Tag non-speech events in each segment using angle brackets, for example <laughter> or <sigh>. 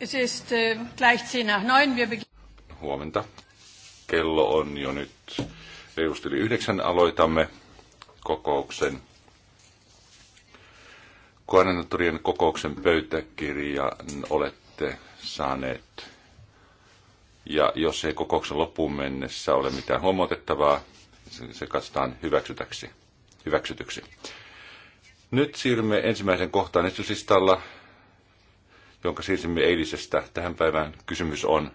Es ist äh, gleich 10 nach 9. Wir Huomenta. Kello on jo nyt reilusti yli yhdeksän. Aloitamme kokouksen. Koordinaattorien kokouksen pöytäkirja olette saaneet. Ja jos ei kokouksen loppuun mennessä ole mitään huomautettavaa, se katsotaan hyväksytyksi. Nyt siirrymme ensimmäisen kohtaan esityslistalla, jonka siirsimme eilisestä tähän päivään. Kysymys on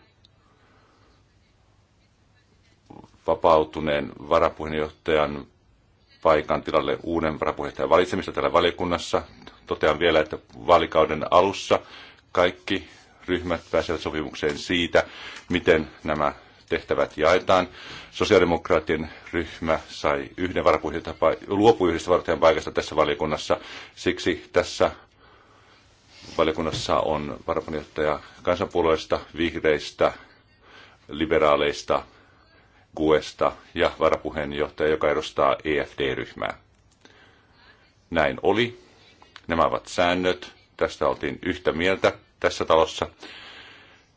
vapautuneen varapuheenjohtajan paikan tilalle uuden varapuheenjohtajan valitsemista täällä valiokunnassa. Totean vielä, että vaalikauden alussa kaikki ryhmät pääsevät sopimukseen siitä, miten nämä tehtävät jaetaan. Sosiaalidemokraattien ryhmä sai yhden varapuheenjohtajan, luopui yhdestä varapuheenjohtajan paikasta tässä valiokunnassa. Siksi tässä valiokunnassa on varapuheenjohtaja kansanpuolueesta, vihreistä, liberaaleista, GUEsta ja varapuheenjohtaja, joka edustaa EFD-ryhmää. Näin oli. Nämä ovat säännöt. Tästä oltiin yhtä mieltä tässä talossa.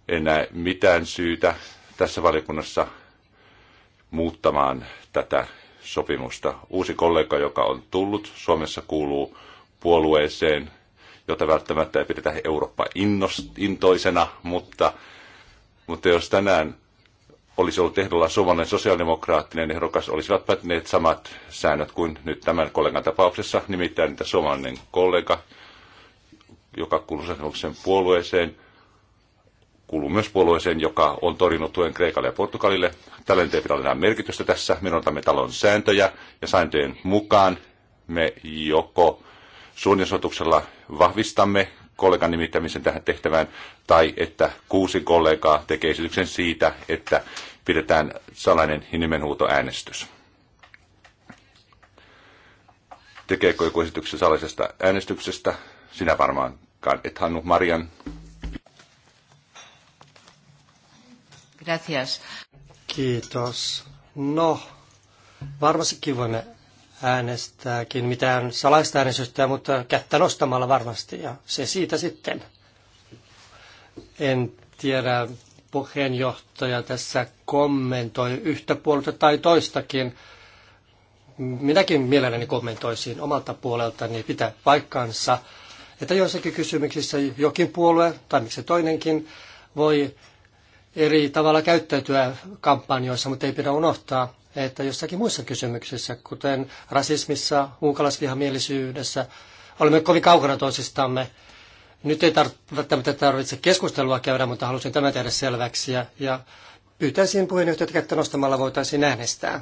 En näe mitään syytä tässä valiokunnassa muuttamaan tätä sopimusta. Uusi kollega, joka on tullut Suomessa, kuuluu puolueeseen, jota välttämättä ei pidetä Eurooppa-intoisena, mutta, mutta jos tänään olisi ollut ehdolla suomalainen sosiaalidemokraattinen ehdokas, olisivat päätyneet samat säännöt kuin nyt tämän kollegan tapauksessa, nimittäin että suomalainen kollega, joka kuuluu sosiaalidemokraattisen puolueeseen, kuuluu myös puolueeseen, joka on torjunut tuen Kreikalle ja Portugalille. Tällä ei pidä enää merkitystä tässä. Me otamme talon sääntöjä ja sääntöjen mukaan me joko suunnistuksella vahvistamme kollegan nimittämisen tähän tehtävään, tai että kuusi kollegaa tekee esityksen siitä, että pidetään salainen nimenhuutoäänestys. Tekeekö joku esityksen salaisesta äänestyksestä? Sinä varmaankaan et, Hannu Marian. Gracias. Kiitos. No, varmasti kivoinen äänestääkin mitään salaista äänestystä, mutta kättä nostamalla varmasti ja se siitä sitten. En tiedä, puheenjohtaja tässä kommentoi yhtä puolta tai toistakin. Minäkin mielelläni kommentoisin omalta puoleltani pitää paikkansa, että joissakin kysymyksissä jokin puolue tai miksi toinenkin voi eri tavalla käyttäytyä kampanjoissa, mutta ei pidä unohtaa, että jossakin muissa kysymyksissä, kuten rasismissa, muukalaisvihamielisyydessä, olemme kovin kaukana toisistamme. Nyt ei välttämättä tarvitse keskustelua käydä, mutta halusin tämän tehdä selväksi ja, ja pyytäisin puheenjohtajat kättä nostamalla voitaisiin äänestää.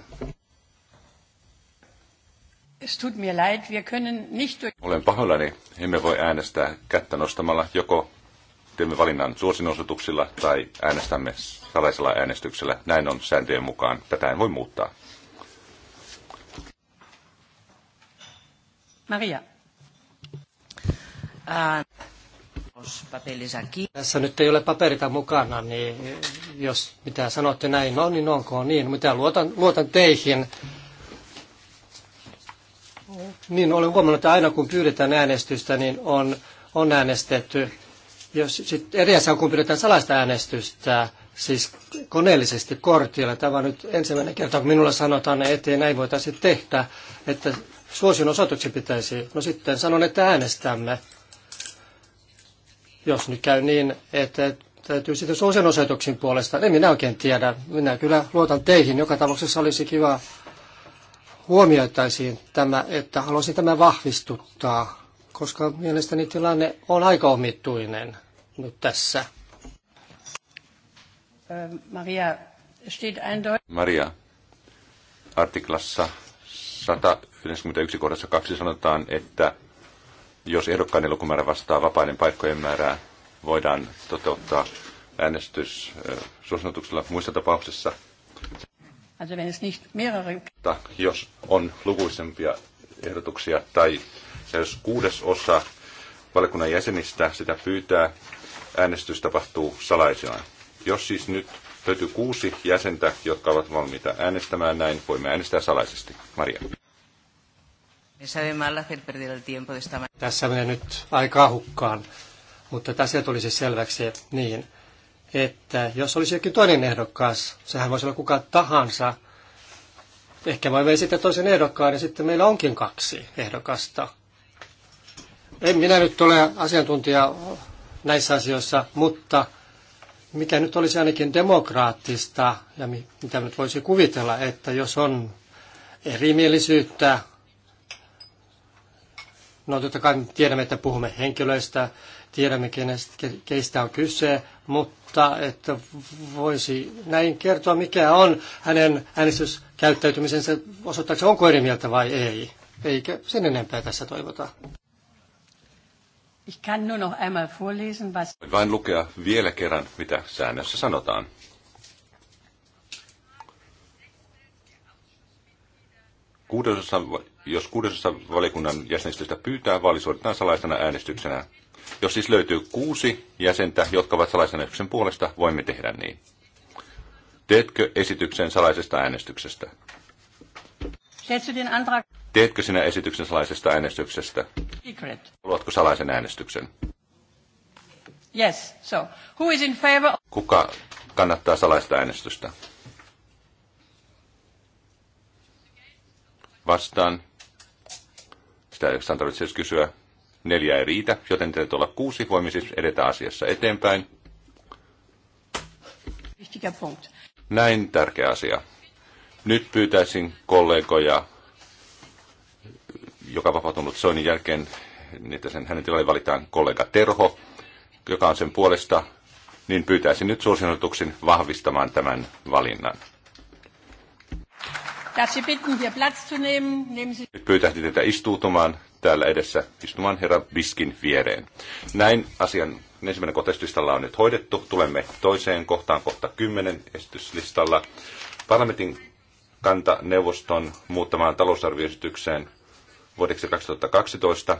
Es tut mir leid, wir können nicht... Olen pahoillani, emme voi äänestää kättä nostamalla joko teemme valinnan suosinosoituksilla tai äänestämme salaisella äänestyksellä. Näin on sääntöjen mukaan. Tätä en voi muuttaa. Maria. Ää... Tässä nyt ei ole paperita mukana, niin jos mitä sanotte näin on, niin onko niin. Mitä luotan, luotan teihin. Niin olen huomannut, että aina kun pyydetään äänestystä, niin on, on äänestetty jos sitten eri asia on, kun pidetään salaista äänestystä, siis koneellisesti kortilla. Tämä on nyt ensimmäinen kerta, kun minulla sanotaan, että ei näin voitaisiin tehdä, että suosion osoituksen pitäisi. No sitten sanon, että äänestämme. Jos nyt käy niin, että täytyy sitten suosion osoituksen puolesta. En minä oikein tiedä. Minä kyllä luotan teihin. Joka tapauksessa olisi kiva huomioitaisiin tämä, että haluaisin tämä vahvistuttaa koska mielestäni tilanne on aika omituinen nyt tässä. Äh, Maria, Maria artiklassa 191 kohdassa 2 sanotaan, että jos ehdokkaiden lukumäärä vastaa vapaiden paikkojen määrää, voidaan toteuttaa äänestys äh, suosituksella muissa tapauksissa. Also wenn es nicht mehrere... Jos on lukuisempia ehdotuksia tai jos kuudes osa valiokunnan jäsenistä sitä pyytää, äänestys tapahtuu salaisena. Jos siis nyt löytyy kuusi jäsentä, jotka ovat valmiita äänestämään näin, voimme äänestää salaisesti. Maria. Tässä menee nyt aikaa hukkaan, mutta tässä tulisi selväksi niin, että jos olisi jokin toinen ehdokkaas, sehän voisi olla kuka tahansa, ehkä voimme sitten toisen ehdokkaan ja sitten meillä onkin kaksi ehdokasta. En minä nyt ole asiantuntija näissä asioissa, mutta mikä nyt olisi ainakin demokraattista ja mitä nyt voisi kuvitella, että jos on erimielisyyttä, no totta kai tiedämme, että puhumme henkilöistä, tiedämme kenestä, keistä on kyse, mutta että voisi näin kertoa, mikä on hänen äänestyskäyttäytymisensä, osoittaako onko eri mieltä vai ei. Eikä sen enempää tässä toivota. Ich kann nur noch einmal vorlesen, was... Vain lukea vielä kerran, mitä säännössä sanotaan. Kuudesosa, jos kuudesosa valiokunnan jäsenistöstä pyytää, vaali suoritetaan salaisena äänestyksenä. Jos siis löytyy kuusi jäsentä, jotka ovat salaisen äänestyksen puolesta, voimme tehdä niin. Teetkö esityksen salaisesta äänestyksestä? Teetkö sinä esityksen salaisesta äänestyksestä? Secret. Haluatko salaisen äänestyksen? Yes, so who is in favor? Kuka kannattaa salaista äänestystä? Vastaan. Sitä ei oikeastaan tarvitse edes kysyä. Neljä ei riitä, joten teitä olla kuusi. Voimme siis edetä asiassa eteenpäin. Näin tärkeä asia. Nyt pyytäisin kollegoja joka vapautunut Soinin jälkeen, niin että sen, hänen tilalle valitaan kollega Terho, joka on sen puolesta, niin pyytäisin nyt suosionotuksin vahvistamaan tämän valinnan. Nyt pyytäisin teitä istuutumaan täällä edessä, istumaan herra Biskin viereen. Näin asian ensimmäinen kohta on nyt hoidettu. Tulemme toiseen kohtaan, kohta 10 esityslistalla. Parlamentin kanta neuvoston muuttamaan talousarvioesitykseen vuodeksi 2012.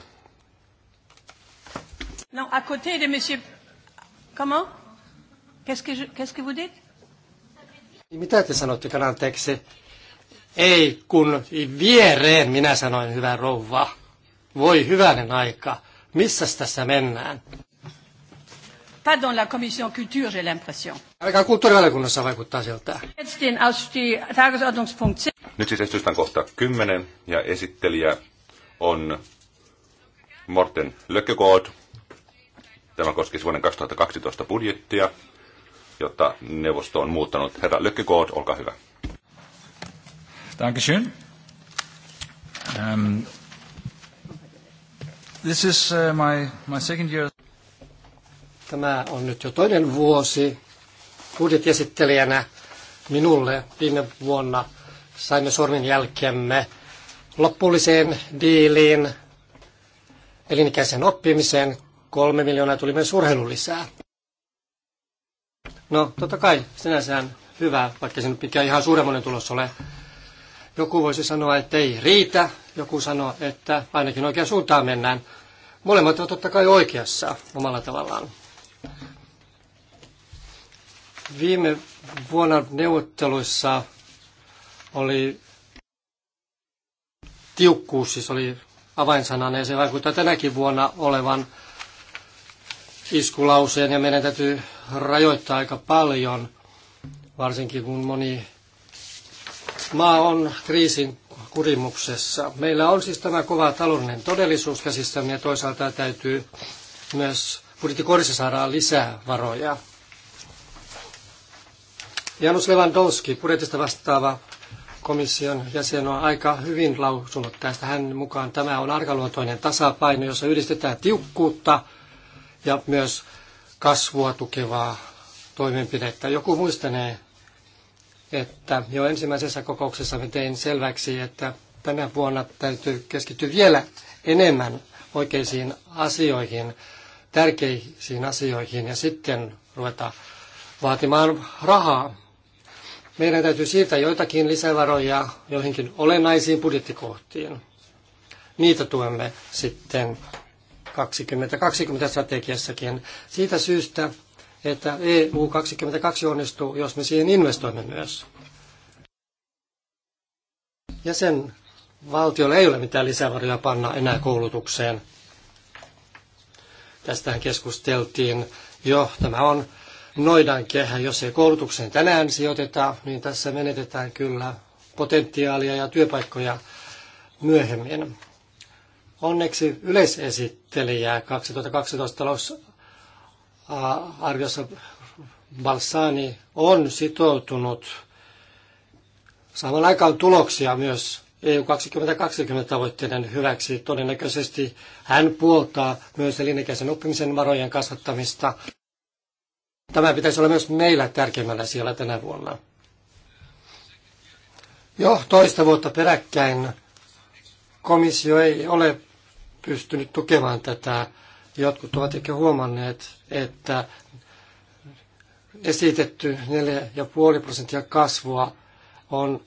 Non, à côté de monsieur... Comment? Qu'est-ce que, je... Qu'est-ce que vous dites? Mitä te sanotte anteeksi? Ei, kun viereen minä sanoin hyvä rouva. Voi hyvänen aika. Missä tässä mennään? Pas dans la commission culture, j'ai l'impression. Aika kulttuurivaliokunnassa vaikuttaa siltä. Nyt siis kohta 10 ja esittelijä on Morten Lökkökoot. Tämä koskisi vuoden 2012 budjettia, jotta neuvosto on muuttanut. Herra Lökkökoot, olkaa hyvä. Dankeschön. Um, this is uh, my, my second year. Tämä on nyt jo toinen vuosi budjettiesittelijänä minulle viime vuonna. Saimme sormin jälkemme lopulliseen diiliin, elinikäiseen oppimiseen, kolme miljoonaa tuli myös urheilun lisää. No, totta kai, sinänsähän hyvä, vaikka se nyt ihan suuremmoinen tulos ole. Joku voisi sanoa, että ei riitä, joku sanoo, että ainakin oikeaan suuntaan mennään. Molemmat ovat totta kai oikeassa omalla tavallaan. Viime vuonna neuvotteluissa oli Tiukkuus siis oli avainsanana ja se vaikuttaa tänäkin vuonna olevan iskulauseen ja meidän täytyy rajoittaa aika paljon, varsinkin kun moni maa on kriisin kurimuksessa. Meillä on siis tämä kova taloudellinen todellisuus käsissämme ja toisaalta täytyy myös budjettikorissa saada lisää varoja. Janus Lewandowski, budjetista vastaava komission jäsen on aika hyvin lausunut tästä. Hän mukaan tämä on arkaluontoinen tasapaino, jossa yhdistetään tiukkuutta ja myös kasvua tukevaa toimenpidettä. Joku muistanee, että jo ensimmäisessä kokouksessa me tein selväksi, että tänä vuonna täytyy keskittyä vielä enemmän oikeisiin asioihin, tärkeisiin asioihin ja sitten ruveta vaatimaan rahaa meidän täytyy siirtää joitakin lisävaroja joihinkin olennaisiin budjettikohtiin. Niitä tuemme sitten 2020 strategiassakin siitä syystä, että EU 22 onnistuu, jos me siihen investoimme myös. Jäsenvaltiolla ei ole mitään lisävaroja panna enää koulutukseen. Tästähän keskusteltiin jo. Tämä on noidan kehä. Jos ei koulutukseen tänään sijoiteta, niin tässä menetetään kyllä potentiaalia ja työpaikkoja myöhemmin. Onneksi yleisesittelijä 2012 talousarviossa Balsani on sitoutunut saamaan aikaan tuloksia myös EU 2020 tavoitteiden hyväksi. Todennäköisesti hän puoltaa myös elinikäisen oppimisen varojen kasvattamista Tämä pitäisi olla myös meillä tärkeimmällä siellä tänä vuonna. Jo toista vuotta peräkkäin komissio ei ole pystynyt tukemaan tätä. Jotkut ovat ehkä huomanneet, että esitetty 4,5 prosenttia kasvua on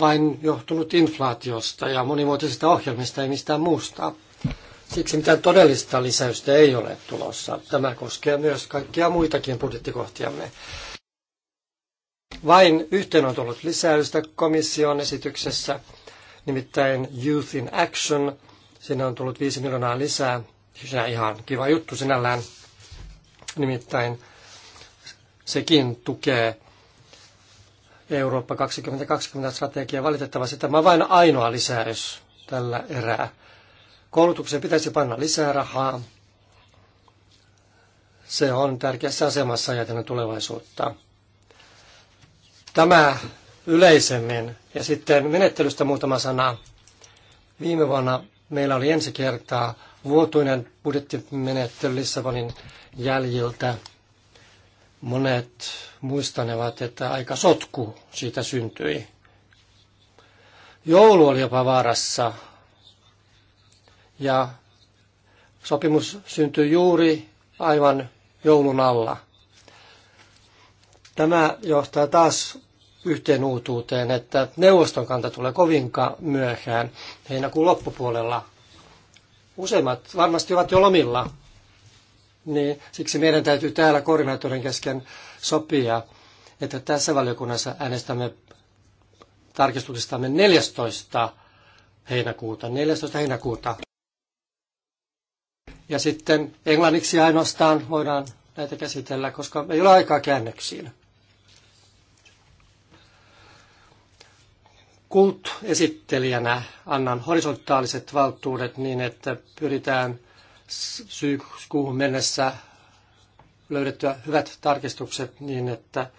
vain johtunut inflaatiosta ja monimuotoisista ohjelmista, ja mistään muusta. Siksi mitään todellista lisäystä ei ole tulossa. Tämä koskee myös kaikkia muitakin budjettikohtiamme. Vain yhteen on tullut lisäystä komission esityksessä, nimittäin Youth in Action. Siinä on tullut 5 miljoonaa lisää. Siinä ihan kiva juttu sinällään. Nimittäin sekin tukee Eurooppa 2020 strategiaa. Valitettavasti tämä on vain ainoa lisäys tällä erää. Koulutukseen pitäisi panna lisää rahaa. Se on tärkeässä asemassa ajatellen tulevaisuutta. Tämä yleisemmin. Ja sitten menettelystä muutama sana. Viime vuonna meillä oli ensi kertaa vuotuinen budjettimenettely Lissabonin jäljiltä. Monet muistanevat, että aika sotku siitä syntyi. Joulu oli jopa vaarassa ja sopimus syntyi juuri aivan joulun alla. Tämä johtaa taas yhteen uutuuteen, että neuvoston kanta tulee kovinkaan myöhään heinäkuun loppupuolella. Useimmat varmasti ovat jo lomilla, niin siksi meidän täytyy täällä koordinaattorin kesken sopia, että tässä valiokunnassa äänestämme tarkistuksistamme 14. heinäkuuta. 14. heinäkuuta. Ja sitten englanniksi ainoastaan voidaan näitä käsitellä, koska ei ole aikaa käännöksiin. Kult-esittelijänä annan horisontaaliset valtuudet niin, että pyritään syyskuuhun mennessä löydettyä hyvät tarkistukset niin, että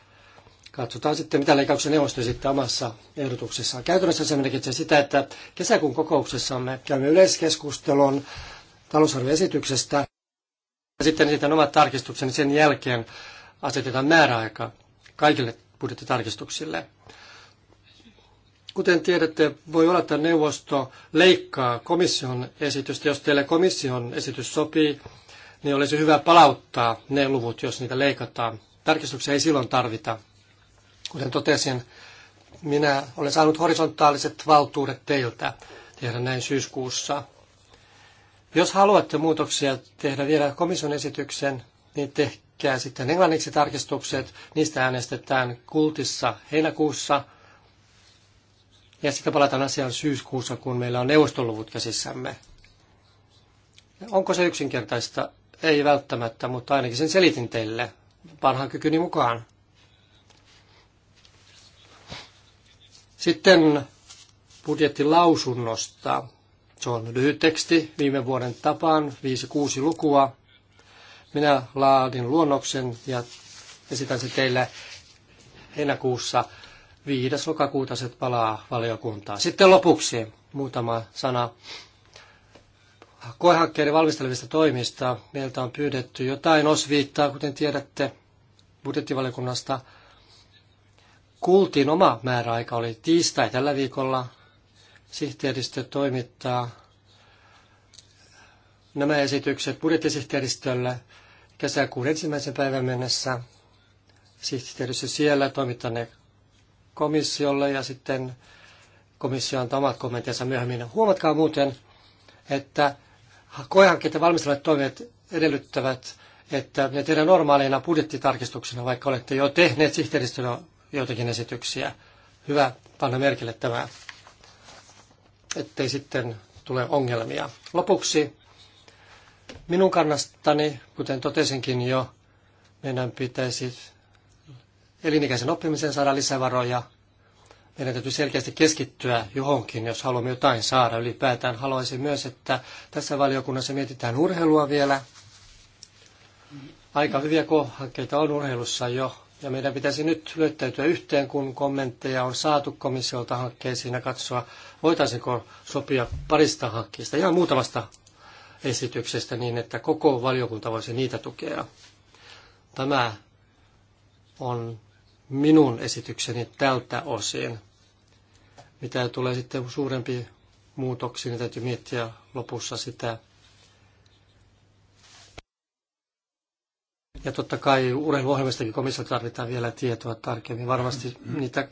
katsotaan sitten, mitä leikauksen neuvosto esittää omassa ehdotuksessaan. Käytännössä se merkitsee sitä, että kesäkuun kokouksessamme käymme yleiskeskustelun talousarvioesityksestä. Ja sitten esitän omat tarkistukseni sen jälkeen asetetaan määräaika kaikille budjettitarkistuksille. Kuten tiedätte, voi olla, että neuvosto leikkaa komission esitystä. Jos teille komission esitys sopii, niin olisi hyvä palauttaa ne luvut, jos niitä leikataan. Tarkistuksia ei silloin tarvita. Kuten totesin, minä olen saanut horisontaaliset valtuudet teiltä tehdä näin syyskuussa. Jos haluatte muutoksia tehdä vielä komission esityksen, niin tehkää sitten englanniksi tarkistukset. Niistä äänestetään kultissa heinäkuussa. Ja sitten palataan asiaan syyskuussa, kun meillä on neuvostoluvut käsissämme. Onko se yksinkertaista? Ei välttämättä, mutta ainakin sen selitin teille parhaan kykyni mukaan. Sitten budjettilausunnosta. Se on lyhyt teksti viime vuoden tapaan, 5-6 lukua. Minä laadin luonnoksen ja esitän sen teille heinäkuussa 5. lokakuuta se palaa valiokuntaan. Sitten lopuksi muutama sana koehankkeiden valmistelevista toimista. Meiltä on pyydetty jotain osviittaa, kuten tiedätte, budjettivaliokunnasta. Kuultiin oma määräaika oli tiistai tällä viikolla sihteeristö toimittaa nämä esitykset budjettisihteeristölle kesäkuun ensimmäisen päivän mennessä. Sihteeristö siellä toimittaa ne komissiolle ja sitten komissio antaa omat kommenttinsa myöhemmin. Huomatkaa muuten, että koehankkeiden valmistelut toimet edellyttävät, että ne tehdään normaaleina budjettitarkistuksena, vaikka olette jo tehneet sihteeristön joitakin esityksiä. Hyvä panna merkille tämä ettei sitten tule ongelmia. Lopuksi minun kannastani, kuten totesinkin jo, meidän pitäisi elinikäisen oppimisen saada lisävaroja. Meidän täytyy selkeästi keskittyä johonkin, jos haluamme jotain saada ylipäätään. Haluaisin myös, että tässä valiokunnassa mietitään urheilua vielä. Aika hyviä kohankkeita on urheilussa jo. Ja meidän pitäisi nyt lyöttäytyä yhteen, kun kommentteja on saatu komissiolta hankkeisiin ja katsoa, voitaisiinko sopia parista hankkeesta, ihan muutamasta esityksestä niin, että koko valiokunta voisi niitä tukea. Tämä on minun esitykseni tältä osin. Mitä tulee sitten suurempiin muutoksiin, niin täytyy miettiä lopussa sitä, Ja totta kai urheiluohjelmistakin komissio tarvitaan vielä tietoa tarkemmin. Varmasti niitä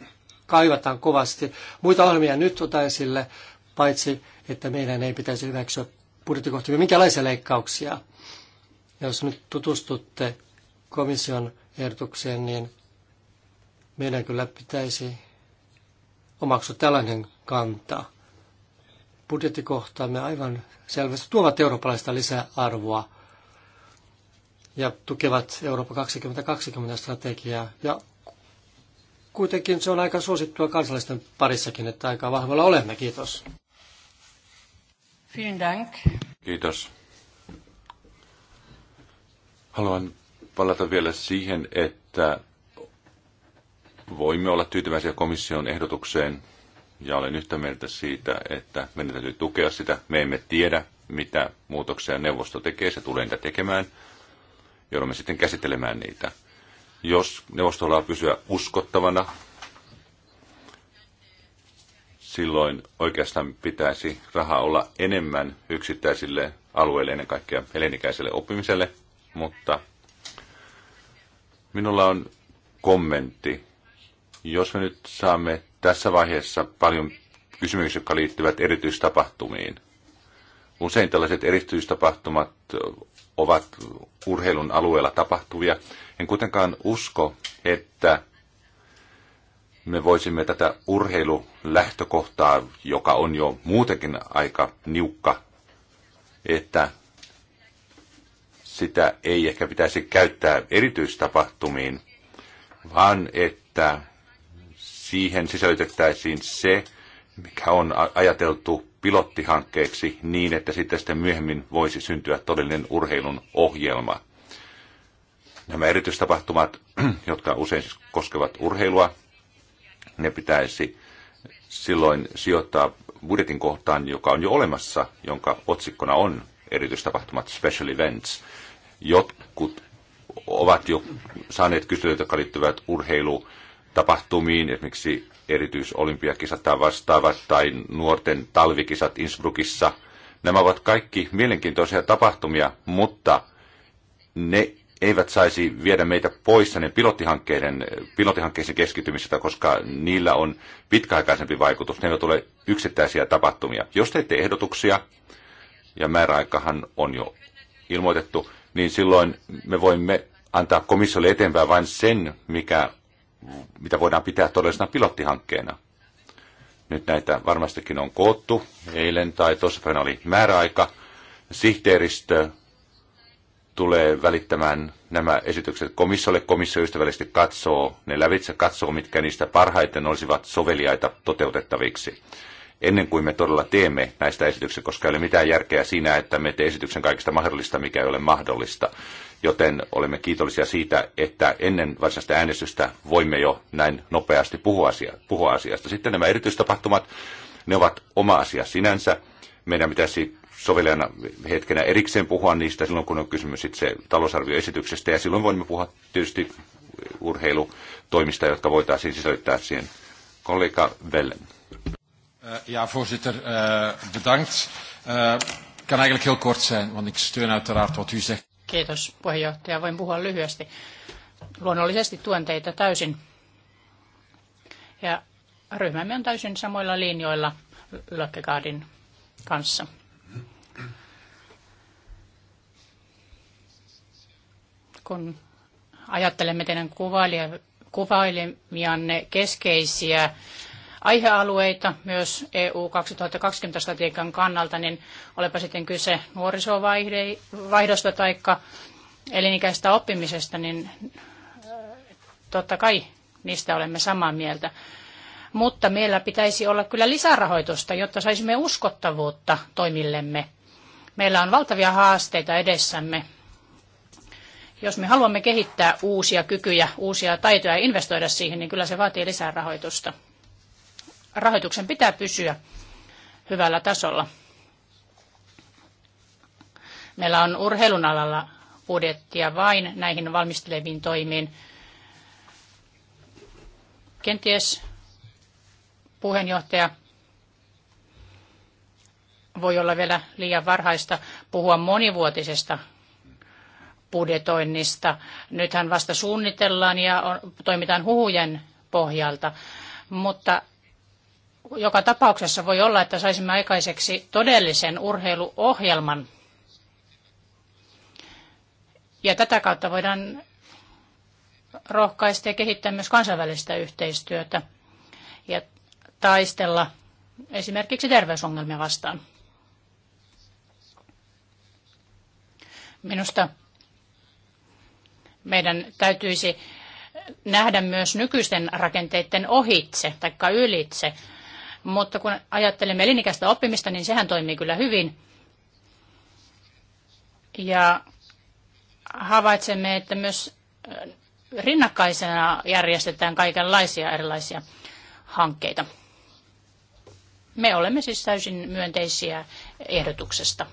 kaivataan kovasti. Muita ohjelmia nyt otan esille, paitsi että meidän ei pitäisi hyväksyä budjettikohtia minkälaisia leikkauksia. Jos nyt tutustutte komission ehdotukseen, niin meidän kyllä pitäisi omaksua tällainen kanta. Budjettikohtaamme aivan selvästi tuovat eurooppalaista lisäarvoa ja tukevat Eurooppa 2020 strategiaa. Ja kuitenkin se on aika suosittua kansalaisten parissakin, että aika vahvalla olemme. Kiitos. Vielen Dank. Kiitos. Haluan palata vielä siihen, että voimme olla tyytyväisiä komission ehdotukseen ja olen yhtä mieltä siitä, että meidän täytyy tukea sitä. Me emme tiedä, mitä muutoksia neuvosto tekee, se tulee niitä tekemään – joudumme sitten käsittelemään niitä. Jos neuvosto haluaa pysyä uskottavana, silloin oikeastaan pitäisi rahaa olla enemmän yksittäisille alueille, ennen kaikkea elinikäiselle oppimiselle, mutta minulla on kommentti. Jos me nyt saamme tässä vaiheessa paljon kysymyksiä, jotka liittyvät erityistapahtumiin, usein tällaiset erityistapahtumat ovat urheilun alueella tapahtuvia. En kuitenkaan usko, että me voisimme tätä urheilulähtökohtaa, joka on jo muutenkin aika niukka, että sitä ei ehkä pitäisi käyttää erityistapahtumiin, vaan että siihen sisällytettäisiin se, mikä on ajateltu pilottihankkeeksi niin, että sitten, sitten myöhemmin voisi syntyä todellinen urheilun ohjelma. Nämä erityistapahtumat, <clears throat> jotka usein siis koskevat urheilua, ne pitäisi silloin sijoittaa budjetin kohtaan, joka on jo olemassa, jonka otsikkona on erityistapahtumat, special events. Jotkut ovat jo saaneet kyselyitä, jotka liittyvät urheilu tapahtumiin, esimerkiksi erityisolympiakisat tai vastaavat, tai nuorten talvikisat Innsbruckissa. Nämä ovat kaikki mielenkiintoisia tapahtumia, mutta ne eivät saisi viedä meitä pois ne pilottihankkeiden, pilottihankkeisiin keskitymisestä, koska niillä on pitkäaikaisempi vaikutus. Ne eivät ole yksittäisiä tapahtumia. Jos teette ehdotuksia, ja määräaikahan on jo ilmoitettu, niin silloin me voimme antaa komissiolle eteenpäin vain sen, mikä mitä voidaan pitää todellisena pilottihankkeena. Nyt näitä varmastikin on koottu. Eilen tai tuossa oli määräaika. Sihteeristö tulee välittämään nämä esitykset komissiolle. Komissio ystävällisesti katsoo ne lävitse, katsoo mitkä niistä parhaiten olisivat soveliaita toteutettaviksi. Ennen kuin me todella teemme näistä esityksistä, koska ei ole mitään järkeä siinä, että me teemme esityksen kaikista mahdollista, mikä ei ole mahdollista joten olemme kiitollisia siitä, että ennen varsinaista äänestystä voimme jo näin nopeasti puhua, asia, puhua asiasta. Sitten nämä erityistapahtumat, ne ovat oma asia sinänsä. Meidän pitäisi sovellajana hetkenä erikseen puhua niistä silloin, kun on kysymys itse talousarvioesityksestä, ja silloin voimme puhua tietysti urheilutoimista, jotka voitaisiin sisällyttää siihen. Kollega Vellen. Eh, ja, voorzitter, eh, bedankt. Eh, kan eigenlijk heel kort zijn, want ik steun uiteraard wat u zegt. Kiitos puheenjohtaja. Voin puhua lyhyesti. Luonnollisesti tuen teitä täysin. Ja ryhmämme on täysin samoilla linjoilla Lökkegaardin kanssa. Kun ajattelemme teidän kuvailemianne keskeisiä aihealueita myös EU 2020-strategian kannalta, niin olepa sitten kyse nuorisovaihdosta tai elinikäisestä oppimisesta, niin äh, totta kai niistä olemme samaa mieltä. Mutta meillä pitäisi olla kyllä lisärahoitusta, jotta saisimme uskottavuutta toimillemme. Meillä on valtavia haasteita edessämme. Jos me haluamme kehittää uusia kykyjä, uusia taitoja ja investoida siihen, niin kyllä se vaatii lisää rahoitusta rahoituksen pitää pysyä hyvällä tasolla. Meillä on urheilun alalla budjettia vain näihin valmisteleviin toimiin. Kenties puheenjohtaja voi olla vielä liian varhaista puhua monivuotisesta budjetoinnista. Nythän vasta suunnitellaan ja on, toimitaan huhujen pohjalta, mutta joka tapauksessa voi olla, että saisimme aikaiseksi todellisen urheiluohjelman. Ja tätä kautta voidaan rohkaista ja kehittää myös kansainvälistä yhteistyötä ja taistella esimerkiksi terveysongelmia vastaan. Minusta meidän täytyisi nähdä myös nykyisten rakenteiden ohitse tai ylitse mutta kun ajattelemme elinikäistä oppimista, niin sehän toimii kyllä hyvin. Ja havaitsemme, että myös rinnakkaisena järjestetään kaikenlaisia erilaisia hankkeita. Me olemme siis täysin myönteisiä ehdotuksesta.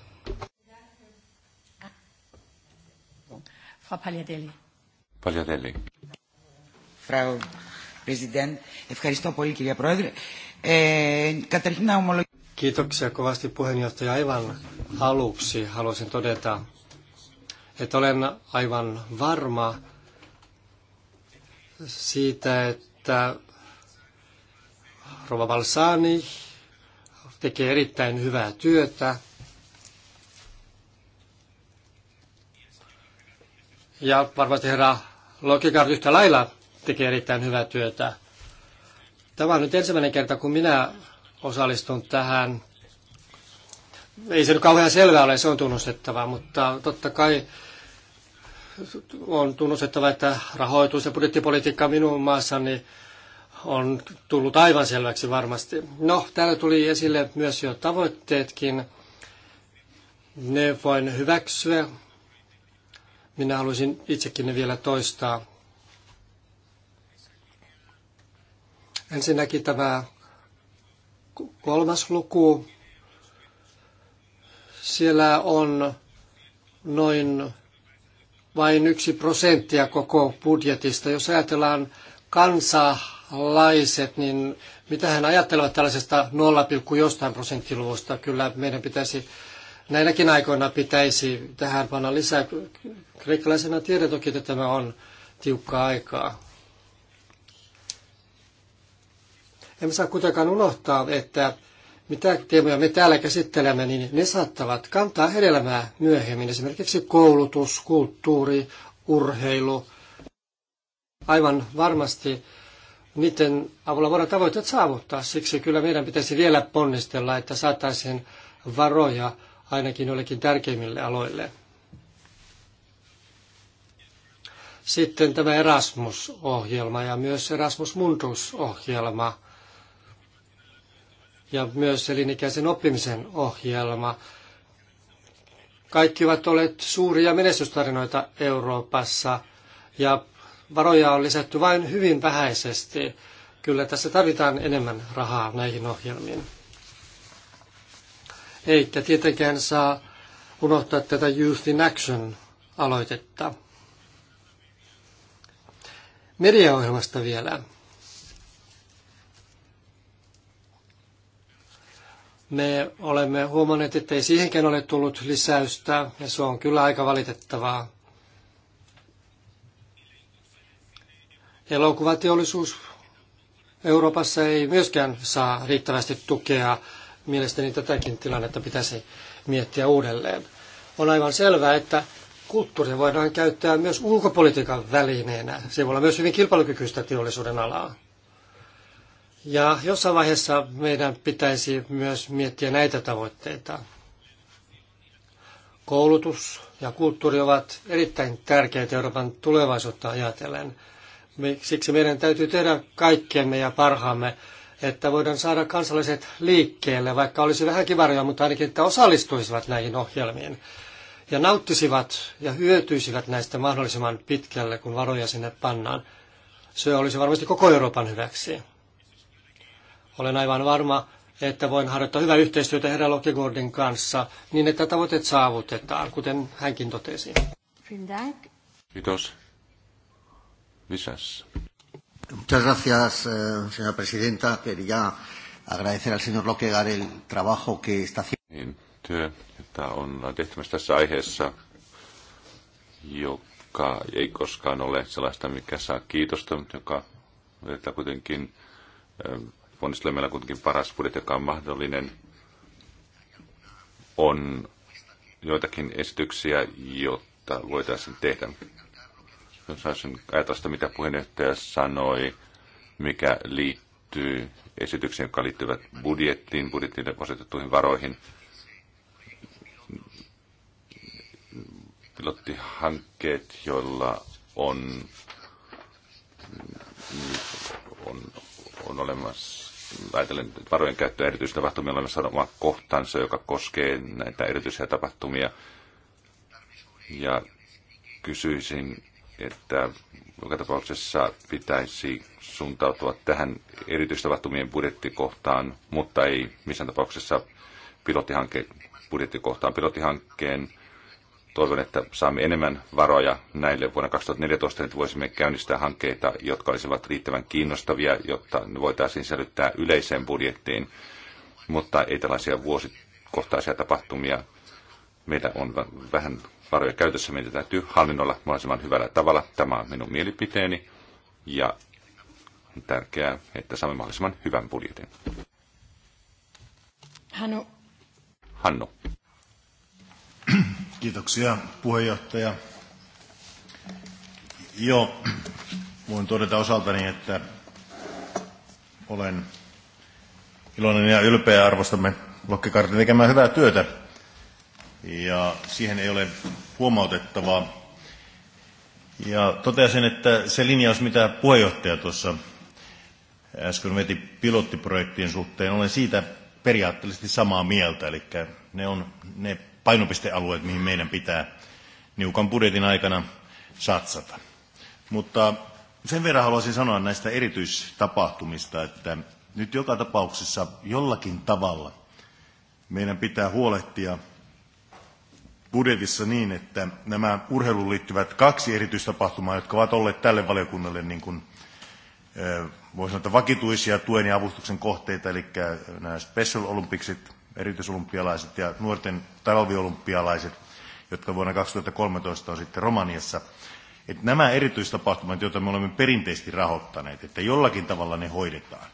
Frau Pagliadelli. Pagliadelli. Frau President, ευχαριστώ πολύ κυρία Πρόεδρε. Eh, Kiitoksia kovasti puheenjohtaja. Aivan aluksi haluaisin todeta, että olen aivan varma siitä, että Rova Balsani tekee erittäin hyvää työtä. Ja varmasti herra Lokikart yhtä lailla tekee erittäin hyvää työtä. Tämä on nyt ensimmäinen kerta, kun minä osallistun tähän. Ei se nyt kauhean selvää ole, se on tunnustettava, mutta totta kai on tunnustettava, että rahoitus- ja budjettipolitiikka minun maassani on tullut aivan selväksi varmasti. No, täällä tuli esille myös jo tavoitteetkin. Ne voin hyväksyä. Minä haluaisin itsekin ne vielä toistaa. Ensinnäkin tämä kolmas luku. Siellä on noin vain yksi prosenttia koko budjetista. Jos ajatellaan kansalaiset, niin mitä hän ajattelevat tällaisesta 0, jostain prosenttiluvusta? Kyllä meidän pitäisi näinäkin aikoina pitäisi tähän panna lisää. Kreikkalaisena tiedän toki, että tämä on tiukkaa aikaa. Emme saa kuitenkaan unohtaa, että mitä teemoja me täällä käsittelemme, niin ne saattavat kantaa hedelmää myöhemmin. Esimerkiksi koulutus, kulttuuri, urheilu. Aivan varmasti niiden avulla voidaan tavoitteet saavuttaa. Siksi kyllä meidän pitäisi vielä ponnistella, että saataisiin varoja ainakin joillekin tärkeimmille aloille. Sitten tämä Erasmus-ohjelma ja myös Erasmus Mundus-ohjelma – ja myös elinikäisen oppimisen ohjelma. Kaikki ovat olleet suuria menestystarinoita Euroopassa ja varoja on lisätty vain hyvin vähäisesti. Kyllä tässä tarvitaan enemmän rahaa näihin ohjelmiin. Eikä tietenkään saa unohtaa tätä Youth in Action-aloitetta. Mediaohjelmasta vielä. Me olemme huomanneet, että ei siihenkään ole tullut lisäystä, ja se on kyllä aika valitettavaa. Elokuvateollisuus Euroopassa ei myöskään saa riittävästi tukea. Mielestäni tätäkin tilannetta pitäisi miettiä uudelleen. On aivan selvää, että kulttuuri voidaan käyttää myös ulkopolitiikan välineenä. Se voi olla myös hyvin kilpailukykyistä teollisuuden alaa. Ja jossain vaiheessa meidän pitäisi myös miettiä näitä tavoitteita. Koulutus ja kulttuuri ovat erittäin tärkeitä Euroopan tulevaisuutta ajatellen. Siksi meidän täytyy tehdä kaikkemme ja parhaamme, että voidaan saada kansalaiset liikkeelle, vaikka olisi vähän kivaria, mutta ainakin, että osallistuisivat näihin ohjelmiin ja nauttisivat ja hyötyisivät näistä mahdollisimman pitkälle, kun varoja sinne pannaan. Se olisi varmasti koko Euroopan hyväksi. Olen aivan varma, että voin harjoittaa hyvää yhteistyötä herra Lokegordin kanssa niin, että tavoitteet saavutetaan, kuten hänkin totesi. Kiitos. Visas. Muchas gracias, eh, señora presidenta. Quería agradecer al señor Lokegar el trabajo que está haciendo. Niin, työ, jota on tehty myös tässä aiheessa, joka ei koskaan ole sellaista, mikä saa kiitosta, mutta joka että kuitenkin eh, meillä kuitenkin paras budjetti, joka on mahdollinen, on joitakin esityksiä, jotta voitaisiin tehdä. Jos saisin ajatella sitä, mitä puheenjohtaja sanoi, mikä liittyy esityksiin, jotka liittyvät budjettiin, budjettiin osoitettuihin varoihin. Pilottihankkeet, joilla on, on on olemassa, ajatellen varojen käyttöä tapahtumia on olemassa oma kohtansa, joka koskee näitä erityisiä tapahtumia. Ja kysyisin, että joka tapauksessa pitäisi suuntautua tähän erityistapahtumien budjettikohtaan, mutta ei missään tapauksessa pilottihankkeen budjettikohtaan. Pilottihankkeen toivon, että saamme enemmän varoja näille vuonna 2014, että voisimme käynnistää hankkeita, jotka olisivat riittävän kiinnostavia, jotta ne voitaisiin sisällyttää yleiseen budjettiin, mutta ei tällaisia vuosikohtaisia tapahtumia. Meillä on vähän varoja käytössä, meitä täytyy hallinnolla mahdollisimman hyvällä tavalla. Tämä on minun mielipiteeni ja on tärkeää, että saamme mahdollisimman hyvän budjetin. Hannu. Hannu. <clears throat> Kiitoksia puheenjohtaja. Joo, voin todeta osaltani, että olen iloinen ja ylpeä arvostamme Lokkikartin tekemään hyvää työtä. Ja siihen ei ole huomautettavaa. Ja toteasin, että se linjaus, mitä puheenjohtaja tuossa äsken veti pilottiprojektien suhteen, olen siitä periaatteellisesti samaa mieltä. Eli ne on ne painopistealueet, mihin meidän pitää niukan budjetin aikana satsata. Mutta sen verran haluaisin sanoa näistä erityistapahtumista, että nyt joka tapauksessa jollakin tavalla meidän pitää huolehtia budjetissa niin, että nämä urheiluun liittyvät kaksi erityistapahtumaa, jotka ovat olleet tälle valiokunnalle niin kuin, voisi sanoa, vakituisia tuen ja avustuksen kohteita, eli nämä Special Olympicsit erityisolympialaiset ja nuorten talviolympialaiset, jotka vuonna 2013 on sitten Romaniassa. Että nämä erityistapahtumat, joita me olemme perinteisesti rahoittaneet, että jollakin tavalla ne hoidetaan.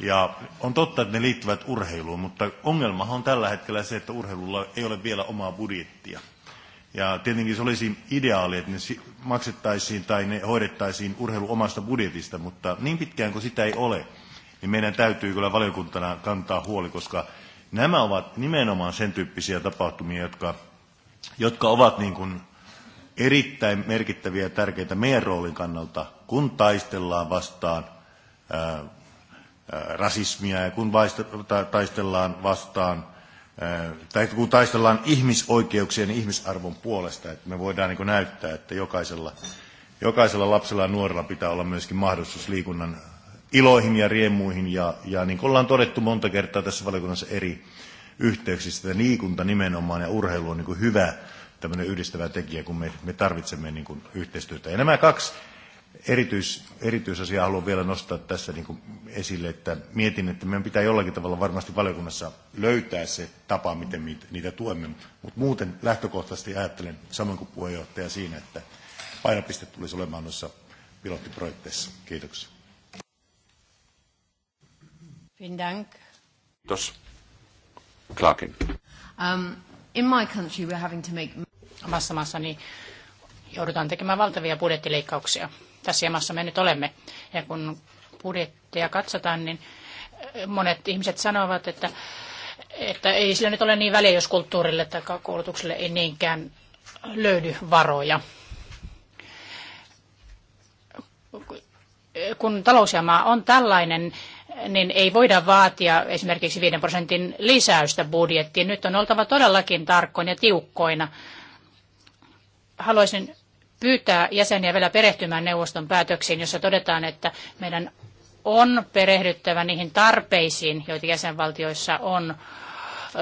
Ja on totta, että ne liittyvät urheiluun, mutta ongelmahan on tällä hetkellä se, että urheilulla ei ole vielä omaa budjettia. Ja tietenkin se olisi ideaali, että ne maksettaisiin tai ne hoidettaisiin urheilu omasta budjetista, mutta niin pitkään kuin sitä ei ole, niin meidän täytyy kyllä valiokuntana kantaa huoli, koska Nämä ovat nimenomaan sen tyyppisiä tapahtumia, jotka, jotka ovat niin kuin erittäin merkittäviä ja tärkeitä meidän roolin kannalta, kun taistellaan vastaan ää, rasismia ja kun taistellaan vastaan tai kun taistellaan ihmisoikeuksien ja ihmisarvon puolesta, että me voidaan niin näyttää, että jokaisella, jokaisella lapsella ja nuorella pitää olla myöskin mahdollisuus liikunnan iloihin ja riemuihin. Ja, ja niin kuin ollaan todettu monta kertaa tässä valiokunnassa eri yhteyksissä, että liikunta nimenomaan ja urheilu on niin kuin hyvä tämmöinen yhdistävä tekijä, kun me, me tarvitsemme niin kuin yhteistyötä. Ja nämä kaksi erityis, erityisasiaa haluan vielä nostaa tässä niin kuin esille, että mietin, että meidän pitää jollakin tavalla varmasti valiokunnassa löytää se tapa, miten niitä tuemme. Mutta muuten lähtökohtaisesti ajattelen, samoin kuin puheenjohtaja siinä, että painopiste tulisi olemaan noissa pilottiprojekteissa. Kiitoksia. Dank. Clarkin. Um, in my country we're having to make... Omassa maassani joudutaan tekemään valtavia budjettileikkauksia. Tässä jamassa me nyt olemme. Ja kun budjettia katsotaan, niin eh, monet ihmiset sanovat, että, että ei sillä nyt ole niin väliä, jos kulttuurille tai koulutukselle ei niinkään löydy varoja. Kun talousjamaa on tällainen, niin ei voida vaatia esimerkiksi 5 prosentin lisäystä budjettiin. Nyt on oltava todellakin tarkkoina ja tiukkoina. Haluaisin pyytää jäseniä vielä perehtymään neuvoston päätöksiin, jossa todetaan, että meidän on perehdyttävä niihin tarpeisiin, joita jäsenvaltioissa on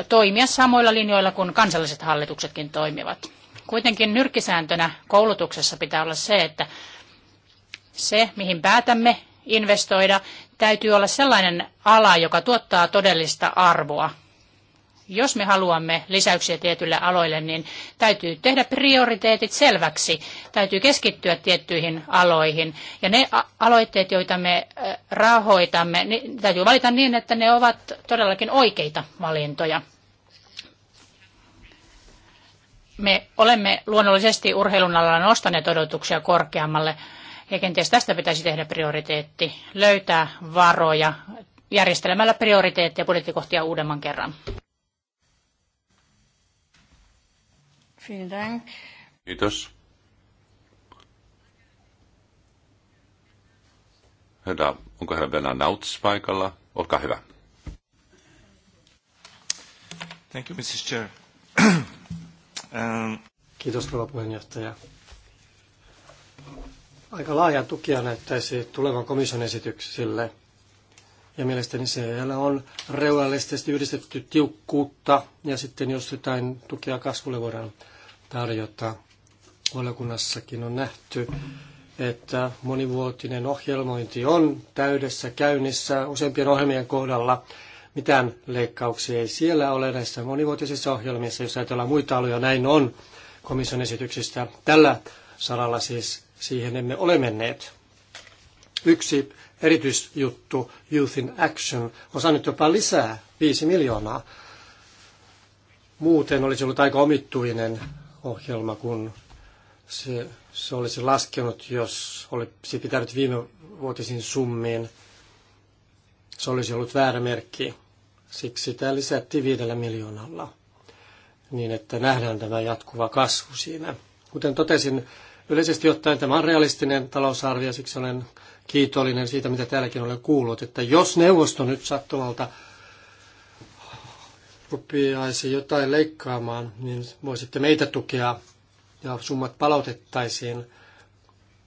toimia samoilla linjoilla kuin kansalliset hallituksetkin toimivat. Kuitenkin nyrkkisääntönä koulutuksessa pitää olla se, että se, mihin päätämme investoida, täytyy olla sellainen ala, joka tuottaa todellista arvoa. Jos me haluamme lisäyksiä tietyille aloille, niin täytyy tehdä prioriteetit selväksi. Täytyy keskittyä tiettyihin aloihin. Ja ne aloitteet, joita me rahoitamme, niin täytyy valita niin, että ne ovat todellakin oikeita valintoja. Me olemme luonnollisesti urheilun alalla nostaneet odotuksia korkeammalle ja kenties tästä pitäisi tehdä prioriteetti, löytää varoja järjestelemällä prioriteetteja budjettikohtia uudemman kerran. Kiitos. Herra, onko herra Bena Nauts paikalla? Olkaa hyvä. Thank you, Mrs. Chair. <clears throat> Um, Kiitos, rouva puheenjohtaja aika laaja tukia näyttäisi tulevan komission esityksille. Ja mielestäni siellä on reaalisesti yhdistetty tiukkuutta ja sitten jos jotain tukea kasvulle voidaan tarjota. Valiokunnassakin on nähty, että monivuotinen ohjelmointi on täydessä käynnissä useimpien ohjelmien kohdalla. Mitään leikkauksia ei siellä ole näissä monivuotisissa ohjelmissa, jos ajatellaan muita aloja. Näin on komission esityksistä tällä saralla siis Siihen emme ole menneet. Yksi erityisjuttu, Youth in Action, on saanut jopa lisää 5 miljoonaa. Muuten olisi ollut aika omittuinen ohjelma, kun se, se olisi laskenut, jos olisi pitänyt viime vuotisiin summiin. Se olisi ollut väärä merkki. Siksi tämä lisättiin viidellä miljoonalla, niin että nähdään tämä jatkuva kasvu siinä. Kuten totesin, Yleisesti ottaen tämä on realistinen talousarvio, siksi olen kiitollinen siitä, mitä täälläkin olen kuullut, että jos neuvosto nyt sattumalta rupiaisi jotain leikkaamaan, niin voisitte meitä tukea ja summat palautettaisiin.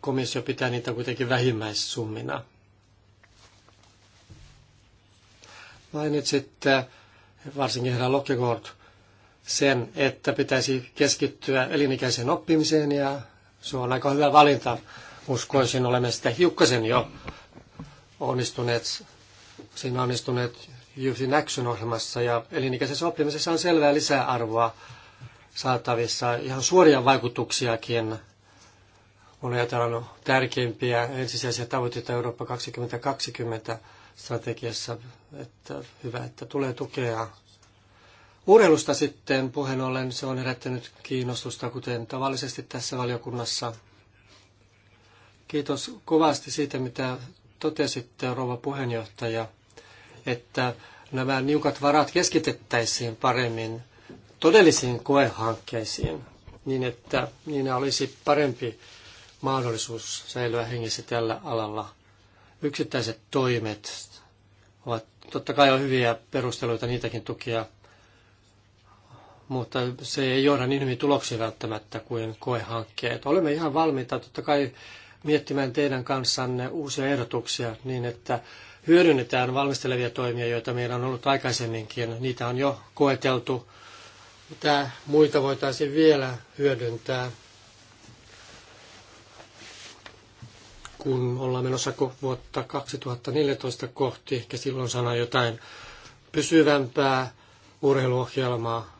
Komissio pitää niitä kuitenkin vähimmäissummina. Mainitsitte varsinkin herra Lokegord sen, että pitäisi keskittyä elinikäiseen oppimiseen ja se on aika hyvä valinta. Uskoisin olemme sitä hiukkasen jo onnistuneet, siinä onnistuneet Youth in Action-ohjelmassa ja elinikäisessä oppimisessa on selvää lisäarvoa saatavissa, ihan suoria vaikutuksiakin, on ajatellaan tärkeimpiä ensisijaisia tavoitteita Eurooppa 2020 strategiassa, että hyvä, että tulee tukea Urheilusta sitten puheen ollen se on herättänyt kiinnostusta, kuten tavallisesti tässä valiokunnassa. Kiitos kovasti siitä, mitä totesitte, rouva puheenjohtaja, että nämä niukat varat keskitettäisiin paremmin todellisiin koehankkeisiin, niin että niinä olisi parempi mahdollisuus säilyä hengissä tällä alalla. Yksittäiset toimet ovat totta kai on hyviä perusteluita niitäkin tukia, mutta se ei johda niin hyvin tuloksia välttämättä kuin koehankkeet. Olemme ihan valmiita totta kai miettimään teidän kanssanne uusia ehdotuksia niin, että hyödynnetään valmistelevia toimia, joita meillä on ollut aikaisemminkin. Niitä on jo koeteltu. Mitä muita voitaisiin vielä hyödyntää, kun ollaan menossa vuotta 2014 kohti, ehkä silloin sanoa jotain pysyvämpää urheiluohjelmaa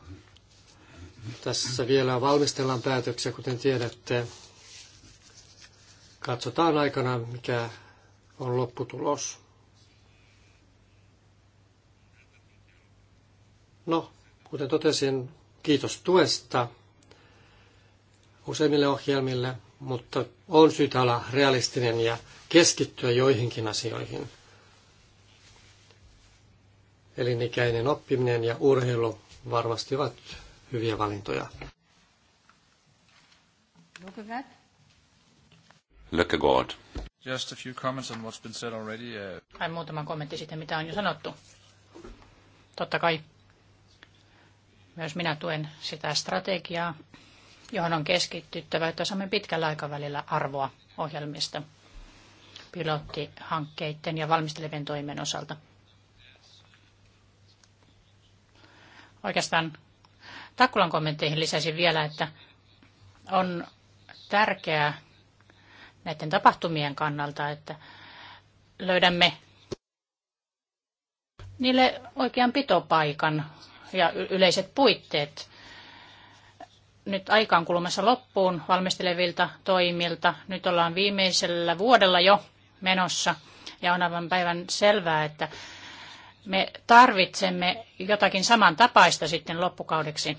tässä vielä valmistellaan päätöksiä, kuten tiedätte. Katsotaan aikana, mikä on lopputulos. No, kuten totesin, kiitos tuesta useimmille ohjelmille, mutta on syytä olla realistinen ja keskittyä joihinkin asioihin. Elinikäinen oppiminen ja urheilu varmasti ovat hyviä valintoja. Lökkegaard. Just a few comments on what's been said already. Uh, muutama kommentti sitten, mitä on jo sanottu. Totta kai myös minä tuen sitä strategiaa, johon on keskittyttävä, että saamme pitkällä aikavälillä arvoa ohjelmista pilottihankkeiden ja valmistelevien toimen osalta. Oikeastaan Takkulan kommentteihin lisäisin vielä, että on tärkeää näiden tapahtumien kannalta, että löydämme niille oikean pitopaikan ja yleiset puitteet. Nyt aika on kulumassa loppuun valmistelevilta toimilta. Nyt ollaan viimeisellä vuodella jo menossa ja on aivan päivän selvää, että me tarvitsemme jotakin samantapaista sitten loppukaudeksi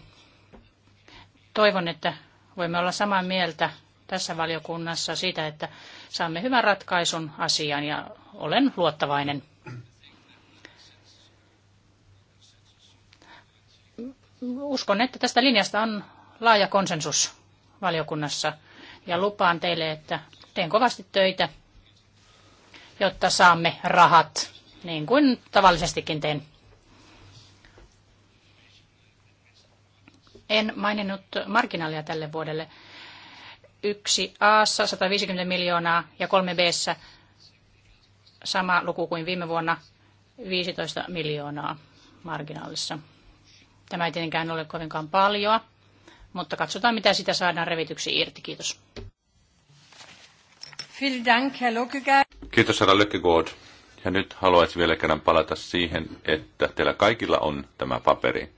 Toivon, että voimme olla samaa mieltä tässä valiokunnassa siitä, että saamme hyvän ratkaisun asiaan ja olen luottavainen. Uskon, että tästä linjasta on laaja konsensus valiokunnassa ja lupaan teille, että teen kovasti töitä, jotta saamme rahat, niin kuin tavallisestikin teen. En maininnut marginaalia tälle vuodelle. Yksi a 150 miljoonaa ja kolme b sama luku kuin viime vuonna 15 miljoonaa marginaalissa. Tämä ei tietenkään ole kovinkaan paljon, mutta katsotaan mitä sitä saadaan revityksi irti. Kiitos. Kiitos herra Lökkegård. Ja nyt haluaisin vielä kerran palata siihen, että teillä kaikilla on tämä paperi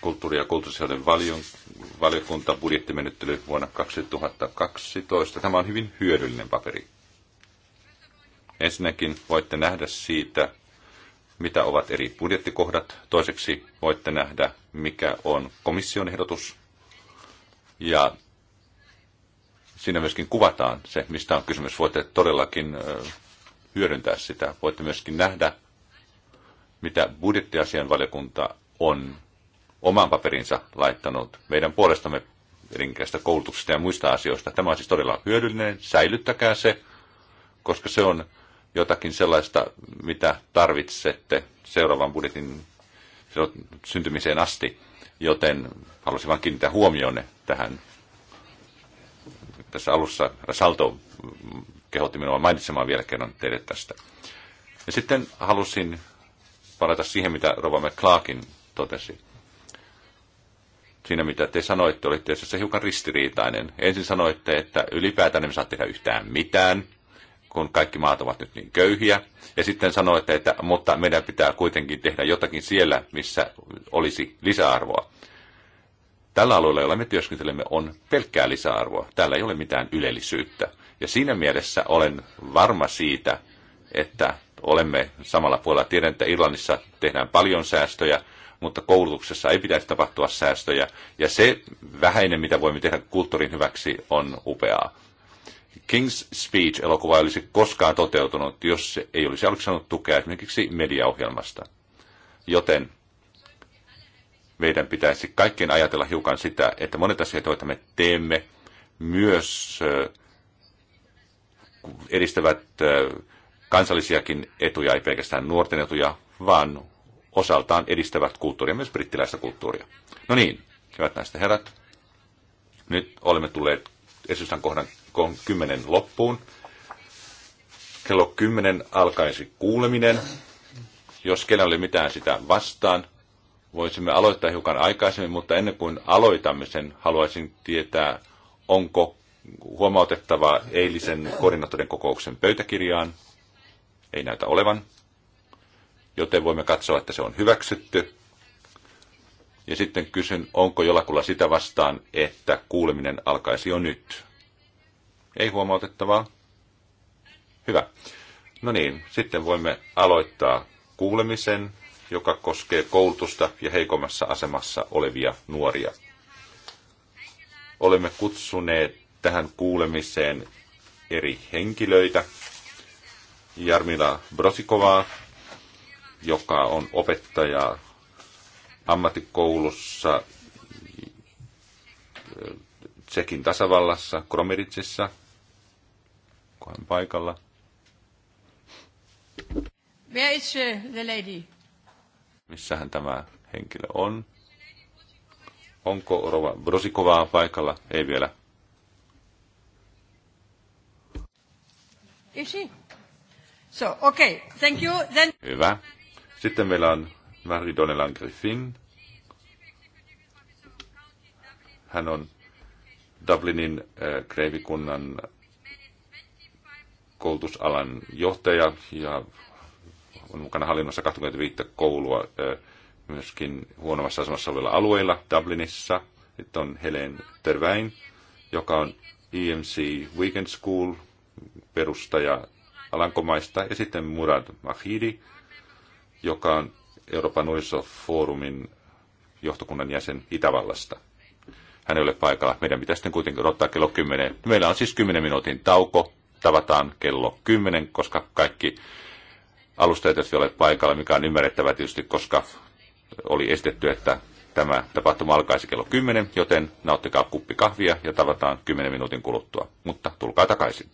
kulttuuri- ja kulttuurisijoiden valiokunta budjettimenettely vuonna 2012. Tämä on hyvin hyödyllinen paperi. Ensinnäkin voitte nähdä siitä, mitä ovat eri budjettikohdat. Toiseksi voitte nähdä, mikä on komission ehdotus. Ja siinä myöskin kuvataan se, mistä on kysymys. Voitte todellakin hyödyntää sitä. Voitte myöskin nähdä, mitä budjettiasian valiokunta on oman paperinsa laittanut meidän puolestamme erinkäistä koulutuksista ja muista asioista. Tämä on siis todella hyödyllinen, säilyttäkää se, koska se on jotakin sellaista, mitä tarvitsette seuraavan budjetin syntymiseen asti, joten halusin vain kiinnittää huomioon tähän. Tässä alussa Salto kehotti minua mainitsemaan vielä kerran teille tästä. Ja sitten halusin palata siihen, mitä Rova McClarkin totesi siinä, mitä te sanoitte, olitte se hiukan ristiriitainen. Ensin sanoitte, että ylipäätään emme saa tehdä yhtään mitään, kun kaikki maat ovat nyt niin köyhiä. Ja sitten sanoitte, että mutta meidän pitää kuitenkin tehdä jotakin siellä, missä olisi lisäarvoa. Tällä alueella, jolla me työskentelemme, on pelkkää lisäarvoa. Täällä ei ole mitään ylellisyyttä. Ja siinä mielessä olen varma siitä, että olemme samalla puolella. Tiedän, että Irlannissa tehdään paljon säästöjä – mutta koulutuksessa ei pitäisi tapahtua säästöjä. Ja se vähäinen, mitä voimme tehdä kulttuurin hyväksi, on upeaa. King's Speech-elokuva ei olisi koskaan toteutunut, jos se ei olisi aluksi saanut tukea esimerkiksi mediaohjelmasta. Joten meidän pitäisi kaikkien ajatella hiukan sitä, että monet asiat, joita me teemme, myös edistävät kansallisiakin etuja, ei pelkästään nuorten etuja, vaan osaltaan edistävät kulttuuria, myös brittiläistä kulttuuria. No niin, hyvät näistä herrat. Nyt olemme tulleet esitystän kohdan 10 loppuun. Kello 10 alkaisi kuuleminen. Jos kenellä oli mitään sitä vastaan, voisimme aloittaa hiukan aikaisemmin, mutta ennen kuin aloitamme sen, haluaisin tietää, onko huomautettava eilisen koordinaattorin kokouksen pöytäkirjaan. Ei näytä olevan joten voimme katsoa, että se on hyväksytty. Ja sitten kysyn, onko jollakulla sitä vastaan, että kuuleminen alkaisi jo nyt. Ei huomautettavaa. Hyvä. No niin, sitten voimme aloittaa kuulemisen, joka koskee koulutusta ja heikommassa asemassa olevia nuoria. Olemme kutsuneet tähän kuulemiseen eri henkilöitä. Jarmila Brosikovaa, joka on opettaja ammattikoulussa äh, Tsekin tasavallassa, Kromeritsissa, kohan paikalla. Where is uh, the lady? Missähän tämä henkilö on? Onko Rova Brosikovaa paikalla? Ei vielä. Is she? So, okay, thank you. Then... Hyvä. Sitten meillä on Marie Donnellan Griffin. Hän on Dublinin äh, kreivikunnan koulutusalan johtaja ja on mukana hallinnossa 25 koulua äh, myöskin huonommassa asemassa olevilla alueilla Dublinissa. Sitten on Helen Tervain, joka on EMC Weekend School perustaja Alankomaista ja sitten Murad Mahidi, joka on Euroopan nuorisofoorumin johtokunnan jäsen Itävallasta. Hän ei ole paikalla. Meidän pitäisi sitten kuitenkin odottaa kello 10. Meillä on siis 10 minuutin tauko. Tavataan kello 10, koska kaikki alustajat eivät ole paikalla, mikä on ymmärrettävä tietysti, koska oli estetty, että tämä tapahtuma alkaisi kello 10, joten nauttikaa kuppi kahvia ja tavataan 10 minuutin kuluttua. Mutta tulkaa takaisin.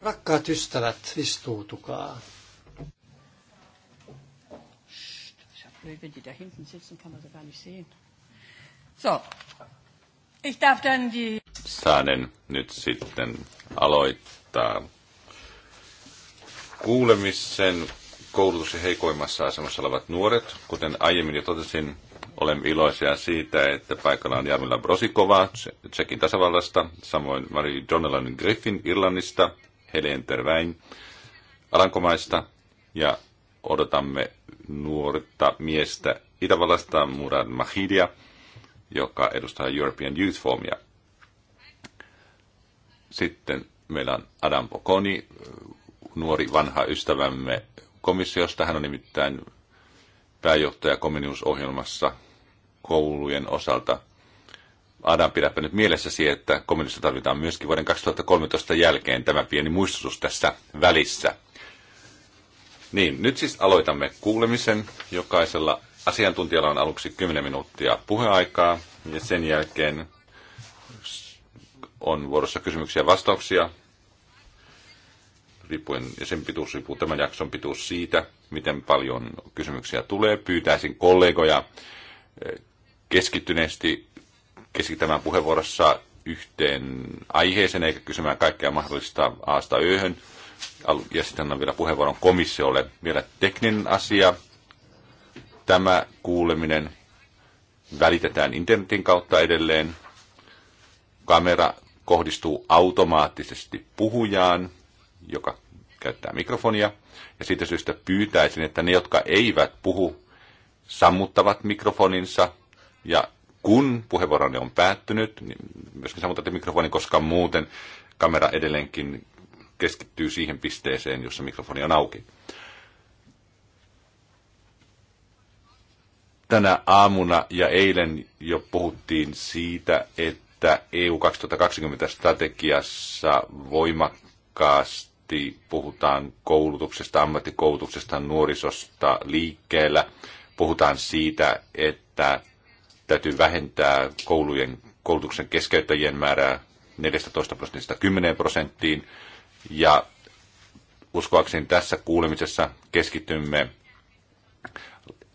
Rakkaat ystävät, istuutukaa. So, ich darf dann die... Saanen nyt sitten aloittaa kuulemisen koulutus- ja heikoimmassa asemassa olevat nuoret. Kuten aiemmin jo totesin, Olemme iloisia siitä, että paikalla on Jarmila Brosikova Tsekin tasavallasta, samoin Marie Donnellan Griffin Irlannista, Helen Terväin Alankomaista ja odotamme nuorta miestä Itävallasta Murad Mahidia, joka edustaa European Youth Formia. Sitten meillä on Adam Pokoni, nuori vanha ystävämme komissiosta. Hän on nimittäin pääjohtaja Komenius-ohjelmassa koulujen osalta. Adam, pidäpä nyt mielessäsi, että kommunista tarvitaan myöskin vuoden 2013 jälkeen tämä pieni muistutus tässä välissä. Niin, nyt siis aloitamme kuulemisen. Jokaisella asiantuntijalla on aluksi 10 minuuttia puheaikaa ja sen jälkeen on vuorossa kysymyksiä ja vastauksia. Riippuen, ja sen pituus riippuu tämän jakson pituus siitä, miten paljon kysymyksiä tulee. Pyytäisin kollegoja keskittyneesti keskittämään puheenvuorossa yhteen aiheeseen eikä kysymään kaikkea mahdollista aasta yöhön. Ja sitten annan vielä puheenvuoron komissiolle. Vielä tekninen asia. Tämä kuuleminen välitetään internetin kautta edelleen. Kamera kohdistuu automaattisesti puhujaan, joka käyttää mikrofonia. Ja siitä syystä pyytäisin, että ne, jotka eivät puhu, sammuttavat mikrofoninsa ja kun puheenvuoroni on päättynyt, niin myöskin että mikrofoni koska muuten kamera edelleenkin keskittyy siihen pisteeseen, jossa mikrofoni on auki. Tänä aamuna ja eilen jo puhuttiin siitä, että EU 2020 strategiassa voimakkaasti puhutaan koulutuksesta, ammattikoulutuksesta, nuorisosta liikkeellä. Puhutaan siitä, että Täytyy vähentää koulujen, koulutuksen keskeyttäjien määrää 14 prosentista 10 prosenttiin. Ja uskoakseni tässä kuulemisessa keskitymme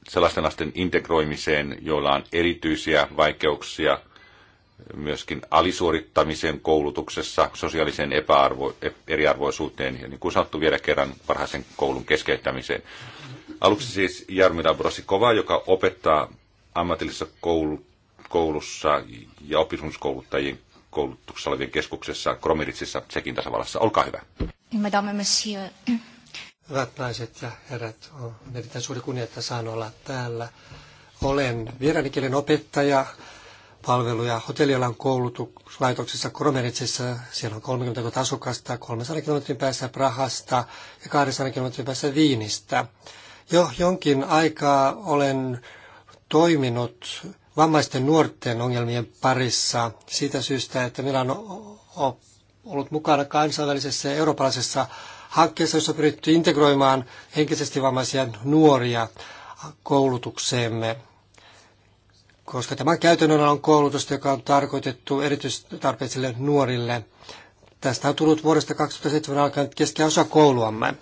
sellaisten lasten integroimiseen, joilla on erityisiä vaikeuksia myöskin alisuorittamisen koulutuksessa, sosiaaliseen epäarvo, eriarvoisuuteen ja niin kuin sanottu vielä kerran varhaisen koulun keskeyttämiseen. Aluksi siis Jarmila Brosikova, joka opettaa ammatillisessa koulussa ja oppisopimuskouluttajien koulutuksessa olevien keskuksessa Kromiritsissa, Tsekin tasavallassa. Olkaa hyvä. Niin, madame, monsieur. Hyvät naiset ja herrat, on erittäin suuri kunnia, että saan olla täällä. Olen vieraanikielen opettaja, palveluja hotellialan koulutuslaitoksessa Kromeritsissa. Siellä on 30 000 asukasta, 300 kilometrin päässä Prahasta ja 200 kilometrin päässä Viinistä. Jo jonkin aikaa olen toiminut vammaisten nuorten ongelmien parissa siitä syystä, että meillä on ollut mukana kansainvälisessä ja eurooppalaisessa hankkeessa, jossa pyritty integroimaan henkisesti vammaisia nuoria koulutukseemme. Koska tämä käytännön on koulutusta, joka on tarkoitettu erityistarpeisille nuorille. Tästä on tullut vuodesta 2007 alkaen keskeinen osa kouluamme.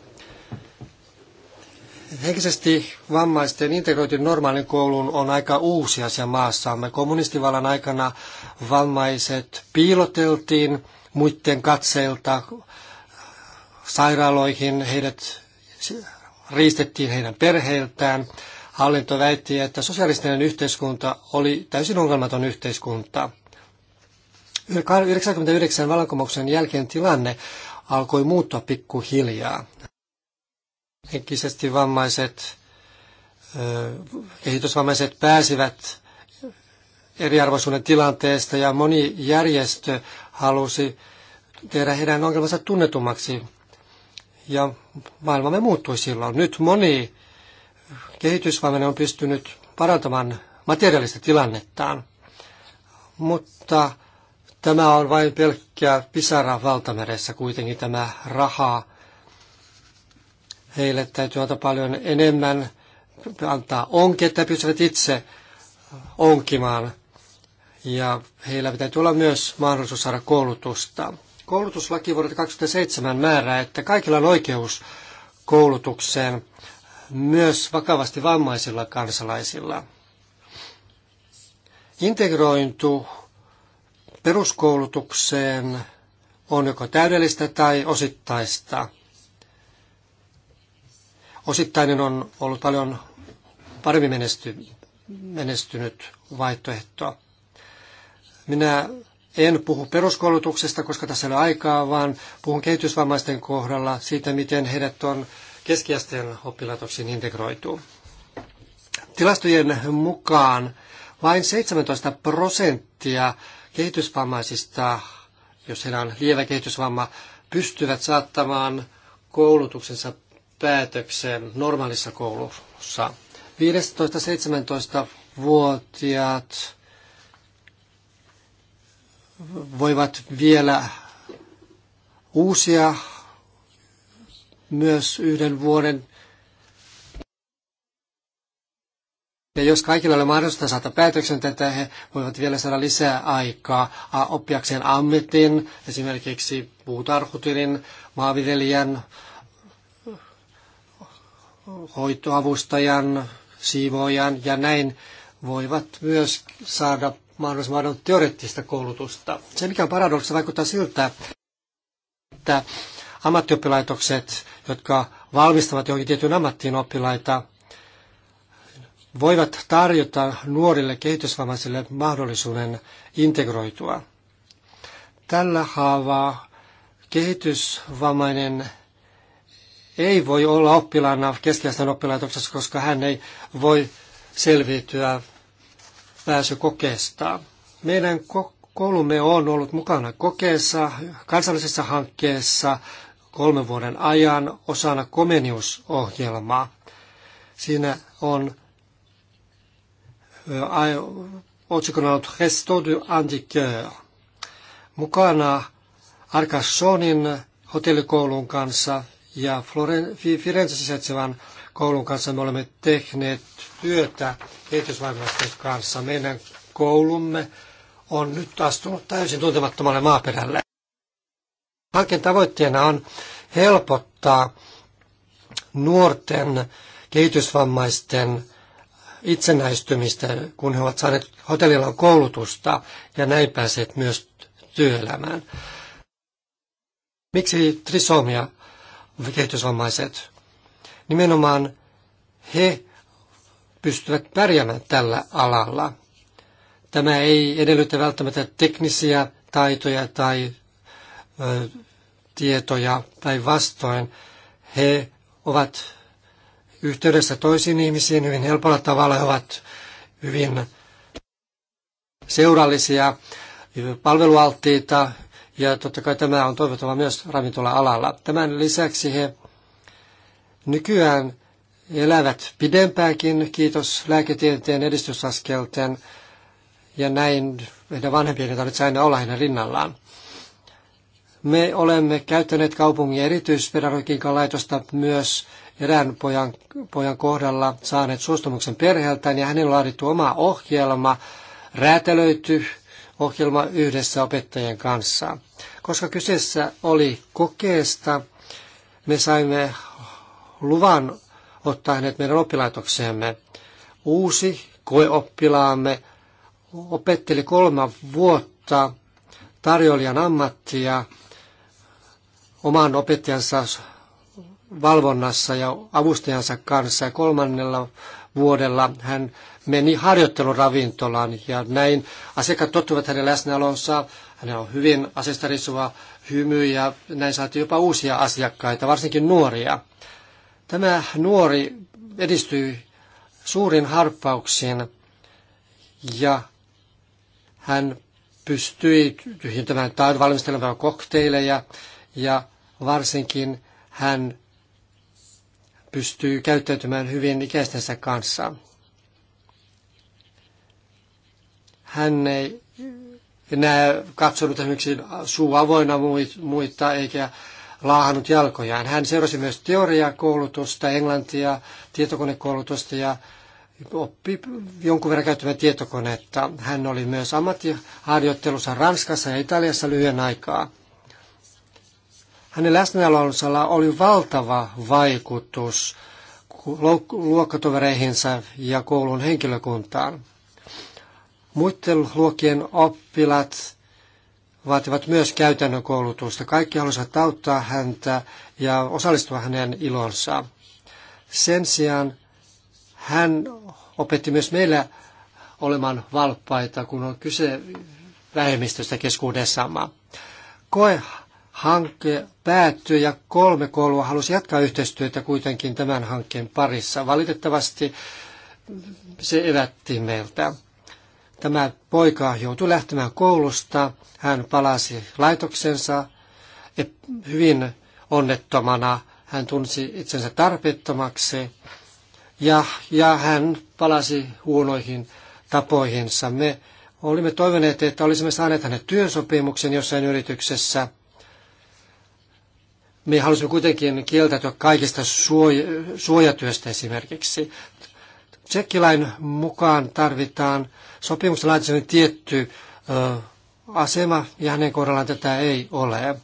Henkisesti vammaisten integroitu normaalin kouluun on aika uusi asia maassamme. Kommunistivallan aikana vammaiset piiloteltiin muiden katseilta sairaaloihin, heidät riistettiin heidän perheiltään. Hallinto väitti, että sosialistinen yhteiskunta oli täysin ongelmaton yhteiskunta. 1999 vallankumouksen jälkeen tilanne alkoi muuttua pikkuhiljaa henkisesti vammaiset, kehitysvammaiset pääsivät eriarvoisuuden tilanteesta ja moni järjestö halusi tehdä heidän ongelmansa tunnetummaksi. Ja maailmamme muuttui silloin. Nyt moni kehitysvammainen on pystynyt parantamaan materiaalista tilannettaan, mutta tämä on vain pelkkää pisara valtameressä kuitenkin tämä raha Heille täytyy antaa paljon enemmän, antaa onki, että pystyvät itse onkimaan. Ja heillä pitää olla myös mahdollisuus saada koulutusta. Koulutuslaki vuodelta 2007 määrää, että kaikilla on oikeus koulutukseen, myös vakavasti vammaisilla kansalaisilla. Integrointu peruskoulutukseen on joko täydellistä tai osittaista. Osittainen on ollut paljon paremmin menesty, menestynyt vaihtoehto. Minä en puhu peruskoulutuksesta, koska tässä ei ole aikaa, vaan puhun kehitysvammaisten kohdalla siitä, miten heidät on keskiasteen oppilaitoksiin integroitu. Tilastojen mukaan vain 17 prosenttia kehitysvammaisista, jos heillä on lievä kehitysvamma, pystyvät saattamaan koulutuksensa päätökseen normaalissa koulussa. 15-17-vuotiaat voivat vielä uusia myös yhden vuoden. Ja jos kaikilla on mahdollista saada päätöksen tätä, he voivat vielä saada lisää aikaa oppiakseen ammetin, esimerkiksi puutarhutilin, maanviljelijän, hoitoavustajan, siivoojan ja näin voivat myös saada mahdollisimman teoreettista koulutusta. Se, mikä on paradoksi, vaikuttaa siltä, että ammattioppilaitokset, jotka valmistavat johonkin tietyn ammattiin oppilaita, voivat tarjota nuorille kehitysvammaisille mahdollisuuden integroitua. Tällä haavaa kehitysvammainen ei voi olla oppilaana keskiasteen oppilaitoksessa, koska hän ei voi selviytyä pääsykokeestaan. Meidän koulumme on ollut mukana kokeessa, kansallisessa hankkeessa kolmen vuoden ajan osana komeniusohjelmaa. Siinä on otsikon ollut Resto du Antiqueur. Mukana Arkassonin hotellikoulun kanssa ja Firenze sijaitsevan koulun kanssa me olemme tehneet työtä kehitysvammaisten kanssa. Meidän koulumme on nyt astunut täysin tuntemattomalle maaperälle. Hankkeen tavoitteena on helpottaa nuorten kehitysvammaisten itsenäistymistä, kun he ovat saaneet hotellilla koulutusta ja näin pääseet myös työelämään. Miksi trisomia kehitysvammaiset. Nimenomaan he pystyvät pärjäämään tällä alalla. Tämä ei edellytä välttämättä teknisiä taitoja tai ö, tietoja tai vastoin. He ovat yhteydessä toisiin ihmisiin hyvin helpolla tavalla. He ovat hyvin seurallisia, palvelualttiita, ja totta kai tämä on toivottava myös ravintola-alalla. Tämän lisäksi he nykyään elävät pidempäänkin, kiitos lääketieteen edistysaskelten, ja näin heidän vanhempien tarvitse aina olla heidän rinnallaan. Me olemme käyttäneet kaupungin erityispedagogiikan laitosta myös erään pojan, pojan kohdalla saaneet suostumuksen perheeltään ja hänellä on laadittu oma ohjelma, räätälöity ohjelma yhdessä opettajien kanssa. Koska kyseessä oli kokeesta, me saimme luvan ottaa hänet meidän oppilaitokseemme. Uusi koeoppilaamme opetteli kolme vuotta tarjoilijan ammattia oman opettajansa valvonnassa ja avustajansa kanssa. Ja kolmannella vuodella hän meni harjoitteluravintolaan ja näin asiakkaat tottuvat hänen läsnäolonsa. Hänellä on hyvin asestarisua hymy ja näin saatiin jopa uusia asiakkaita, varsinkin nuoria. Tämä nuori edistyi suurin harppauksin ja hän pystyi tyhjentämään tai valmistelemaan kokteileja ja varsinkin hän pystyy käyttäytymään hyvin ikäistensä kanssa. Hän ei enää katsonut esimerkiksi suu avoina muita eikä laahannut jalkojaan. Hän seurasi myös teoriakoulutusta, englantia, tietokonekoulutusta ja oppi jonkun verran käyttämään tietokonetta. Hän oli myös ammattiharjoittelussa Ranskassa ja Italiassa lyhyen aikaa. Hänen läsnäolonsalla oli valtava vaikutus luokkatovereihinsa ja koulun henkilökuntaan. Muiden luokien oppilat vaativat myös käytännön koulutusta. Kaikki halusivat auttaa häntä ja osallistua hänen ilonsa. Sen sijaan hän opetti myös meillä olemaan valppaita, kun on kyse vähemmistöstä keskuudessamme. Koe hanke päättyi ja kolme koulua halusi jatkaa yhteistyötä kuitenkin tämän hankkeen parissa. Valitettavasti se evätti meiltä. Tämä poika joutui lähtemään koulusta, hän palasi laitoksensa e, hyvin onnettomana, hän tunsi itsensä tarpeettomaksi ja, ja hän palasi huonoihin tapoihinsa. Me olimme toivoneet, että olisimme saaneet hänen työsopimuksen jossain yrityksessä. Me halusimme kuitenkin kieltäytyä kaikista suoj- suojatyöstä esimerkiksi. Tsekkilain mukaan tarvitaan sopimuksen tietty ö, asema ja hänen kohdallaan tätä ei ole.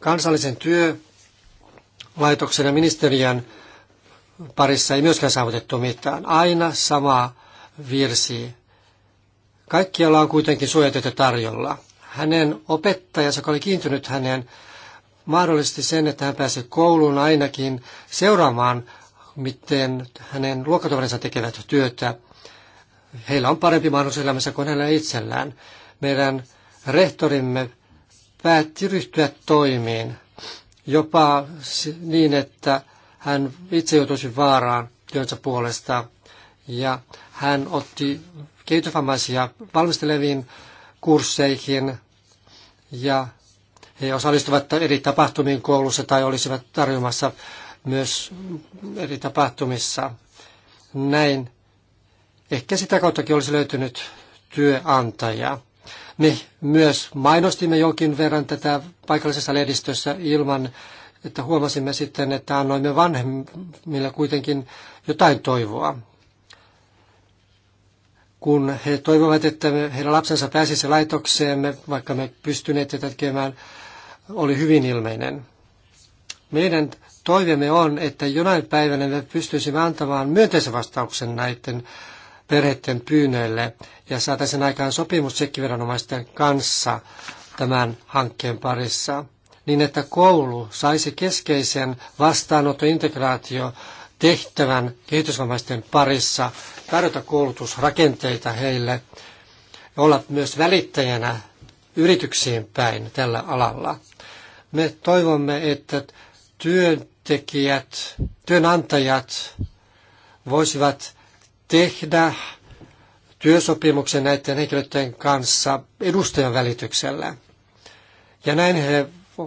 Kansallisen työlaitoksen ja ministeriön parissa ei myöskään saavutettu mitään. Aina sama virsi. Kaikkialla on kuitenkin suojatyötä tarjolla. Hänen opettajansa, joka oli kiintynyt hänen mahdollisti sen, että hän pääsi kouluun ainakin seuraamaan miten hänen luokkatoverinsa tekevät työtä. Heillä on parempi mahdollisuus elämässä kuin hänellä itsellään. Meidän rehtorimme päätti ryhtyä toimiin, jopa niin, että hän itse joutuisi vaaraan työnsä puolesta. Ja hän otti kehitysvammaisia valmisteleviin kursseihin ja he osallistuvat eri tapahtumiin koulussa tai olisivat tarjoamassa myös eri tapahtumissa. Näin ehkä sitä kauttakin olisi löytynyt työantaja. Me myös mainostimme jonkin verran tätä paikallisessa lehdistössä ilman, että huomasimme sitten, että annoimme vanhemmille kuitenkin jotain toivoa. Kun he toivovat, että heidän lapsensa pääsisi laitokseemme, vaikka me pystyneet tätä tekemään, oli hyvin ilmeinen. Meidän toiveemme on, että jonain päivänä me pystyisimme antamaan myönteisen vastauksen näiden perheiden pyynnöille ja saataisiin aikaan sopimus tsekkiviranomaisten kanssa tämän hankkeen parissa, niin että koulu saisi keskeisen vastaanottointegraatio tehtävän kehitysvammaisten parissa, tarjota koulutusrakenteita heille ja olla myös välittäjänä yrityksiin päin tällä alalla. Me toivomme, että työn työntekijät, työnantajat voisivat tehdä työsopimuksen näiden henkilöiden kanssa edustajan välityksellä. Ja näin he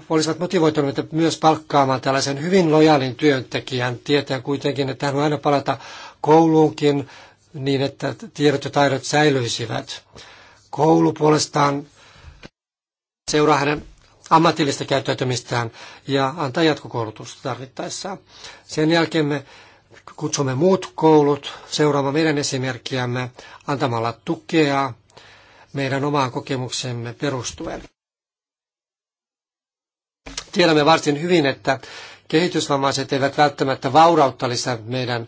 olisivat motivoituneet myös palkkaamaan tällaisen hyvin lojaalin työntekijän, tietää kuitenkin, että hän voi aina palata kouluunkin niin, että tiedot ja taidot säilyisivät. Koulu puolestaan seuraa hänen ammatillista käyttäytymistään ja antaa jatkokoulutusta tarvittaessa. Sen jälkeen me kutsumme muut koulut seuraamaan meidän esimerkkiämme antamalla tukea meidän omaan kokemuksemme perustuen. Tiedämme varsin hyvin, että kehitysvammaiset eivät välttämättä vaurautta lisää meidän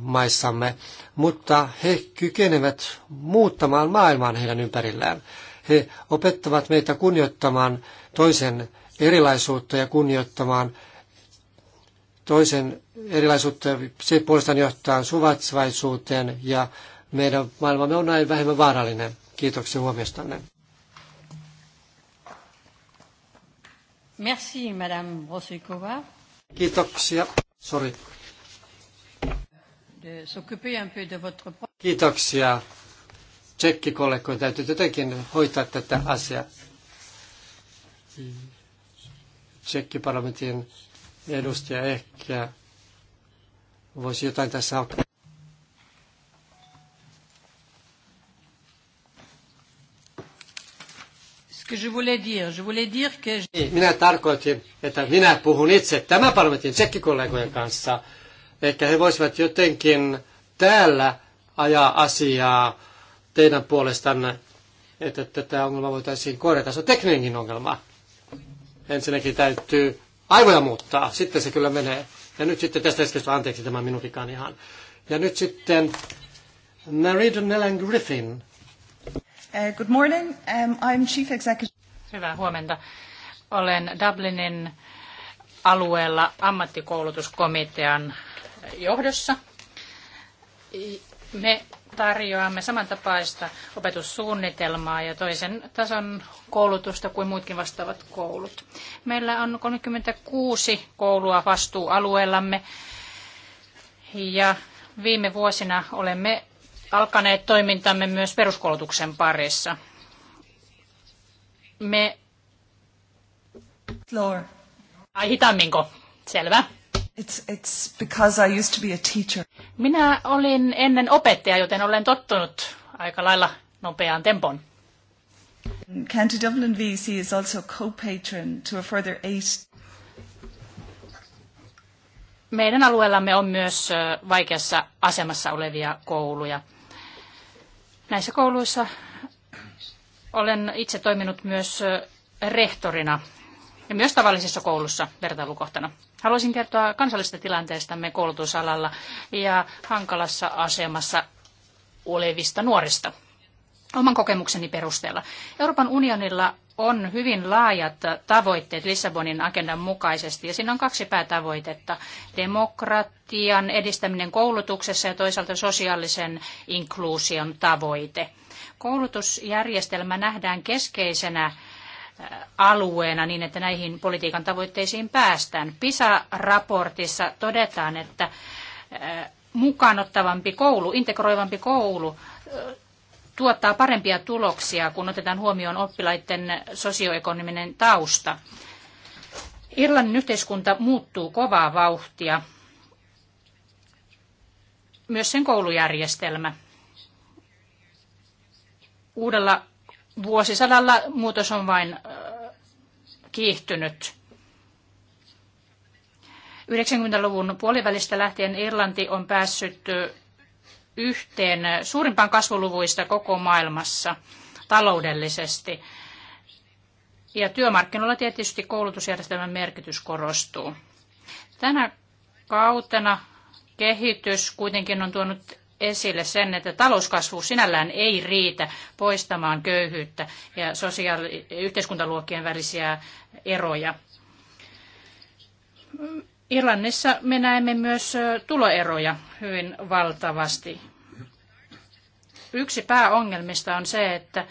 maissamme, mutta he kykenevät muuttamaan maailmaa heidän ympärillään. He opettavat meitä kunnioittamaan toisen erilaisuutta ja kunnioittamaan toisen erilaisuutta. Se puolestaan johtaa suvaitsevaisuuteen ja meidän maailmamme on näin vähemmän vaarallinen. Kiitoksia huomiostanne. Merci, Madame Rosikova. Kiitoksia. Sorry. De de s'occuper un peu votre. Kiitoksia tsekkikollegojen täytyy jotenkin hoitaa tätä asiaa. Tsekkiparlamentin edustaja ehkä voisi jotain tässä auttaa. Niin, minä tarkoitin, että minä puhun itse tämän parlamentin tsekkikollegojen kanssa. Ehkä he voisivat jotenkin täällä ajaa asiaa teidän puolestanne, että tätä ongelmaa voitaisiin korjata. Se on tekninenkin ongelma. Ensinnäkin täytyy aivoja muuttaa, sitten se kyllä menee. Ja nyt sitten tästä äskeisestä, anteeksi tämä minun ihan. Ja nyt sitten Merida Nellen Griffin. Uh, good morning, um, I'm Chief Executive. Hyvää huomenta. Olen Dublinin alueella ammattikoulutuskomitean johdossa. Me tarjoamme samantapaista opetussuunnitelmaa ja toisen tason koulutusta kuin muutkin vastaavat koulut. Meillä on 36 koulua vastuualueellamme ja viime vuosina olemme alkaneet toimintamme myös peruskoulutuksen parissa. Me... Ai hitaamminko? Selvä. It's, it's because I used to be a teacher. Minä olin ennen opettaja, joten olen tottunut aika lailla nopeaan tempoon. County Dublin VC is also co-patron to a further eight. Meidän alueellamme on myös vaikeassa asemassa olevia kouluja. Näissä kouluissa olen itse toiminut myös rehtorina ja myös tavallisessa koulussa vertailukohtana. Haluaisin kertoa kansallisesta tilanteestamme koulutusalalla ja hankalassa asemassa olevista nuorista. Oman kokemukseni perusteella. Euroopan unionilla on hyvin laajat tavoitteet Lissabonin agendan mukaisesti ja siinä on kaksi päätavoitetta. Demokratian edistäminen koulutuksessa ja toisaalta sosiaalisen inkluusion tavoite. Koulutusjärjestelmä nähdään keskeisenä alueena niin, että näihin politiikan tavoitteisiin päästään. PISA-raportissa todetaan, että äh, mukaanottavampi koulu, integroivampi koulu äh, tuottaa parempia tuloksia, kun otetaan huomioon oppilaiden sosioekonominen tausta. Irlannin yhteiskunta muuttuu kovaa vauhtia, myös sen koulujärjestelmä. Uudella vuosisadalla muutos on vain kiihtynyt. 90-luvun puolivälistä lähtien Irlanti on päässyt yhteen suurimpaan kasvuluvuista koko maailmassa taloudellisesti. Ja työmarkkinoilla tietysti koulutusjärjestelmän merkitys korostuu. Tänä kautena kehitys kuitenkin on tuonut esille sen, että talouskasvu sinällään ei riitä poistamaan köyhyyttä ja sosiaali- yhteiskuntaluokkien välisiä eroja. Irlannissa me näemme myös tuloeroja hyvin valtavasti. Yksi pääongelmista on se, että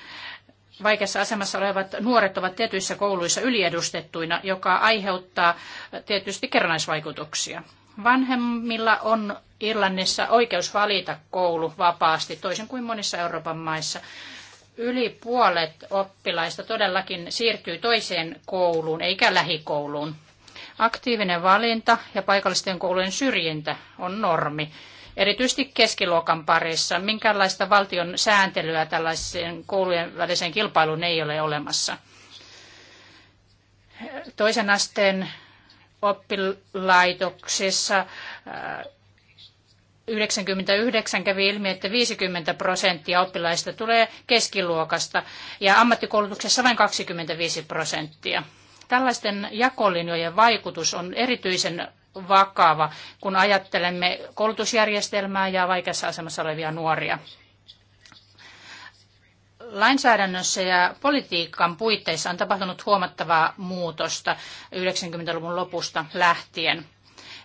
vaikeassa asemassa olevat nuoret ovat tietyissä kouluissa yliedustettuina, joka aiheuttaa tietysti kerrannaisvaikutuksia. Vanhemmilla on Irlannissa oikeus valita koulu vapaasti, toisin kuin monissa Euroopan maissa. Yli puolet oppilaista todellakin siirtyy toiseen kouluun eikä lähikouluun. Aktiivinen valinta ja paikallisten koulujen syrjintä on normi erityisesti keskiluokan parissa. Minkälaista valtion sääntelyä tällaisen koulujen väliseen kilpailuun ei ole olemassa? Toisen asteen oppilaitoksissa 99 kävi ilmi, että 50 prosenttia oppilaista tulee keskiluokasta ja ammattikoulutuksessa vain 25 prosenttia. Tällaisten jakolinjojen vaikutus on erityisen vakava, kun ajattelemme koulutusjärjestelmää ja vaikeassa asemassa olevia nuoria. Lainsäädännössä ja politiikan puitteissa on tapahtunut huomattavaa muutosta 90-luvun lopusta lähtien.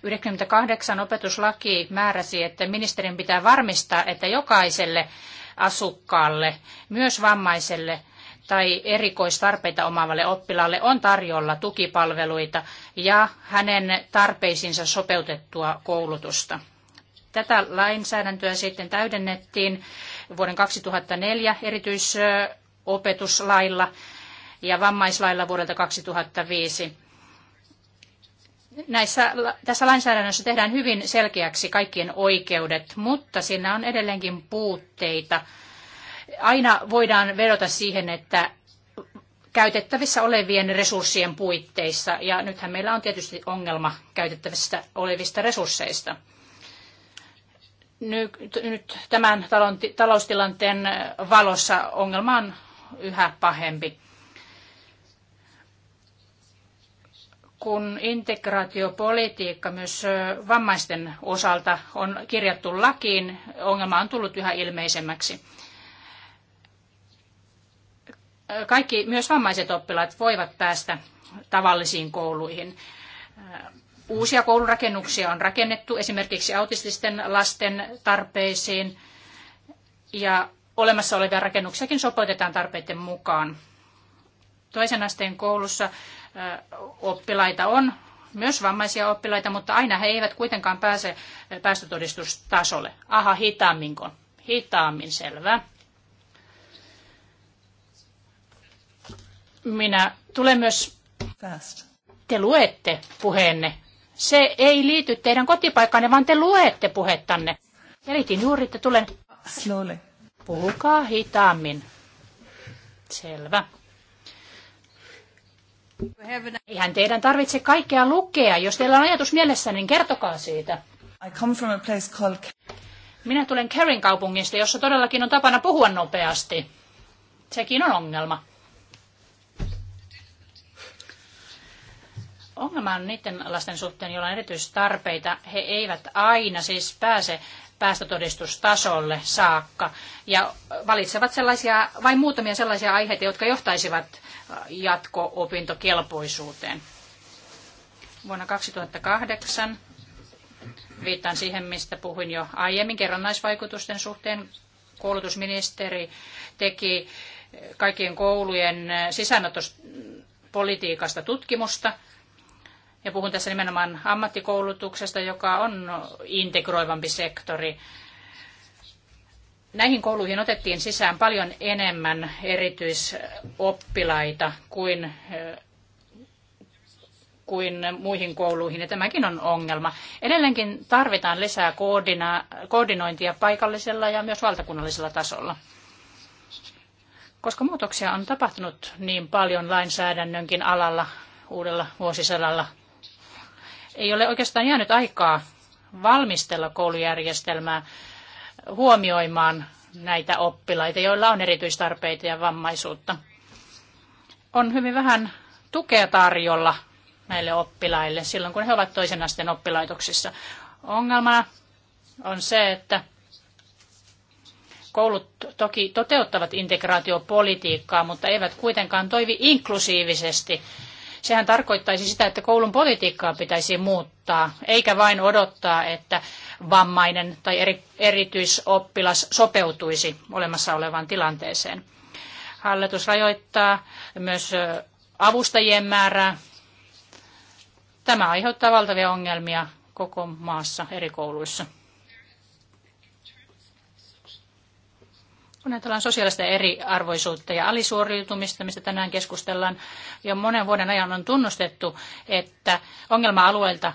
98 opetuslaki määräsi, että ministerin pitää varmistaa, että jokaiselle asukkaalle, myös vammaiselle tai erikoistarpeita omaavalle oppilaalle on tarjolla tukipalveluita ja hänen tarpeisiinsa sopeutettua koulutusta. Tätä lainsäädäntöä sitten täydennettiin vuoden 2004 erityisopetuslailla ja vammaislailla vuodelta 2005 näissä, tässä lainsäädännössä tehdään hyvin selkeäksi kaikkien oikeudet, mutta siinä on edelleenkin puutteita. Aina voidaan vedota siihen, että käytettävissä olevien resurssien puitteissa, ja nythän meillä on tietysti ongelma käytettävissä olevista resursseista. Nyt tämän talon, taloustilanteen valossa ongelma on yhä pahempi. kun integraatiopolitiikka myös vammaisten osalta on kirjattu lakiin, ongelma on tullut yhä ilmeisemmäksi. Kaikki, myös vammaiset oppilaat, voivat päästä tavallisiin kouluihin. Uusia koulurakennuksia on rakennettu esimerkiksi autististen lasten tarpeisiin ja olemassa olevia rakennuksiakin sopeutetaan tarpeiden mukaan toisen asteen koulussa oppilaita on, myös vammaisia oppilaita, mutta aina he eivät kuitenkaan pääse päästötodistustasolle. Aha, hitaamminko? Hitaammin, selvä. Minä tulen myös... Fast. Te luette puheenne. Se ei liity teidän kotipaikkaanne, vaan te luette puhettanne. Selitin juuri, että tulen... Slowly. Puhukaa hitaammin. Selvä. Eihän teidän tarvitse kaikkea lukea. Jos teillä on ajatus mielessä, niin kertokaa siitä. I come from a place called... Minä tulen Kerin kaupungista, jossa todellakin on tapana puhua nopeasti. Sekin on ongelma. Ongelma on niiden lasten suhteen, joilla on erityistarpeita. He eivät aina siis pääse päästötodistustasolle saakka ja valitsevat sellaisia, vain muutamia sellaisia aiheita, jotka johtaisivat äh, jatko-opintokelpoisuuteen. Vuonna 2008 viittaan siihen, mistä puhuin jo aiemmin kerrannaisvaikutusten suhteen. Koulutusministeri teki äh, kaikkien koulujen äh, sisäänotospolitiikasta tutkimusta – ja puhun tässä nimenomaan ammattikoulutuksesta, joka on integroivampi sektori. Näihin kouluihin otettiin sisään paljon enemmän erityisoppilaita kuin, kuin muihin kouluihin, ja tämäkin on ongelma. Edelleenkin tarvitaan lisää koordina- koordinointia paikallisella ja myös valtakunnallisella tasolla. Koska muutoksia on tapahtunut niin paljon lainsäädännönkin alalla uudella vuosisadalla, ei ole oikeastaan jäänyt aikaa valmistella koulujärjestelmää huomioimaan näitä oppilaita, joilla on erityistarpeita ja vammaisuutta. On hyvin vähän tukea tarjolla näille oppilaille silloin, kun he ovat toisen asteen oppilaitoksissa. Ongelma on se, että koulut toki toteuttavat integraatiopolitiikkaa, mutta eivät kuitenkaan toivi inklusiivisesti Sehän tarkoittaisi sitä, että koulun politiikkaa pitäisi muuttaa, eikä vain odottaa, että vammainen tai eri, erityisoppilas sopeutuisi olemassa olevaan tilanteeseen. Hallitus rajoittaa myös avustajien määrää. Tämä aiheuttaa valtavia ongelmia koko maassa eri kouluissa. Kun ajatellaan sosiaalista eriarvoisuutta ja alisuoriutumista, mistä tänään keskustellaan, jo monen vuoden ajan on tunnustettu, että ongelma alueelta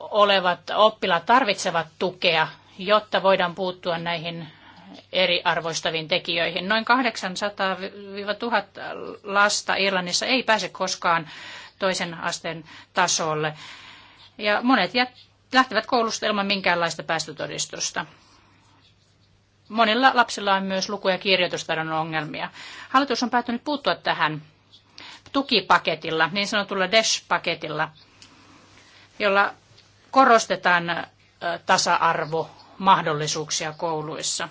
olevat oppilaat tarvitsevat tukea, jotta voidaan puuttua näihin eriarvoistaviin tekijöihin. Noin 800-1000 lasta Irlannissa ei pääse koskaan toisen asteen tasolle. Ja monet jät- lähtevät koulusta ilman minkäänlaista päästötodistusta. Monilla lapsilla on myös luku- ja kirjoitustaidon ongelmia. Hallitus on päättänyt puuttua tähän tukipaketilla, niin sanotulla DESH-paketilla, jolla korostetaan tasa-arvomahdollisuuksia kouluissa.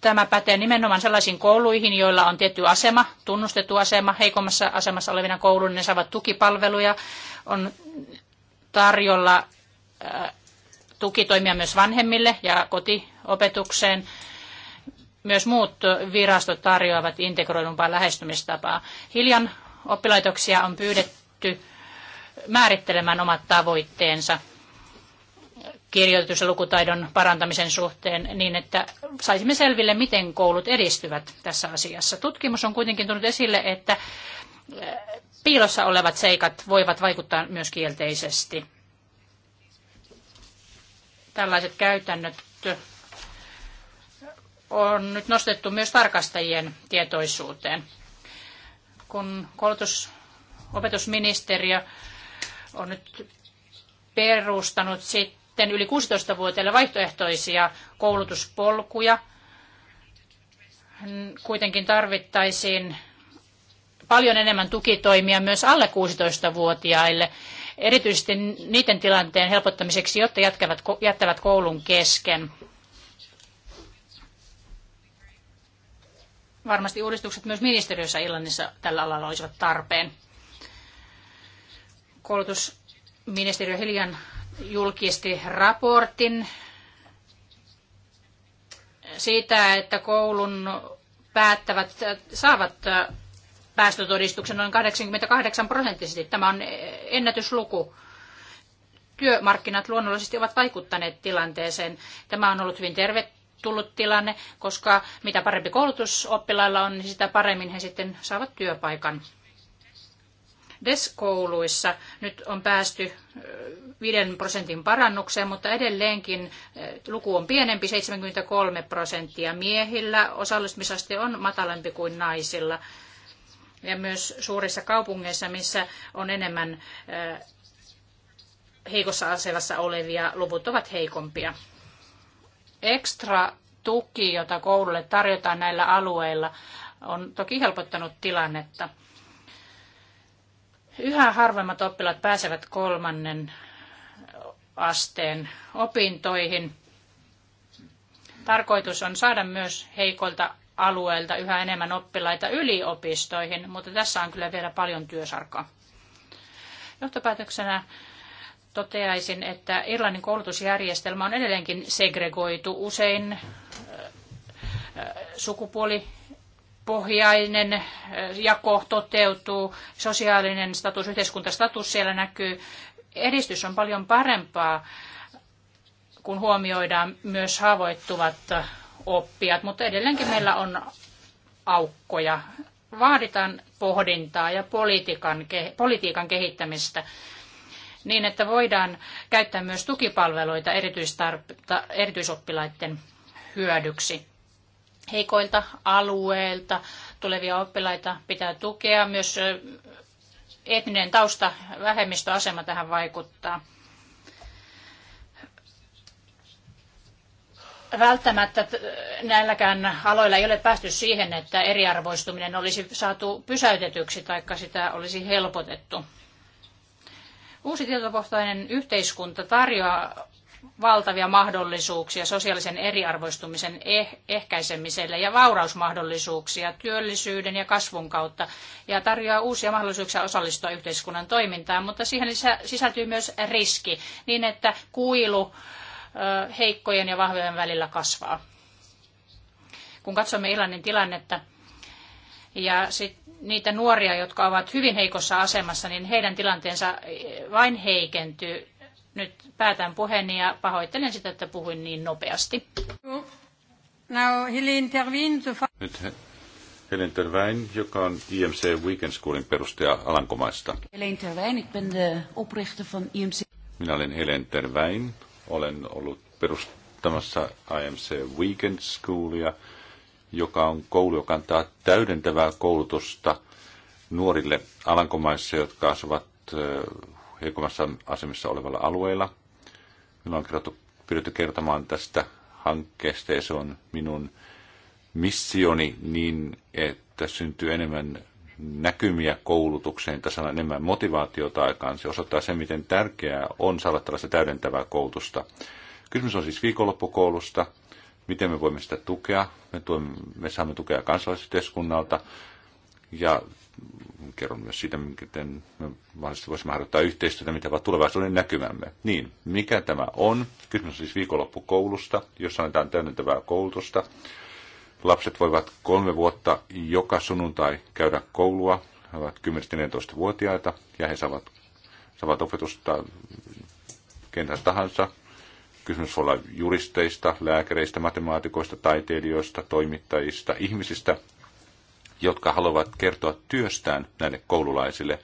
Tämä pätee nimenomaan sellaisiin kouluihin, joilla on tietty asema, tunnustettu asema, heikommassa asemassa olevina kouluina ne saavat tukipalveluja, on tarjolla tukitoimia myös vanhemmille ja koti opetukseen. Myös muut virastot tarjoavat integroidumpaa lähestymistapaa. Hiljan oppilaitoksia on pyydetty määrittelemään omat tavoitteensa kirjoitus- ja lukutaidon parantamisen suhteen niin, että saisimme selville, miten koulut edistyvät tässä asiassa. Tutkimus on kuitenkin tullut esille, että eh, piilossa olevat seikat voivat vaikuttaa myös kielteisesti. Tällaiset käytännöt on nyt nostettu myös tarkastajien tietoisuuteen. Kun koulutus- opetusministeriö on nyt perustanut sitten yli 16-vuotiaille vaihtoehtoisia koulutuspolkuja, kuitenkin tarvittaisiin paljon enemmän tukitoimia myös alle 16-vuotiaille, erityisesti niiden tilanteen helpottamiseksi, jotta jättävät koulun kesken. varmasti uudistukset myös ministeriössä Irlannissa tällä alalla olisivat tarpeen. Koulutusministeriö hiljan julkisti raportin siitä, että koulun päättävät saavat päästötodistuksen noin 88 prosenttisesti. Tämä on ennätysluku. Työmarkkinat luonnollisesti ovat vaikuttaneet tilanteeseen. Tämä on ollut hyvin tervetullut tullut tilanne, koska mitä parempi koulutus oppilailla on, niin sitä paremmin he sitten saavat työpaikan. DES-kouluissa nyt on päästy 5 prosentin parannukseen, mutta edelleenkin luku on pienempi, 73 prosenttia. Miehillä osallistumisaste on matalampi kuin naisilla. Ja myös suurissa kaupungeissa, missä on enemmän heikossa asemassa olevia, luvut ovat heikompia ekstra tuki, jota koululle tarjotaan näillä alueilla, on toki helpottanut tilannetta. Yhä harvemmat oppilaat pääsevät kolmannen asteen opintoihin. Tarkoitus on saada myös heikolta alueelta yhä enemmän oppilaita yliopistoihin, mutta tässä on kyllä vielä paljon työsarkaa. Johtopäätöksenä toteaisin, että Irlannin koulutusjärjestelmä on edelleenkin segregoitu usein äh, äh, sukupuoli pohjainen äh, jako toteutuu, sosiaalinen status, yhteiskuntastatus siellä näkyy. Edistys on paljon parempaa, kun huomioidaan myös haavoittuvat oppijat, mutta edelleenkin meillä on aukkoja. Vaaditaan pohdintaa ja politiikan, kehittämistä niin, että voidaan käyttää myös tukipalveluita erityisoppilaiden hyödyksi. Heikoilta alueilta tulevia oppilaita pitää tukea. Myös etninen tausta, vähemmistöasema tähän vaikuttaa. välttämättä näilläkään aloilla ei ole päästy siihen, että eriarvoistuminen olisi saatu pysäytetyksi tai sitä olisi helpotettu. Uusi tietokohtainen yhteiskunta tarjoaa valtavia mahdollisuuksia sosiaalisen eriarvoistumisen eh-, ehkäisemiselle ja vaurausmahdollisuuksia työllisyyden ja kasvun kautta ja tarjoaa uusia mahdollisuuksia osallistua yhteiskunnan toimintaan, mutta siihen sisältyy myös riski niin, että kuilu heikkojen ja vahvojen välillä kasvaa. Kun katsomme Irlannin tilannetta, ja sit niitä nuoria, jotka ovat hyvin heikossa asemassa, niin heidän tilanteensa eh, vain heikentyy. Nyt päätän puheeni ja pahoittelen sitä, että puhuin niin nopeasti. Nyt Helen Terwijn, joka on IMC Weekend Schoolin perustaja Alankomaista. Helen Terwijn, ik ben de oprichter van IMC. Minä olen Helen Terwijn, olen ollut perustamassa IMC Weekend Schoolia – joka on koulu, joka antaa täydentävää koulutusta nuorille alankomaissa, jotka asuvat heikommassa asemassa olevalla alueella. Minulla on pyritty kertomaan tästä hankkeesta ja se on minun missioni niin, että syntyy enemmän näkymiä koulutukseen, tässä on enemmän motivaatiota aikaan. Se osoittaa sen, miten tärkeää on saada tällaista täydentävää koulutusta. Kysymys on siis viikonloppukoulusta, miten me voimme sitä tukea. Me, tuemme, me saamme tukea kansalaisyhteiskunnalta ja kerron myös siitä, miten me mahdollisesti voisimme harjoittaa yhteistyötä, mitä ovat tulevaisuuden näkymämme. Niin, mikä tämä on? Kysymys on siis viikonloppukoulusta, jossa annetaan täydentävää koulutusta. Lapset voivat kolme vuotta joka sunnuntai käydä koulua. He ovat 10-14-vuotiaita ja he saavat, saavat opetusta kentästä tahansa Kysymys voi olla juristeista, lääkäreistä, matemaatikoista, taiteilijoista, toimittajista, ihmisistä, jotka haluavat kertoa työstään näille koululaisille.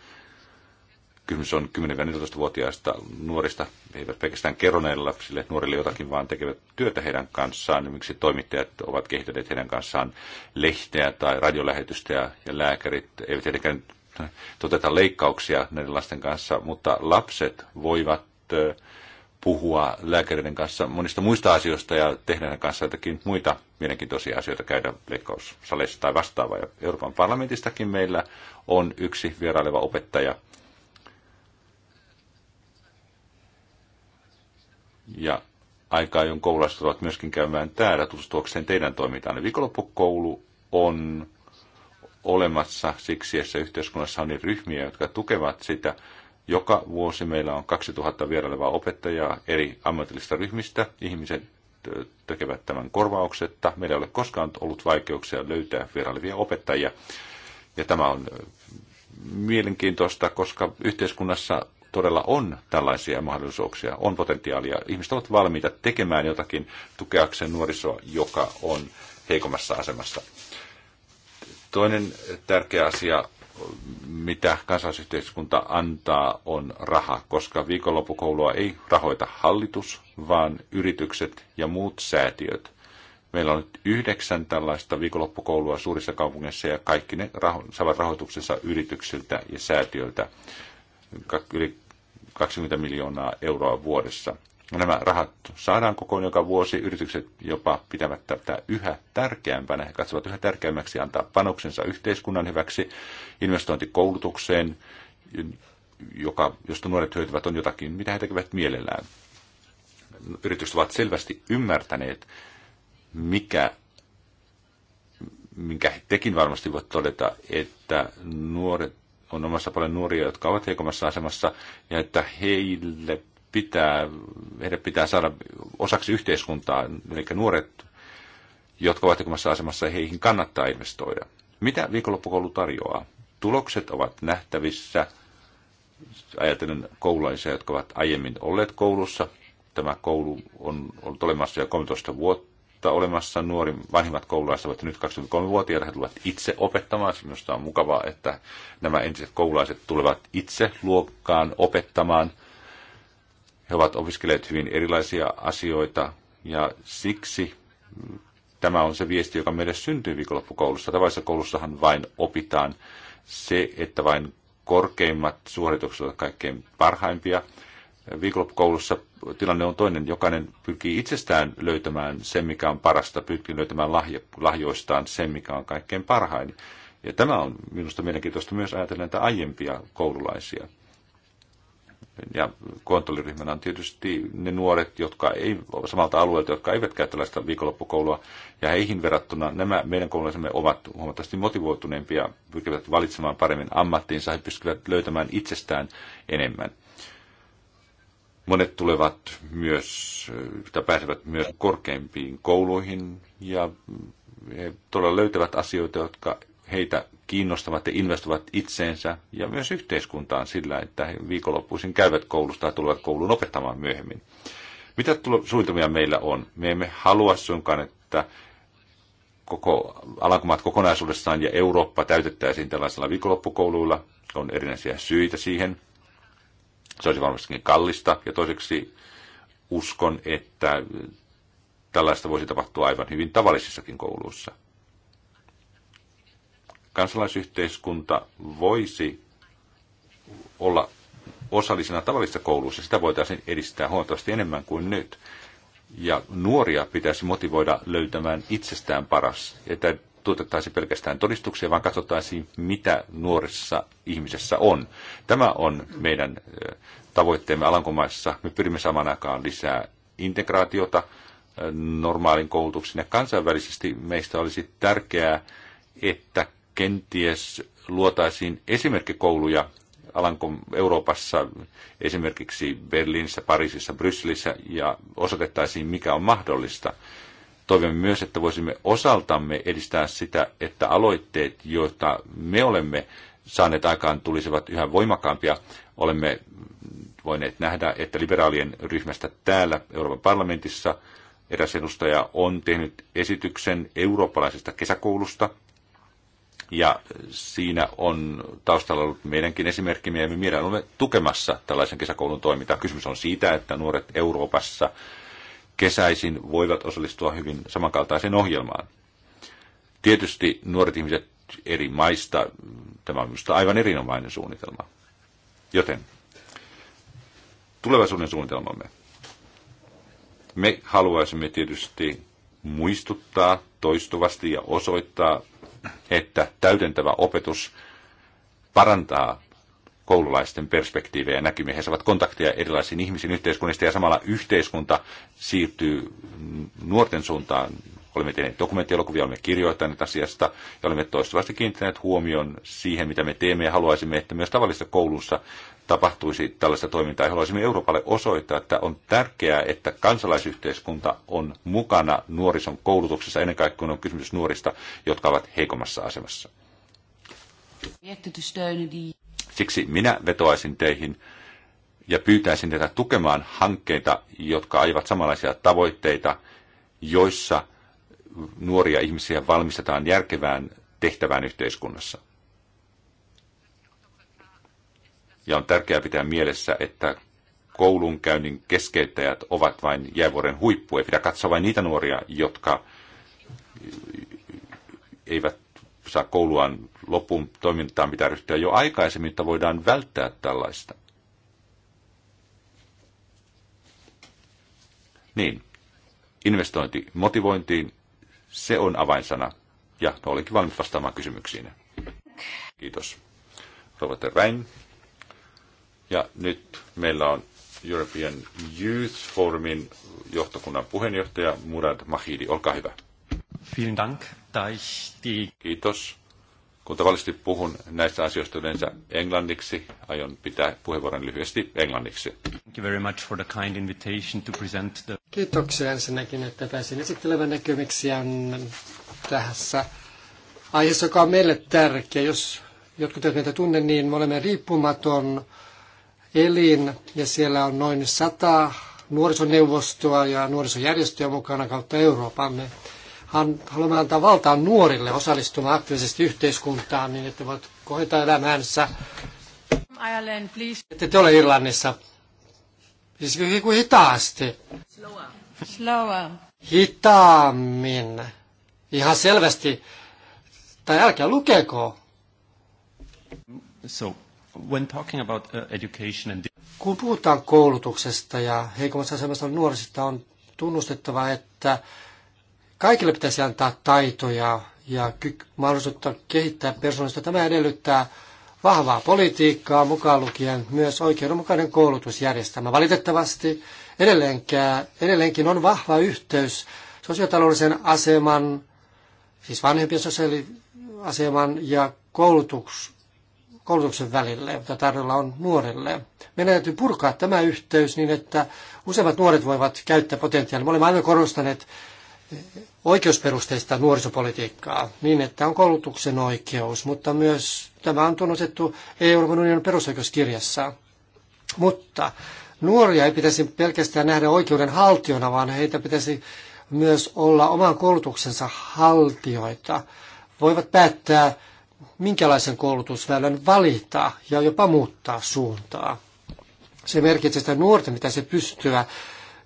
Kysymys on 10-14-vuotiaista nuorista, eivät pelkästään kerro näille lapsille, nuorille jotakin, vaan tekevät työtä heidän kanssaan. Miksi toimittajat ovat kehittäneet heidän kanssaan lehteä tai radiolähetystä ja lääkärit eivät tietenkään toteuta leikkauksia näiden lasten kanssa, mutta lapset voivat puhua lääkäreiden kanssa monista muista asioista ja tehdä kanssa jotakin muita mielenkiintoisia asioita käydä leikkaussaleissa tai vastaavaa. Ja Euroopan parlamentistakin meillä on yksi vieraileva opettaja. Ja aikaa, jonka koululaiset ovat myöskin käymään täällä tutustuakseen teidän toimintaan. Viikonloppukoulu on olemassa siksi, että yhteiskunnassa on niin ryhmiä, jotka tukevat sitä joka vuosi meillä on 2000 vierailevaa opettajaa eri ammatillisista ryhmistä. Ihmiset tekevät tämän korvauksetta. Meillä ei ole koskaan ollut vaikeuksia löytää vierailevia opettajia. Ja tämä on mielenkiintoista, koska yhteiskunnassa todella on tällaisia mahdollisuuksia, on potentiaalia. Ihmiset ovat valmiita tekemään jotakin tukeakseen nuorisoa, joka on heikommassa asemassa. Toinen tärkeä asia mitä kansalaisyhteiskunta antaa, on raha, koska viikonloppukoulua ei rahoita hallitus, vaan yritykset ja muut säätiöt. Meillä on nyt yhdeksän tällaista viikonloppukoulua suurissa kaupungeissa ja kaikki ne raho- saavat rahoituksensa yrityksiltä ja säätiöiltä yli 20 miljoonaa euroa vuodessa. Nämä rahat saadaan kokoon joka vuosi. Yritykset jopa pitävät tätä yhä tärkeämpänä. He katsovat yhä tärkeämmäksi antaa panoksensa yhteiskunnan hyväksi, investointikoulutukseen, joka, josta nuoret hyötyvät, on jotakin, mitä he tekevät mielellään. Yritykset ovat selvästi ymmärtäneet, mikä, minkä tekin varmasti voit todeta, että nuoret on omassa paljon nuoria, jotka ovat heikommassa asemassa, ja että heille pitää, heidät pitää saada osaksi yhteiskuntaa, eli nuoret, jotka ovat heikommassa asemassa, heihin kannattaa investoida. Mitä viikonloppukoulu tarjoaa? Tulokset ovat nähtävissä, ajatellen koululaisia, jotka ovat aiemmin olleet koulussa. Tämä koulu on ollut olemassa jo 13 vuotta olemassa. Nuori, vanhimmat koululaiset ovat nyt 23-vuotiaita, he tulevat itse opettamaan. Minusta on mukavaa, että nämä entiset koululaiset tulevat itse luokkaan opettamaan – he ovat opiskelleet hyvin erilaisia asioita ja siksi tämä on se viesti, joka meille syntyy viikonloppukoulussa. Tavallisessa koulussahan vain opitaan se, että vain korkeimmat suoritukset ovat kaikkein parhaimpia. Viikonloppukoulussa tilanne on toinen. Jokainen pyrkii itsestään löytämään sen, mikä on parasta, pyrkii löytämään lahjo- lahjoistaan sen, mikä on kaikkein parhain. Ja tämä on minusta mielenkiintoista myös ajatellen näitä aiempia koululaisia. Ja kontrolliryhmänä on tietysti ne nuoret, jotka ei, samalta alueelta, jotka eivät käy tällaista viikonloppukoulua. Ja heihin verrattuna nämä meidän koululaisemme ovat huomattavasti motivoituneempia, pyrkivät valitsemaan paremmin ammattiinsa, he pystyvät löytämään itsestään enemmän. Monet tulevat myös, tai pääsevät myös korkeimpiin kouluihin ja he todella löytävät asioita, jotka heitä kiinnostavat ja investoivat itseensä ja myös yhteiskuntaan sillä, että he viikonloppuisin käyvät koulusta ja tulevat kouluun opettamaan myöhemmin. Mitä suunnitelmia meillä on? Me emme halua suinkaan, että koko Alankomaat kokonaisuudessaan ja Eurooppa täytettäisiin tällaisilla viikonloppukouluilla. On erinäisiä syitä siihen. Se olisi varmastikin kallista. Ja toiseksi uskon, että tällaista voisi tapahtua aivan hyvin tavallisissakin kouluissa kansalaisyhteiskunta voisi olla osallisena tavallisissa kouluissa. Sitä voitaisiin edistää huomattavasti enemmän kuin nyt. Ja nuoria pitäisi motivoida löytämään itsestään paras. Että tuotettaisiin pelkästään todistuksia, vaan katsottaisiin, mitä nuorissa ihmisessä on. Tämä on meidän tavoitteemme Alankomaissa. Me pyrimme saman aikaan lisää integraatiota normaalin koulutuksen ja kansainvälisesti meistä olisi tärkeää, että kenties luotaisiin esimerkkikouluja Alanko Euroopassa, esimerkiksi Berliinissä, Pariisissa, Brysselissä, ja osoitettaisiin, mikä on mahdollista. Toivomme myös, että voisimme osaltamme edistää sitä, että aloitteet, joita me olemme saaneet aikaan, tulisivat yhä voimakkaampia. Olemme voineet nähdä, että liberaalien ryhmästä täällä Euroopan parlamentissa eräs edustaja on tehnyt esityksen eurooppalaisesta kesäkoulusta, ja siinä on taustalla ollut meidänkin esimerkki, me meidän olemme tukemassa tällaisen kesäkoulun toimintaa. Kysymys on siitä, että nuoret Euroopassa kesäisin voivat osallistua hyvin samankaltaiseen ohjelmaan. Tietysti nuoret ihmiset eri maista, tämä on minusta aivan erinomainen suunnitelma. Joten tulevaisuuden suunnitelmamme. Me haluaisimme tietysti muistuttaa toistuvasti ja osoittaa että täydentävä opetus parantaa koululaisten perspektiivejä ja näkymiä. He saavat kontaktia erilaisiin ihmisiin yhteiskunnista ja samalla yhteiskunta siirtyy nuorten suuntaan. Olemme tehneet dokumenttielokuvia, olemme kirjoittaneet asiasta ja olemme toistuvasti kiinnittäneet huomion siihen, mitä me teemme ja haluaisimme, että myös tavallisessa koulussa tapahtuisi tällaista toimintaa. Ja haluaisimme Euroopalle osoittaa, että on tärkeää, että kansalaisyhteiskunta on mukana nuorison koulutuksessa, ennen kaikkea kun on kysymys nuorista, jotka ovat heikommassa asemassa. Siksi minä vetoaisin teihin ja pyytäisin teitä tukemaan hankkeita, jotka aivat samanlaisia tavoitteita, joissa nuoria ihmisiä valmistetaan järkevään tehtävään yhteiskunnassa. Ja on tärkeää pitää mielessä, että koulunkäynnin keskeyttäjät ovat vain jäävuoren huippu. Ei pidä katsoa vain niitä nuoria, jotka eivät saa kouluaan lopun toimintaan pitää ryhtyä jo aikaisemmin, että voidaan välttää tällaista. Niin, investointi motivointiin, se on avainsana. Ja olenkin valmis vastaamaan kysymyksiin. Kiitos. Robert Rein. Ja nyt meillä on European Youth Forumin johtokunnan puheenjohtaja Murad Mahidi. Olkaa hyvä. Vielen Dank. Da ich die... Kiitos. Kun tavallisesti puhun näistä asioista yleensä englanniksi, aion pitää puheenvuoron lyhyesti englanniksi. Thank you very much for the kind invitation to present the... Kiitoksia ensinnäkin, että pääsin esittelemään näkemyksiä tässä aiheessa, joka on meille tärkeä. Jos jotkut teitä tunne, niin me olemme riippumaton elin ja siellä on noin sata nuorisoneuvostoa ja nuorisojärjestöjä mukana kautta Euroopan. Me haluamme antaa valtaa nuorille osallistumaan aktiivisesti yhteiskuntaan niin, että voivat kohdata elämäänsä. Ireland, please. te ole Irlannissa. Siis kuin hitaasti. Slower. Hitaammin. Ihan selvästi. Tai älkää lukeko. So, When talking about uh, education and... Kun puhutaan koulutuksesta ja heikommassa asemassa nuorisista, on tunnustettava, että kaikille pitäisi antaa taitoja ja mahdollisuutta kehittää persoonallista. Tämä edellyttää vahvaa politiikkaa, mukaan lukien myös oikeudenmukainen koulutusjärjestelmä. Valitettavasti edelleenkin on vahva yhteys sosiotaloudellisen aseman, siis vanhempien sosiaaliaseman ja koulutuksen koulutuksen välille, mitä tarjolla on nuorille. Meidän täytyy purkaa tämä yhteys niin, että useimmat nuoret voivat käyttää potentiaalia. Me olemme aina korostaneet oikeusperusteista nuorisopolitiikkaa niin, että on koulutuksen oikeus, mutta myös tämä on tunnustettu Euroopan unionin perusoikeuskirjassa. Mutta nuoria ei pitäisi pelkästään nähdä oikeuden haltiona vaan heitä pitäisi myös olla oman koulutuksensa haltioita. Voivat päättää minkälaisen koulutusväylän valita ja jopa muuttaa suuntaa. Se merkitsee sitä nuorten, mitä se pystyä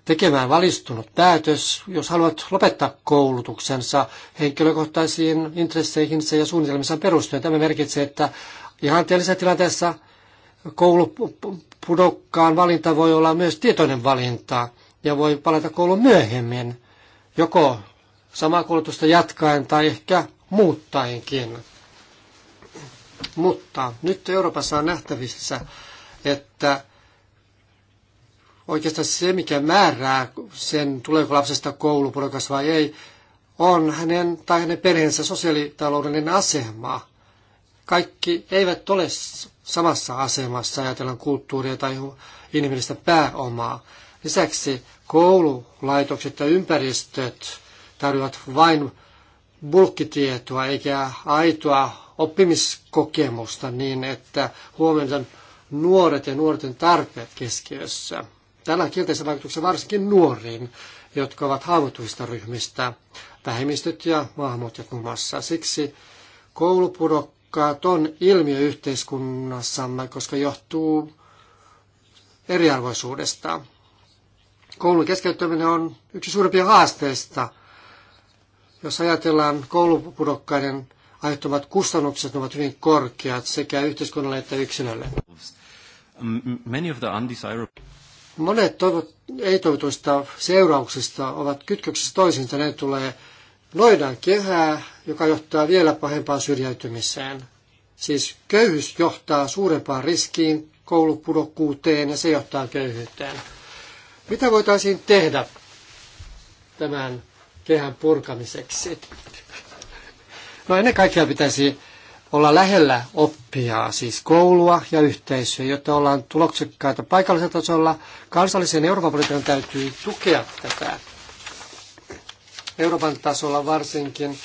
tekemään valistunut päätös, jos haluat lopettaa koulutuksensa henkilökohtaisiin intresseihinsä ja suunnitelmissaan perustuen. Tämä merkitsee, että ihanteellisessa tilanteessa koulupudokkaan valinta voi olla myös tietoinen valinta ja voi palata koulun myöhemmin, joko samaa koulutusta jatkaen tai ehkä muuttaenkin. Mutta nyt Euroopassa on nähtävissä, että oikeastaan se, mikä määrää sen, tuleeko lapsesta koulupudokas vai ei, on hänen tai hänen perheensä sosiaalitaloudellinen asema. Kaikki eivät ole samassa asemassa, ajatellaan kulttuuria tai inhimillistä pääomaa. Lisäksi koululaitokset ja ympäristöt tarjoavat vain bulkkitietoa eikä aitoa oppimiskokemusta niin, että huomioidaan nuoret ja nuorten tarpeet keskiössä. Tällä on kielteisiä varsinkin nuoriin, jotka ovat haavoittuvista ryhmistä, vähemmistöt ja maahanmuuttajat muun muassa. Siksi koulupudokkaat on ilmiö yhteiskunnassamme, koska johtuu eriarvoisuudesta. Koulun keskeyttäminen on yksi suurimpia haasteista. Jos ajatellaan koulupudokkaiden aiheuttamat kustannukset ovat hyvin korkeat sekä yhteiskunnalle että yksilölle. Monet toivot, ei-toivotuista seurauksista ovat kytköksessä toisinsa. Ne tulee noidan kehää, joka johtaa vielä pahempaan syrjäytymiseen. Siis köyhyys johtaa suurempaan riskiin, koulupudokkuuteen ja se johtaa köyhyyteen. Mitä voitaisiin tehdä tämän kehän purkamiseksi? No ennen kaikkea pitäisi olla lähellä oppijaa, siis koulua ja yhteisöä, jotta ollaan tuloksekkaita paikallisella tasolla. Kansallisen Euroopan politiikan täytyy tukea tätä. Euroopan tasolla varsinkin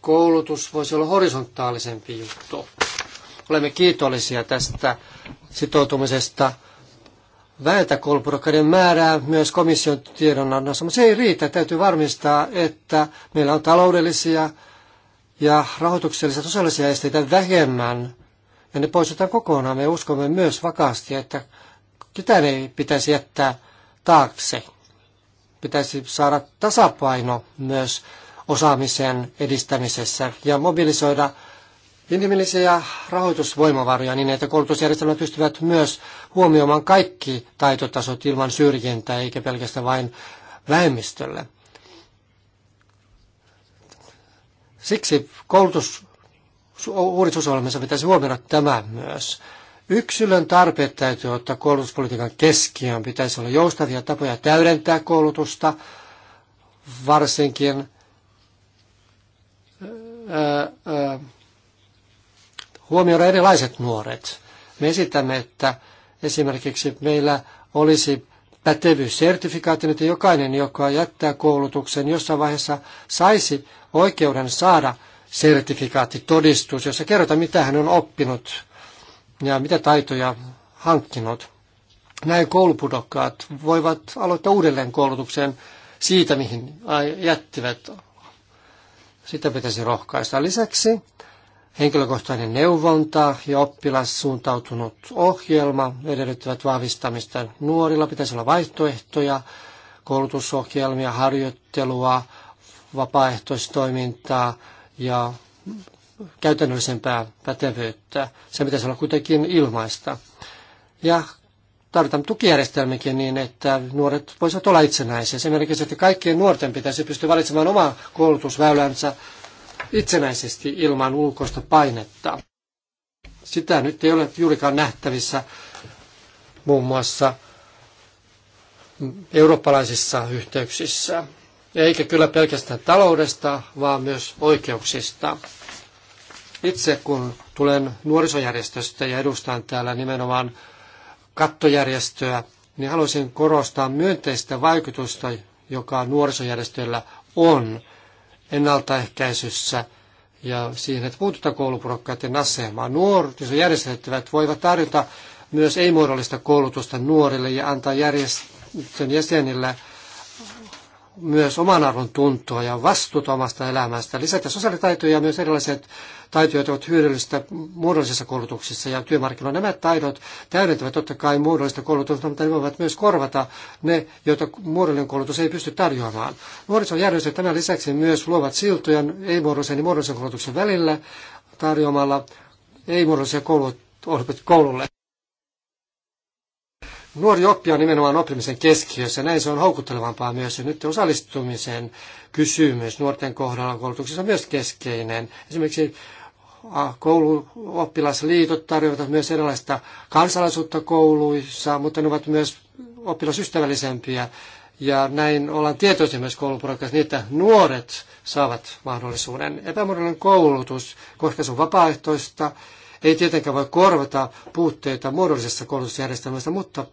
koulutus voisi olla horisontaalisempi juttu. Olemme kiitollisia tästä sitoutumisesta väitä koulupurokkaiden määrää myös komission tiedonannossa, mutta se ei riitä. Täytyy varmistaa, että meillä on taloudellisia ja rahoituksellisia sosiaalisia esteitä vähemmän, ja ne poistetaan kokonaan. Me uskomme myös vakaasti, että ketään ei pitäisi jättää taakse. Pitäisi saada tasapaino myös osaamisen edistämisessä ja mobilisoida inhimillisiä rahoitusvoimavaroja niin, että koulutusjärjestelmät pystyvät myös huomioimaan kaikki taitotasot ilman syrjintää, eikä pelkästään vain vähemmistölle. Siksi koulutusuudistusohjelmassa pitäisi huomioida tämä myös. Yksilön tarpeet täytyy ottaa koulutuspolitiikan keskiöön. Pitäisi olla joustavia tapoja täydentää koulutusta, varsinkin ää, ää, huomioida erilaiset nuoret. Me esitämme, että esimerkiksi meillä olisi pätevyyssertifikaatin, että jokainen, joka jättää koulutuksen, jossain vaiheessa saisi oikeuden saada sertifikaattitodistus, jossa kerrotaan, mitä hän on oppinut ja mitä taitoja hankkinut. Näin koulupudokkaat voivat aloittaa uudelleen koulutuksen siitä, mihin jättivät. Sitä pitäisi rohkaista. Lisäksi henkilökohtainen neuvonta ja oppilassuuntautunut ohjelma edellyttävät vahvistamista. Nuorilla pitäisi olla vaihtoehtoja, koulutusohjelmia, harjoittelua, vapaaehtoistoimintaa ja käytännöllisempää pätevyyttä. Se pitäisi olla kuitenkin ilmaista. Ja tarvitaan tukijärjestelmikin niin, että nuoret voisivat olla itsenäisiä. Esimerkiksi että kaikkien nuorten pitäisi pystyä valitsemaan oma koulutusväylänsä itsenäisesti ilman ulkoista painetta. Sitä nyt ei ole juurikaan nähtävissä muun muassa eurooppalaisissa yhteyksissä. Eikä kyllä pelkästään taloudesta, vaan myös oikeuksista. Itse kun tulen nuorisojärjestöstä ja edustan täällä nimenomaan kattojärjestöä, niin haluaisin korostaa myönteistä vaikutusta, joka nuorisojärjestöllä on ennaltaehkäisyssä ja siihen, että puututaan koulupurokkaiden asemaan. Nuorisojärjestelmät voivat tarjota myös ei-muodollista koulutusta nuorille ja antaa järjestön jäsenillä – myös oman arvon tuntoa ja vastuuta omasta elämästä. Lisätä sosiaalitaitoja ja myös erilaiset taitoja, jotka ovat hyödyllistä muodollisessa koulutuksessa ja työmarkkinoilla. Nämä taidot täydentävät totta kai muodollista koulutusta, mutta ne voivat myös korvata ne, joita muodollinen koulutus ei pysty tarjoamaan. Nuorisojärjestöt tämän lisäksi myös luovat siltoja ei-muodollisen ja muodollisen koulutuksen välillä tarjoamalla ei-muodollisia koululle. Nuori oppia on nimenomaan oppimisen keskiössä, näin se on houkuttelevampaa myös. Ja nyt osallistumisen kysymys nuorten kohdalla koulutuksessa on myös keskeinen. Esimerkiksi kouluoppilasliitot tarjoavat myös erilaista kansalaisuutta kouluissa, mutta ne ovat myös oppilasystävällisempiä. Ja näin ollaan tietoisia myös koulupurokkaista, niin että nuoret saavat mahdollisuuden. Epämuodollinen koulutus, koska se on vapaaehtoista, ei tietenkään voi korvata puutteita muodollisessa koulutusjärjestelmässä, mutta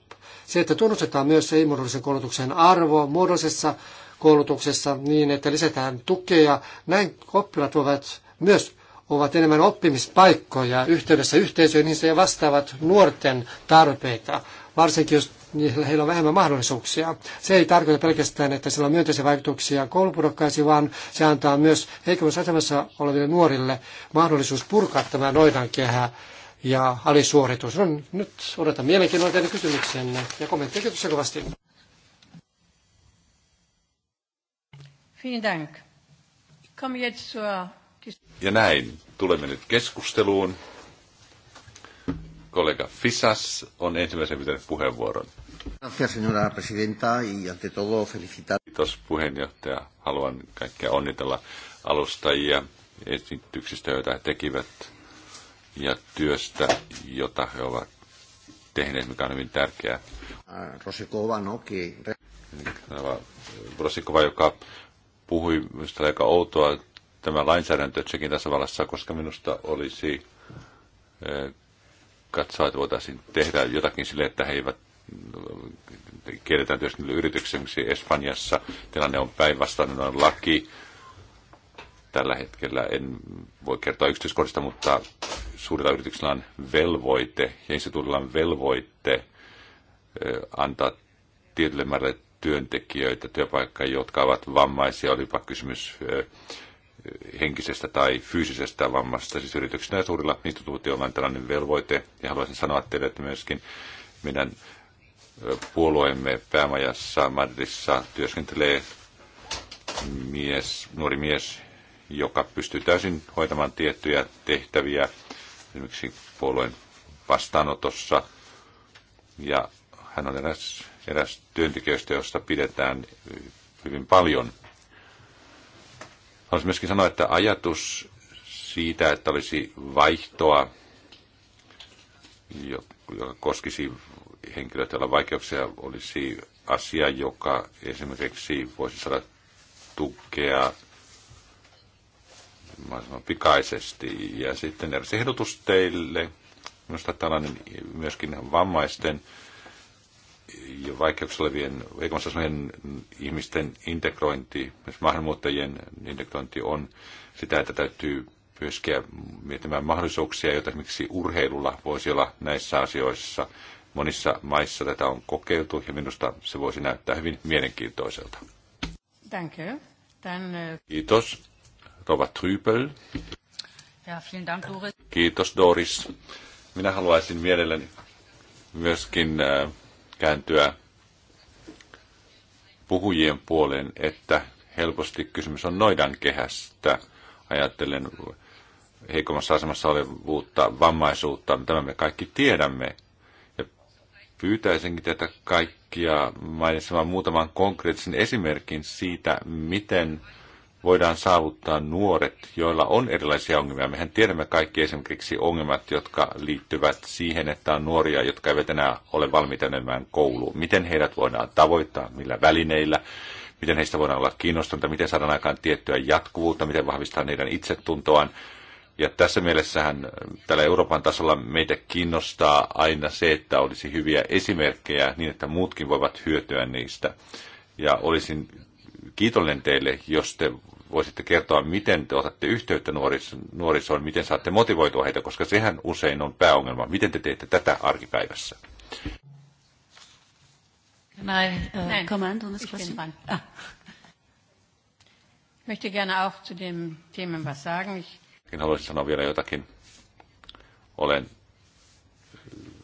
se, että tunnustetaan myös ei-muodollisen koulutuksen arvo muodollisessa koulutuksessa niin, että lisätään tukea, näin oppilaat voivat myös ovat enemmän oppimispaikkoja yhteydessä niin ja vastaavat nuorten tarpeita, varsinkin jos niin heillä on vähemmän mahdollisuuksia. Se ei tarkoita pelkästään, että sillä on myönteisiä vaikutuksia koulupudokkaisiin, vaan se antaa myös heikommassa asemassa oleville nuorille mahdollisuus purkaa tämä kehä ja alisuoritus. No, nyt odotan mielenkiinnolla teidän kysymyksenne ja kommentteja. Kiitos kovasti. Ja näin, tulemme nyt keskusteluun kollega Fisas on ensimmäisen pitänyt puheenvuoron. Kiitos puheenjohtaja. Haluan kaikkia onnitella alustajia esityksistä, joita he tekivät ja työstä, jota he ovat tehneet, mikä on hyvin tärkeää. Rosikova, noki. Rosikova, joka puhui minusta aika outoa tämä lainsäädäntö Tsekin tasavallassa, koska minusta olisi eh, katsoa, että voitaisiin tehdä jotakin sille, että he eivät kielletään työskentely yritykseksi Espanjassa. Tilanne on päinvastainen, on laki. Tällä hetkellä en voi kertoa yksityiskohdista, mutta suurilla yrityksillä on velvoite ja instituutilla on velvoite antaa tietylle määrälle työntekijöitä työpaikkaa, jotka ovat vammaisia, olipa kysymys henkisestä tai fyysisestä vammasta. Siis yrityksenä ja suurilla instituutioilla on tällainen velvoite. Ja haluaisin sanoa teille, että myöskin meidän puolueemme päämajassa Madridissa työskentelee mies, nuori mies, joka pystyy täysin hoitamaan tiettyjä tehtäviä, esimerkiksi puolueen vastaanotossa. Ja hän on eräs, eräs työntekijöistä, josta pidetään hyvin paljon. Haluaisin myöskin sanoa, että ajatus siitä, että olisi vaihtoa, joka koskisi henkilöt, joilla vaikeuksia olisi asia, joka esimerkiksi voisi saada tukea mahdollisimman pikaisesti. Ja sitten eräs ehdotus teille, minusta tällainen myöskin vammaisten ja vaikeuksia olevien, heikommassa ihmisten integrointi, myös maahanmuuttajien integrointi on sitä, että täytyy myöskin miettimään mahdollisuuksia, joita esimerkiksi urheilulla voisi olla näissä asioissa. Monissa maissa tätä on kokeiltu ja minusta se voisi näyttää hyvin mielenkiintoiselta. Thank you. Then, uh, Kiitos. Rova Trypel. Ja, dank, Doris. Kiitos Doris. Minä haluaisin mielelläni myöskin äh, kääntyä puhujien puoleen, että helposti kysymys on noidan kehästä. Ajattelen heikommassa asemassa olevuutta, vammaisuutta, tämä me kaikki tiedämme pyytäisinkin tätä kaikkia mainitsemaan muutaman konkreettisen esimerkin siitä, miten voidaan saavuttaa nuoret, joilla on erilaisia ongelmia. Mehän tiedämme kaikki esimerkiksi ongelmat, jotka liittyvät siihen, että on nuoria, jotka eivät enää ole valmiita menemään kouluun. Miten heidät voidaan tavoittaa, millä välineillä, miten heistä voidaan olla kiinnostunut, miten saadaan aikaan tiettyä jatkuvuutta, miten vahvistaa heidän itsetuntoaan, ja tässä mielessähän äh, tällä Euroopan tasolla meitä kiinnostaa aina se, että olisi hyviä esimerkkejä niin, että muutkin voivat hyötyä niistä. Ja olisin kiitollinen teille, jos te voisitte kertoa, miten te otatte yhteyttä nuoris- nuorisoon, miten saatte motivoitua heitä, koska sehän usein on pääongelma. Miten te teette tätä arkipäivässä? Can I uh, comment on this question? Ah. Ich möchte gerne auch zu dem Thema was sagen. Ich Haluaisin sanoa vielä jotakin. Olen,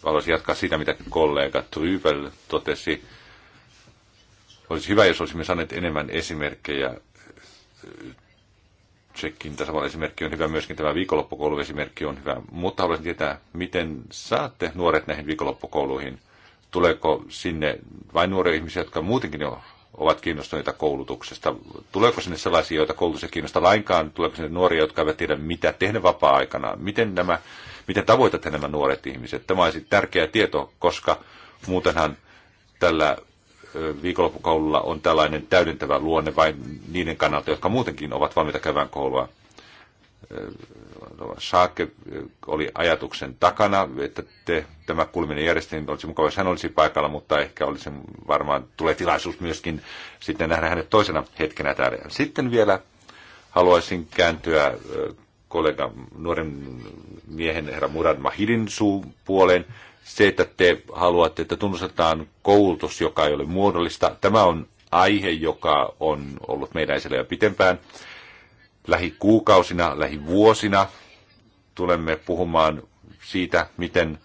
haluaisin jatkaa sitä, mitä kollega Tryvel totesi. Olisi hyvä, jos olisimme saaneet enemmän esimerkkejä. Tsekin tasavallan esimerkki on hyvä, myöskin tämä viikonloppukouluesimerkki on hyvä. Mutta haluaisin tietää, miten saatte nuoret näihin viikonloppukouluihin – tuleeko sinne vain nuoria ihmisiä, jotka muutenkin jo ovat kiinnostuneita koulutuksesta. Tuleeko sinne sellaisia, joita koulutus ei kiinnosta lainkaan? Tuleeko sinne nuoria, jotka eivät tiedä, mitä tehdä vapaa-aikana? Miten, nämä, miten tavoitatte nämä nuoret ihmiset? Tämä olisi tärkeä tieto, koska muutenhan tällä viikonloppukoululla on tällainen täydentävä luonne vain niiden kannalta, jotka muutenkin ovat valmiita käymään koulua. Saake oli ajatuksen takana, että te, tämä kulminen järjestelmä olisi mukava, jos hän olisi paikalla, mutta ehkä olisi varmaan tulee tilaisuus myöskin sitten nähdä hänet toisena hetkenä täällä. Sitten vielä haluaisin kääntyä kollega nuoren miehen herra Murad Mahidin suun puoleen. Se, että te haluatte, että tunnustetaan koulutus, joka ei ole muodollista, tämä on aihe, joka on ollut meidän esillä jo pitempään lähikuukausina, lähivuosina tulemme puhumaan siitä, miten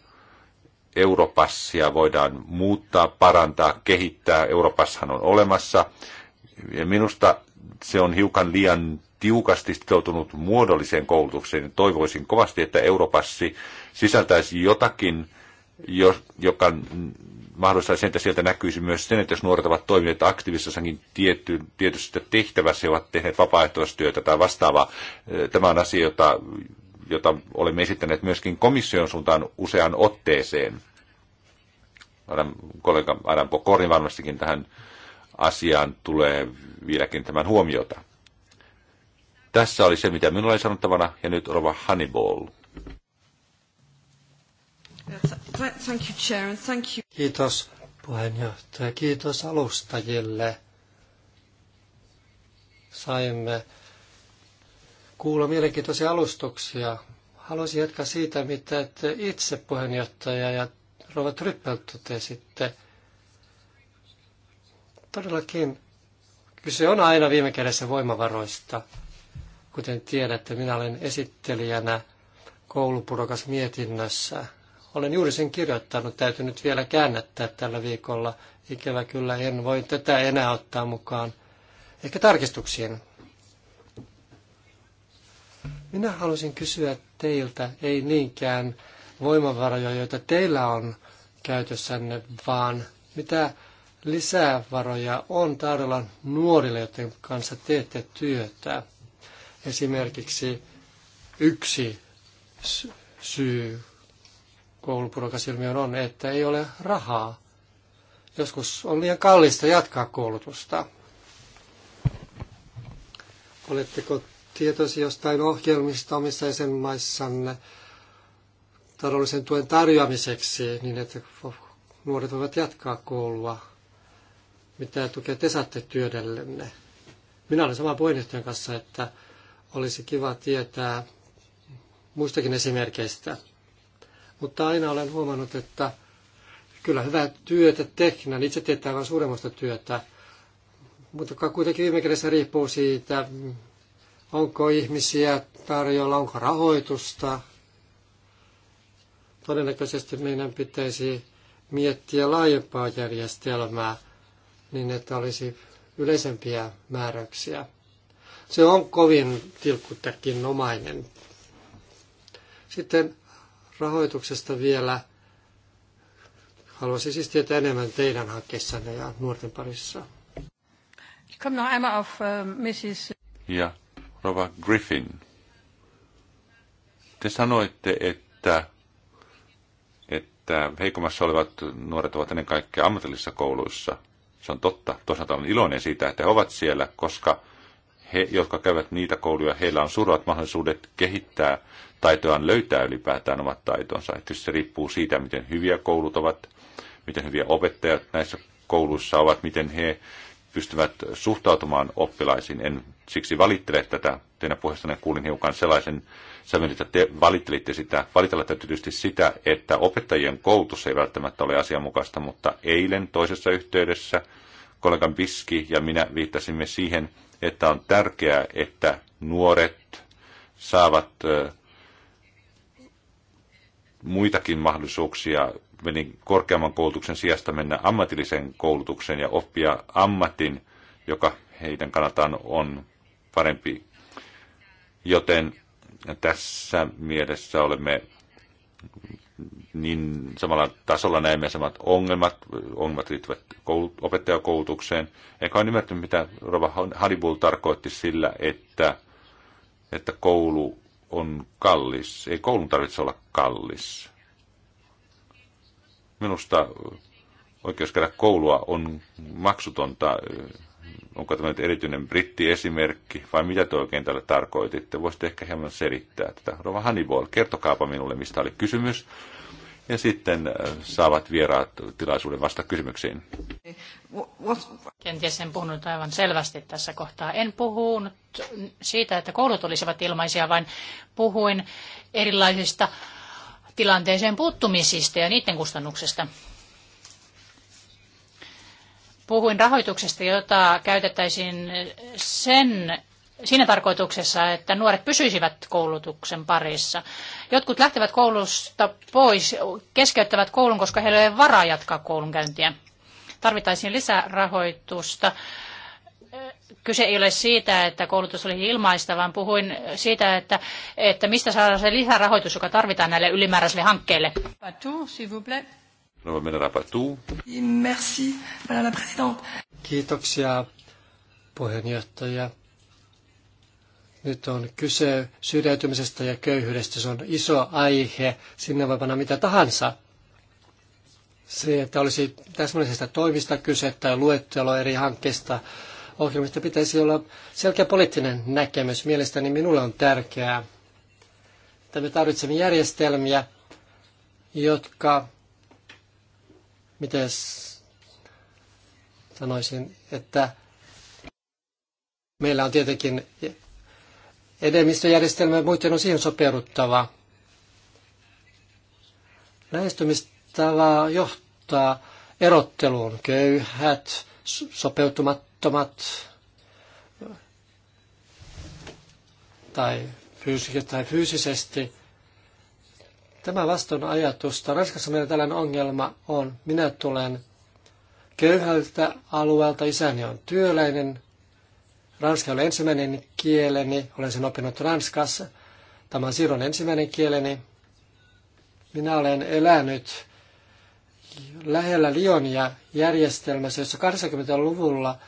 Europassia voidaan muuttaa, parantaa, kehittää. Europassahan on olemassa. Ja minusta se on hiukan liian tiukasti sitoutunut muodolliseen koulutukseen. Toivoisin kovasti, että Europassi sisältäisi jotakin, joka mahdollistaisi sen, että sieltä näkyisi myös sen, että jos nuoret ovat toimineet aktiivisessakin tietty, tietystä tehtävässä ja ovat tehneet vapaaehtoistyötä tai vastaavaa. Eh, tämä on asia, jota, jota olemme esittäneet myöskin komission suuntaan useaan otteeseen. Adam, kollega Adam Pokorin varmastikin tähän asiaan tulee vieläkin tämän huomiota. Tässä oli se, mitä minulla oli sanottavana, ja nyt rova Hannibal. Thank you, Chair, and thank you. Kiitos puheenjohtaja. Kiitos alustajille. Saimme kuulla mielenkiintoisia alustuksia. Haluaisin jatkaa siitä, mitä te itse puheenjohtaja ja Rova Tryppel totesitte. Todellakin kyse on aina viime kädessä voimavaroista. Kuten tiedätte, minä olen esittelijänä koulupudokas mietinnössä – olen juuri sen kirjoittanut, täytyy nyt vielä käännättää tällä viikolla. Ikävä kyllä en voi tätä enää ottaa mukaan. Ehkä tarkistuksiin. Minä halusin kysyä teiltä, ei niinkään voimavaroja, joita teillä on käytössänne, vaan mitä lisävaroja on tarjolla nuorille, joiden kanssa teette työtä. Esimerkiksi yksi syy koulupurokasilmiön on, että ei ole rahaa. Joskus on liian kallista jatkaa koulutusta. Oletteko tietoisia jostain ohjelmista omissa jäsenmaissanne taloudellisen tuen tarjoamiseksi, niin että nuoret voivat jatkaa koulua? Mitä tukea te saatte työdellenne? Minä olen sama puheenjohtajan kanssa, että olisi kiva tietää muistakin esimerkkeistä mutta aina olen huomannut, että kyllä hyvää työtä tehdään. Niin itse teetään vain suuremmasta työtä, mutta kuitenkin viime kädessä riippuu siitä, onko ihmisiä tarjolla, onko rahoitusta. Todennäköisesti meidän pitäisi miettiä laajempaa järjestelmää niin, että olisi yleisempiä määräyksiä. Se on kovin tilkkutekin omainen. Sitten rahoituksesta vielä. Haluaisin siis tietää enemmän teidän hankkeissanne ja nuorten parissa. Äh, ja Rova Griffin, te sanoitte, että, että heikommassa olevat nuoret ovat ennen kaikkea ammatillisissa kouluissa. Se on totta. Toisaalta olen iloinen siitä, että he ovat siellä, koska he, jotka käyvät niitä kouluja, heillä on suurat mahdollisuudet kehittää taitoaan löytää ylipäätään omat taitonsa. Että se riippuu siitä, miten hyviä koulut ovat, miten hyviä opettajat näissä kouluissa ovat, miten he pystyvät suhtautumaan oppilaisiin. En siksi valittele tätä. Teidän puheessanne kuulin hiukan sellaisen sävyn, että te valittelitte sitä. Valitella tietysti sitä, että opettajien koulutus ei välttämättä ole asianmukaista, mutta eilen toisessa yhteydessä kollegan Biski ja minä viittasimme siihen, että on tärkeää, että nuoret saavat muitakin mahdollisuuksia meni korkeamman koulutuksen sijasta mennä ammatillisen koulutuksen ja oppia ammatin, joka heidän kannaltaan on parempi. Joten tässä mielessä olemme niin samalla tasolla näemme samat ongelmat, ongelmat liittyvät koulut, opettajakoulutukseen. Enkä ole ymmärtänyt, mitä Rova Hannibal tarkoitti sillä, että, että koulu on kallis. Ei koulun tarvitse olla kallis. Minusta oikeus käydä koulua on maksutonta. Onko tämä nyt erityinen brittiesimerkki vai mitä te oikein tällä tarkoititte? Voisitte ehkä hieman selittää tätä. Rova Hannibal, kertokaapa minulle, mistä oli kysymys ja sitten äh, saavat vieraat tilaisuuden vasta kysymyksiin. Kenties en puhunut aivan selvästi tässä kohtaa. En puhunut siitä, että koulut olisivat ilmaisia, vaan puhuin erilaisista tilanteeseen puuttumisista ja niiden kustannuksista. Puhuin rahoituksesta, jota käytettäisiin sen siinä tarkoituksessa, että nuoret pysyisivät koulutuksen parissa. Jotkut lähtevät koulusta pois, keskeyttävät koulun, koska heillä ei ole varaa jatkaa koulunkäyntiä. Tarvittaisiin lisärahoitusta. Kyse ei ole siitä, että koulutus olisi ilmaista, vaan puhuin siitä, että, että mistä saadaan se lisärahoitus, joka tarvitaan näille ylimääräisille hankkeille. Kiitoksia, puheenjohtaja. Nyt on kyse syrjäytymisestä ja köyhyydestä. Se on iso aihe. Sinne voi panna mitä tahansa. Se, että olisi täsmällisestä toimista kyse tai luettelo eri hankkeista, ohjelmista pitäisi olla selkeä poliittinen näkemys. Mielestäni minulle on tärkeää, että me tarvitsemme järjestelmiä, jotka, miten sanoisin, että meillä on tietenkin enemmistöjärjestelmä muuten on siihen sopeuduttava. Lähestymistava johtaa erotteluun köyhät, sopeutumattomat tai fyysisesti tai fyysisesti. Tämä vastaan ajatusta. Ranskassa meillä tällainen ongelma on. Minä tulen köyhältä alueelta, isäni on työläinen, Ranska oli ensimmäinen kieleni, olen sen oppinut Ranskassa. Tämä on ensimmäinen kieleni. Minä olen elänyt lähellä Lionia järjestelmässä, jossa 80-luvulla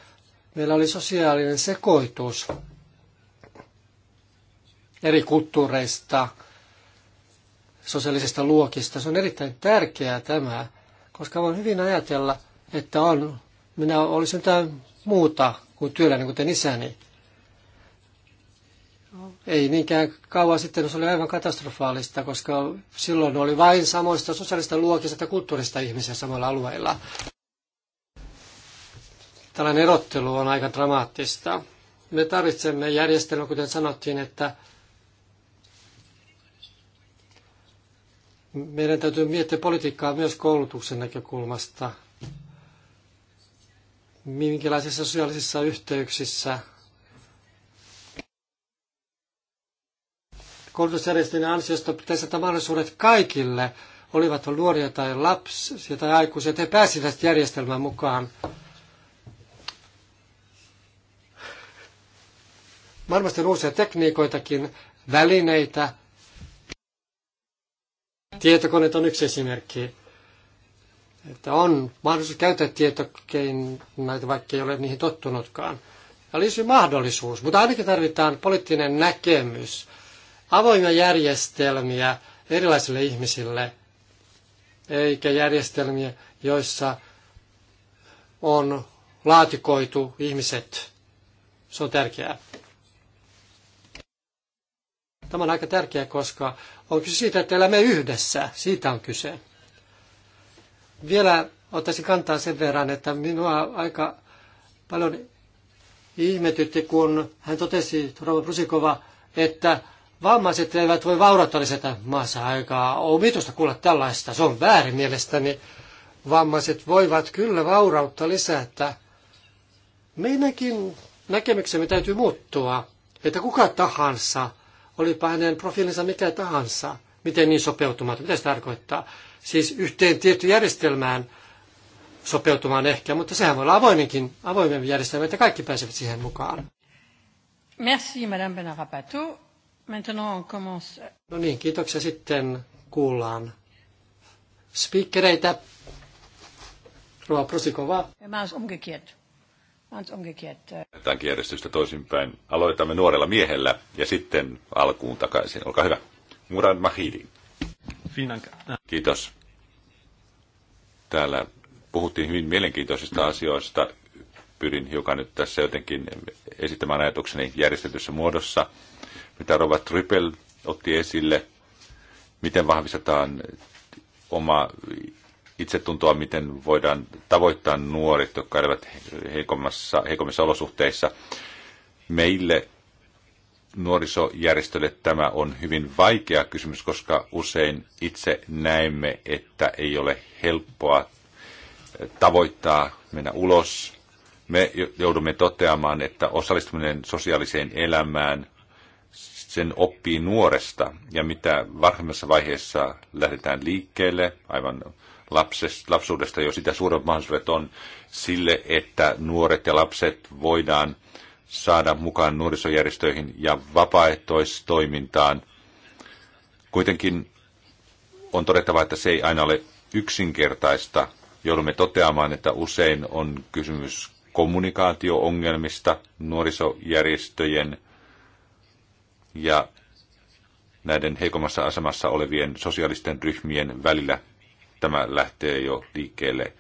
meillä oli sosiaalinen sekoitus eri kulttuureista, sosiaalisista luokista. Se on erittäin tärkeää tämä, koska voin hyvin ajatella, että on, minä olisin jotain muuta kuin työläinen, kuten isäni. Ei niinkään kauan sitten se oli aivan katastrofaalista, koska silloin oli vain samoista sosiaalista luokista ja kulttuurista ihmisiä samalla alueella. Tällainen erottelu on aika dramaattista. Me tarvitsemme järjestelmä, kuten sanottiin, että meidän täytyy miettiä politiikkaa myös koulutuksen näkökulmasta – minkälaisissa sosiaalisissa yhteyksissä koulutusjärjestelmän ansiosta pitäisi saada mahdollisuudet kaikille, olivat nuoria tai lapsia tai aikuisia, että he pääsivät järjestelmään mukaan. Varmasti on uusia tekniikoitakin, välineitä. Tietokoneet on yksi esimerkki että on mahdollisuus käyttää tietokeinoita, vaikka ei ole niihin tottunutkaan. Ja olisi mahdollisuus, mutta ainakin tarvitaan poliittinen näkemys, avoimia järjestelmiä erilaisille ihmisille, eikä järjestelmiä, joissa on laatikoitu ihmiset. Se on tärkeää. Tämä on aika tärkeää, koska on kyse siitä, että elämme yhdessä. Siitä on kyse. Vielä ottaisin kantaa sen verran, että minua aika paljon ihmetytti, kun hän totesi, Rova Prusikova, että vammaiset eivät voi vaurautta lisätä maassa aikaa. mitosta kuulla tällaista, se on väärin mielestäni. Vammaiset voivat kyllä vaurautta lisätä. Meidänkin näkemyksemme täytyy muuttua, että kuka tahansa, olipa hänen profiilinsa mikä tahansa, miten niin sopeutumaton, mitä se tarkoittaa siis yhteen tietty järjestelmään sopeutumaan ehkä, mutta sehän voi olla avoimenkin, avoimempi järjestelmä, että kaikki pääsevät siihen mukaan. Merci, Madame Benarabatou. Maintenant on commence. No niin, kiitoksia. Sitten kuullaan speakereitä. Rova Prosikova. Mans umgekehrt. Mans umgekehrt. Tämän järjestystä toisinpäin. Aloitamme nuorella miehellä ja sitten alkuun takaisin. Olkaa hyvä. Murad Mahidin. Kiitos. Täällä puhuttiin hyvin mielenkiintoisista asioista. Pyrin hiukan nyt tässä jotenkin esittämään ajatukseni järjestetyssä muodossa, mitä Rova Trippel otti esille, miten vahvistetaan oma itsetuntoa, miten voidaan tavoittaa nuoret, jotka elävät heikommissa olosuhteissa. Meille nuorisojärjestölle tämä on hyvin vaikea kysymys, koska usein itse näemme, että ei ole helppoa tavoittaa, mennä ulos. Me joudumme toteamaan, että osallistuminen sosiaaliseen elämään, sen oppii nuoresta. Ja mitä varhemmassa vaiheessa lähdetään liikkeelle, aivan lapsuudesta jo sitä suuremmat mahdollisuudet on sille, että nuoret ja lapset voidaan saada mukaan nuorisojärjestöihin ja vapaaehtoistoimintaan. Kuitenkin on todettava, että se ei aina ole yksinkertaista. Joudumme toteamaan, että usein on kysymys kommunikaatioongelmista nuorisojärjestöjen ja näiden heikommassa asemassa olevien sosiaalisten ryhmien välillä. Tämä lähtee jo liikkeelle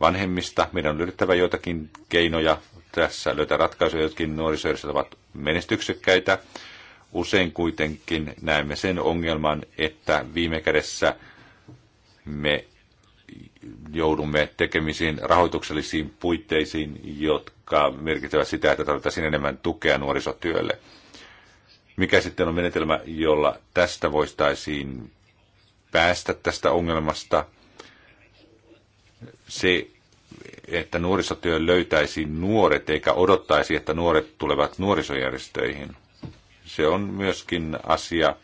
vanhemmista. Meidän on löydettävä joitakin keinoja tässä löytää ratkaisuja, jotkin nuorisojärjestöt ovat menestyksekkäitä. Usein kuitenkin näemme sen ongelman, että viime kädessä me joudumme tekemisiin rahoituksellisiin puitteisiin, jotka merkitsevät sitä, että tarvitaan enemmän tukea nuorisotyölle. Mikä sitten on menetelmä, jolla tästä voistaisiin päästä tästä ongelmasta? Se että nuorisotyö löytäisi nuoret eikä odottaisi, että nuoret tulevat nuorisojärjestöihin. Se on myöskin asia,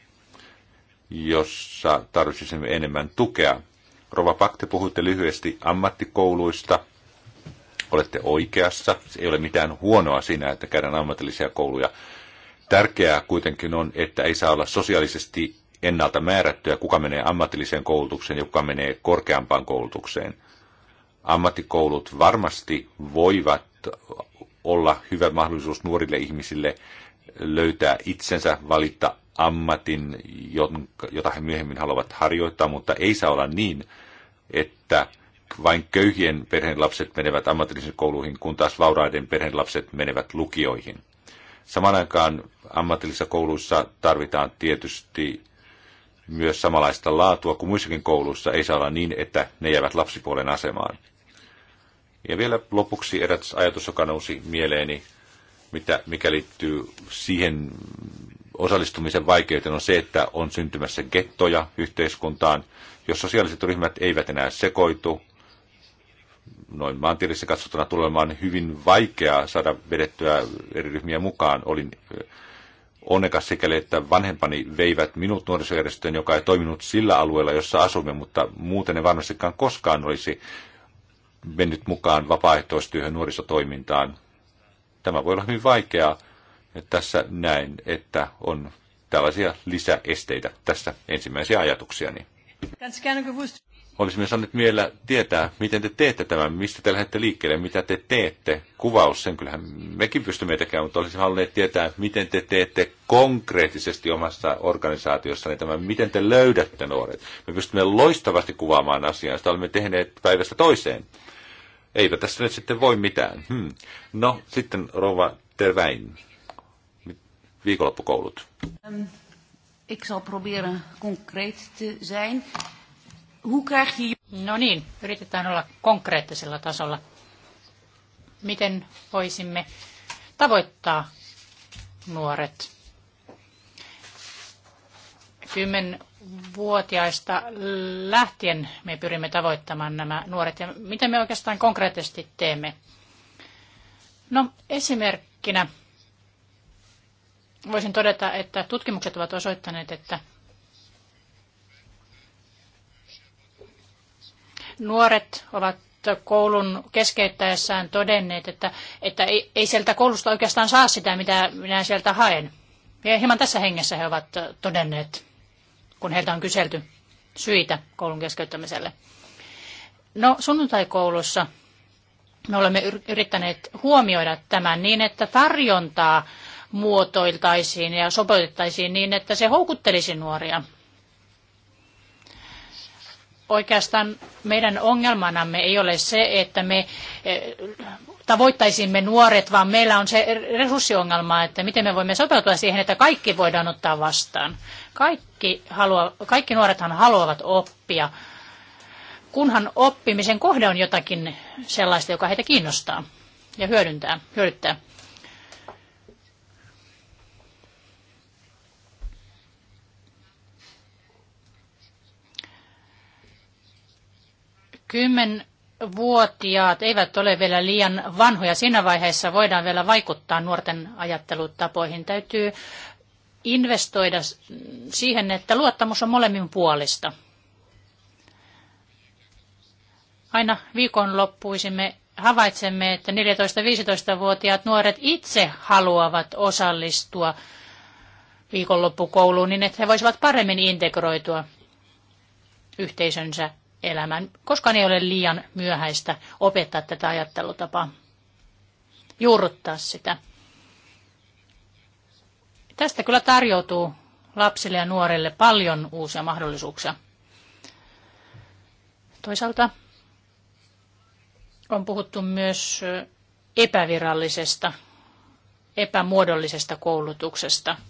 jossa tarvitsisimme enemmän tukea. Rova Pakte, puhuitte lyhyesti ammattikouluista. Olette oikeassa. Se ei ole mitään huonoa siinä, että käydään ammatillisia kouluja. Tärkeää kuitenkin on, että ei saa olla sosiaalisesti ennalta määrättyä, kuka menee ammatilliseen koulutukseen ja kuka menee korkeampaan koulutukseen – ammattikoulut varmasti voivat olla hyvä mahdollisuus nuorille ihmisille löytää itsensä, valita ammatin, jota he myöhemmin haluavat harjoittaa, mutta ei saa olla niin, että vain köyhien perheen lapset menevät ammatillisiin kouluihin, kun taas vauraiden perheen lapset menevät lukioihin. Samaan aikaan ammatillisissa kouluissa tarvitaan tietysti myös samanlaista laatua kuin muissakin kouluissa. Ei saa olla niin, että ne jäävät lapsipuolen asemaan. Ja vielä lopuksi eräs ajatus, joka nousi mieleeni, mitä, mikä liittyy siihen osallistumisen vaikeuteen, on se, että on syntymässä gettoja yhteiskuntaan, jos sosiaaliset ryhmät eivät enää sekoitu. Noin maantielissä katsottuna tulemaan hyvin vaikeaa saada vedettyä eri ryhmiä mukaan. Olin onnekas sikäli, että vanhempani veivät minut nuorisojärjestöön, joka ei toiminut sillä alueella, jossa asumme, mutta muuten en varmastikaan koskaan olisi mennyt mukaan vapaaehtoistyöhön nuorisotoimintaan. Tämä voi olla hyvin vaikeaa. Ja tässä näin, että on tällaisia lisäesteitä. Tässä ensimmäisiä ajatuksiani. Olisimme saaneet vielä tietää, miten te teette tämän, mistä te lähdette liikkeelle, mitä te teette. Kuvaus, sen kyllähän mekin pystymme tekemään, mutta olisimme halunneet tietää, miten te teette konkreettisesti omassa organisaatiossanne tämän, miten te löydätte nuoret. Me pystymme loistavasti kuvaamaan asiaa, sitä olemme tehneet päivästä toiseen. Eipä tässä nyt sitten voi mitään. Hmm. No, sitten Rova Terväin, viikonloppukoulut. Um, ik zal proberen concreet te zijn hoe krijg je... No niin, yritetään olla konkreettisella tasolla. Miten voisimme tavoittaa nuoret? Kymmenvuotiaista lähtien me pyrimme tavoittamaan nämä nuoret. Ja mitä me oikeastaan konkreettisesti teemme? No esimerkkinä voisin todeta, että tutkimukset ovat osoittaneet, että Nuoret ovat koulun keskeyttäessään todenneet, että, että ei, ei sieltä koulusta oikeastaan saa sitä, mitä minä sieltä haen. Ja hieman tässä hengessä he ovat todenneet, kun heiltä on kyselty syitä koulun keskeyttämiselle. No sunnuntaikoulussa me olemme yrittäneet huomioida tämän niin, että tarjontaa muotoiltaisiin ja sopeutettaisiin niin, että se houkuttelisi nuoria Oikeastaan meidän ongelmanamme ei ole se, että me eh, tavoittaisimme nuoret, vaan meillä on se resurssiongelma, että miten me voimme sopeutua siihen, että kaikki voidaan ottaa vastaan. Kaikki, halua, kaikki nuorethan haluavat oppia, kunhan oppimisen kohde on jotakin sellaista, joka heitä kiinnostaa ja hyödyntää, hyödyttää. Kymmenvuotiaat eivät ole vielä liian vanhoja. Siinä vaiheessa voidaan vielä vaikuttaa nuorten ajattelutapoihin. Täytyy investoida siihen, että luottamus on molemmin puolista. Aina viikonloppuisin me havaitsemme, että 14-15-vuotiaat nuoret itse haluavat osallistua viikonloppukouluun niin, että he voisivat paremmin integroitua yhteisönsä elämään. Koskaan ei ole liian myöhäistä opettaa tätä ajattelutapaa, juurruttaa sitä. Tästä kyllä tarjoutuu lapsille ja nuorille paljon uusia mahdollisuuksia. Toisaalta on puhuttu myös epävirallisesta, epämuodollisesta koulutuksesta –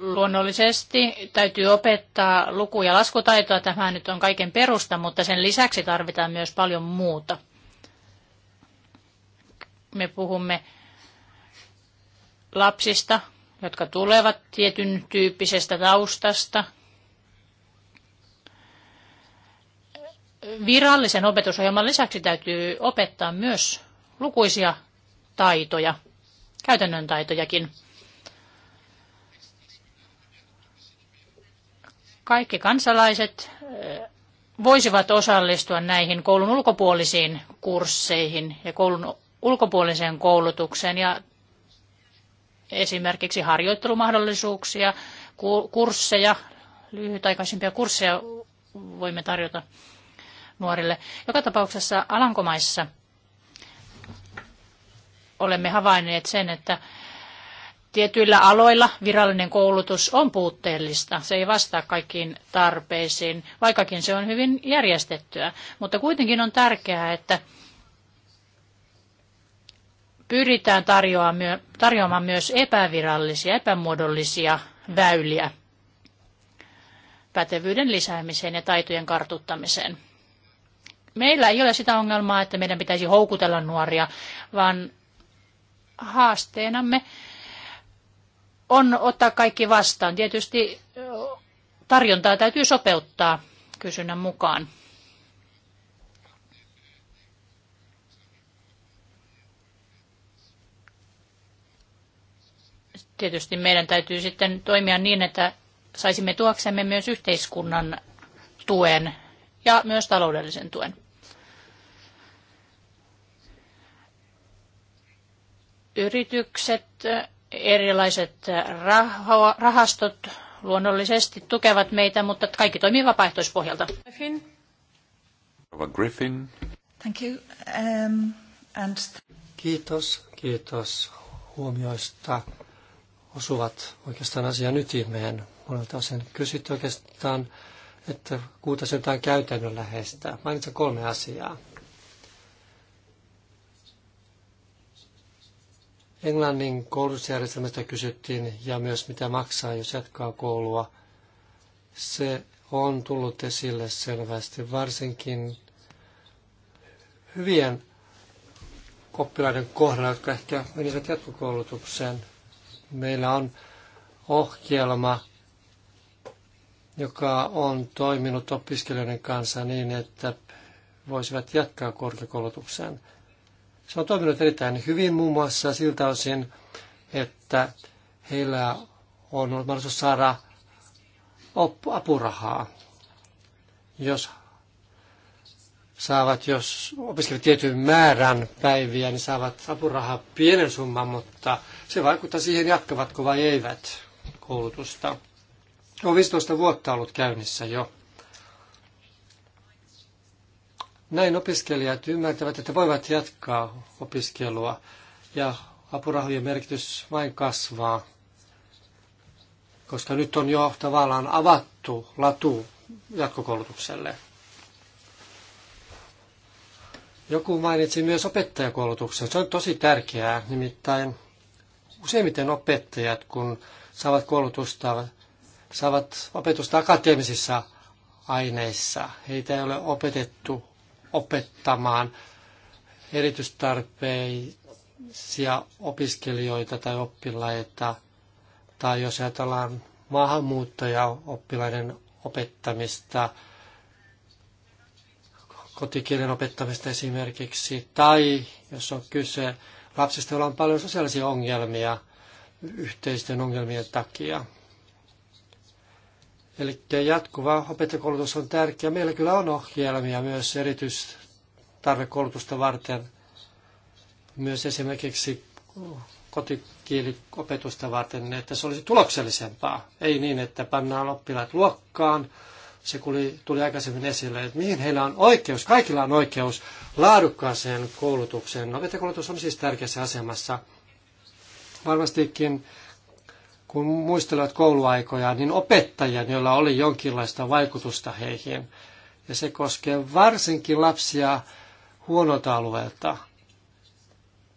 Luonnollisesti täytyy opettaa luku- ja laskutaitoa. Tämä nyt on kaiken perusta, mutta sen lisäksi tarvitaan myös paljon muuta. Me puhumme lapsista, jotka tulevat tietyn tyyppisestä taustasta. Virallisen opetusohjelman lisäksi täytyy opettaa myös lukuisia taitoja, käytännön taitojakin. kaikki kansalaiset eh, voisivat osallistua näihin koulun ulkopuolisiin kursseihin ja koulun ulkopuoliseen koulutukseen ja esimerkiksi harjoittelumahdollisuuksia, kursseja, lyhytaikaisimpia kursseja voimme tarjota nuorille. Joka tapauksessa Alankomaissa olemme havainneet sen, että tietyillä aloilla virallinen koulutus on puutteellista. Se ei vastaa kaikkiin tarpeisiin, vaikkakin se on hyvin järjestettyä. Mutta kuitenkin on tärkeää, että pyritään tarjoamaan myös epävirallisia, epämuodollisia väyliä pätevyyden lisäämiseen ja taitojen kartuttamiseen. Meillä ei ole sitä ongelmaa, että meidän pitäisi houkutella nuoria, vaan haasteenamme on ottaa kaikki vastaan. Tietysti tarjontaa täytyy sopeuttaa kysynnän mukaan. Tietysti meidän täytyy sitten toimia niin, että saisimme tuoksemme myös yhteiskunnan tuen ja myös taloudellisen tuen. Yritykset Erilaiset rahastot luonnollisesti tukevat meitä, mutta kaikki toimii vapaaehtoispohjalta. Griffin. Griffin. Thank you. Um, and... Kiitos, kiitos huomioista. Osuvat oikeastaan asian ytimeen. Monelta osin kysyt oikeastaan, että kuutaisin jotain käytännönläheistä. Mainitsen kolme asiaa. Englannin koulutusjärjestelmästä kysyttiin ja myös mitä maksaa, jos jatkaa koulua. Se on tullut esille selvästi, varsinkin hyvien oppilaiden kohdalla, jotka ehkä menisivät jatkokoulutukseen. Meillä on ohjelma, joka on toiminut opiskelijoiden kanssa niin, että voisivat jatkaa korkeakoulutukseen. Se on toiminut erittäin hyvin muun muassa siltä osin, että heillä on ollut mahdollisuus saada apurahaa, jos saavat, jos opiskelevat tietyn määrän päiviä, niin saavat apurahaa pienen summan, mutta se vaikuttaa siihen, jatkavatko vai eivät koulutusta. On 15 vuotta ollut käynnissä jo. Näin opiskelijat ymmärtävät, että voivat jatkaa opiskelua ja apurahojen merkitys vain kasvaa, koska nyt on jo tavallaan avattu latu jatkokoulutukselle. Joku mainitsi myös opettajakoulutuksen. Se on tosi tärkeää, nimittäin useimmiten opettajat, kun saavat koulutusta, saavat opetusta akateemisissa aineissa. Heitä ei ole opetettu opettamaan erityistarpeisia opiskelijoita tai oppilaita, tai jos ajatellaan maahanmuuttajaoppilaiden opettamista, kotikielen opettamista esimerkiksi, tai jos on kyse lapsista, joilla on paljon sosiaalisia ongelmia yhteisten ongelmien takia. Eli jatkuva opettajakoulutus on tärkeä. Meillä kyllä on ohjelmia myös erityistarvekoulutusta varten, myös esimerkiksi kotikieliopetusta varten, että se olisi tuloksellisempaa. Ei niin, että pannaan oppilaat luokkaan. Se tuli, tuli aikaisemmin esille, että mihin heillä on oikeus. Kaikilla on oikeus laadukkaaseen koulutukseen. Opettajakoulutus on siis tärkeässä asemassa. Varmastikin kun muistelevat kouluaikoja, niin opettajia, joilla oli jonkinlaista vaikutusta heihin. Ja se koskee varsinkin lapsia huonolta alueelta.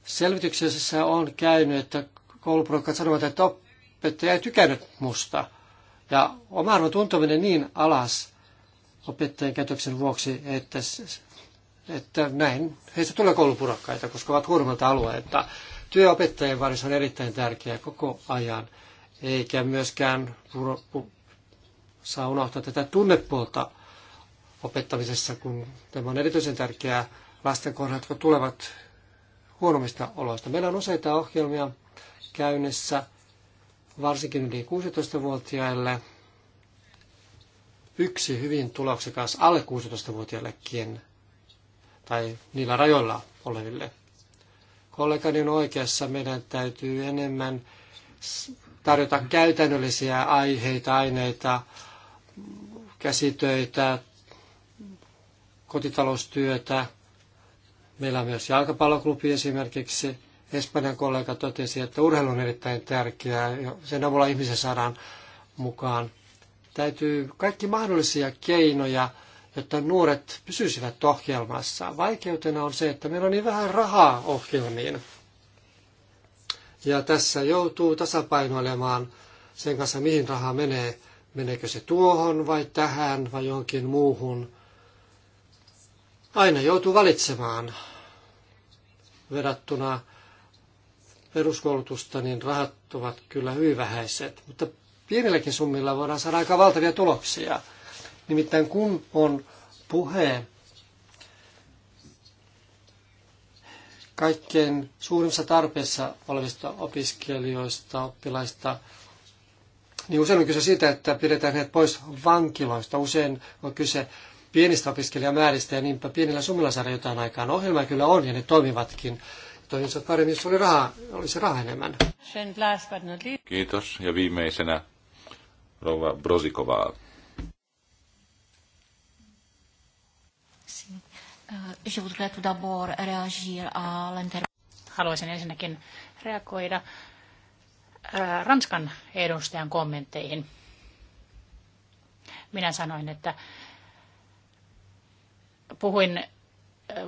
Selvityksessä on käynyt, että kouluprokat sanovat, että opettaja ei tykännyt musta. Ja oma arvon tunteminen niin alas opettajien käytöksen vuoksi, että, että näin heistä tulee koulupurokkaita, koska ovat huonommalta alueelta. Työopettajien varissa on erittäin tärkeää koko ajan – eikä myöskään saa unohtaa tätä tunnepuolta opettamisessa, kun tämä on erityisen tärkeää lasten kohdalla, jotka tulevat huonommista oloista. Meillä on useita ohjelmia käynnissä, varsinkin yli 16-vuotiaille. Yksi hyvin tuloksekas alle 16-vuotiaillekin tai niillä rajoilla oleville. Kollegani on oikeassa, meidän täytyy enemmän tarjota käytännöllisiä aiheita, aineita, käsitöitä, kotitaloustyötä. Meillä on myös jalkapalloklubi esimerkiksi. Espanjan kollega totesi, että urheilu on erittäin tärkeää ja sen avulla ihmisen saadaan mukaan. Täytyy kaikki mahdollisia keinoja, jotta nuoret pysyisivät ohjelmassa. Vaikeutena on se, että meillä on niin vähän rahaa ohjelmiin. Ja tässä joutuu tasapainoilemaan sen kanssa, mihin raha menee. Meneekö se tuohon vai tähän vai johonkin muuhun. Aina joutuu valitsemaan verrattuna peruskoulutusta, niin rahat ovat kyllä hyvin vähäiset. Mutta pienilläkin summilla voidaan saada aika valtavia tuloksia. Nimittäin kun on puheen kaikkein suurimmassa tarpeessa olevista opiskelijoista, oppilaista, niin usein on kyse siitä, että pidetään heidät pois vankiloista. Usein on kyse pienistä opiskelijamääristä ja niinpä pienillä summilla saada jotain aikaan. Ohjelma kyllä on ja ne toimivatkin. Toimisivat paremmin, jos oli rahaa, olisi raha enemmän. Kiitos ja viimeisenä Rova Brozikovaa. Je voudrais tout à Haluaisin ensinnäkin reagoida eh, Ranskan edustajan kommentteihin. Minä sanoin, että puhuin eh,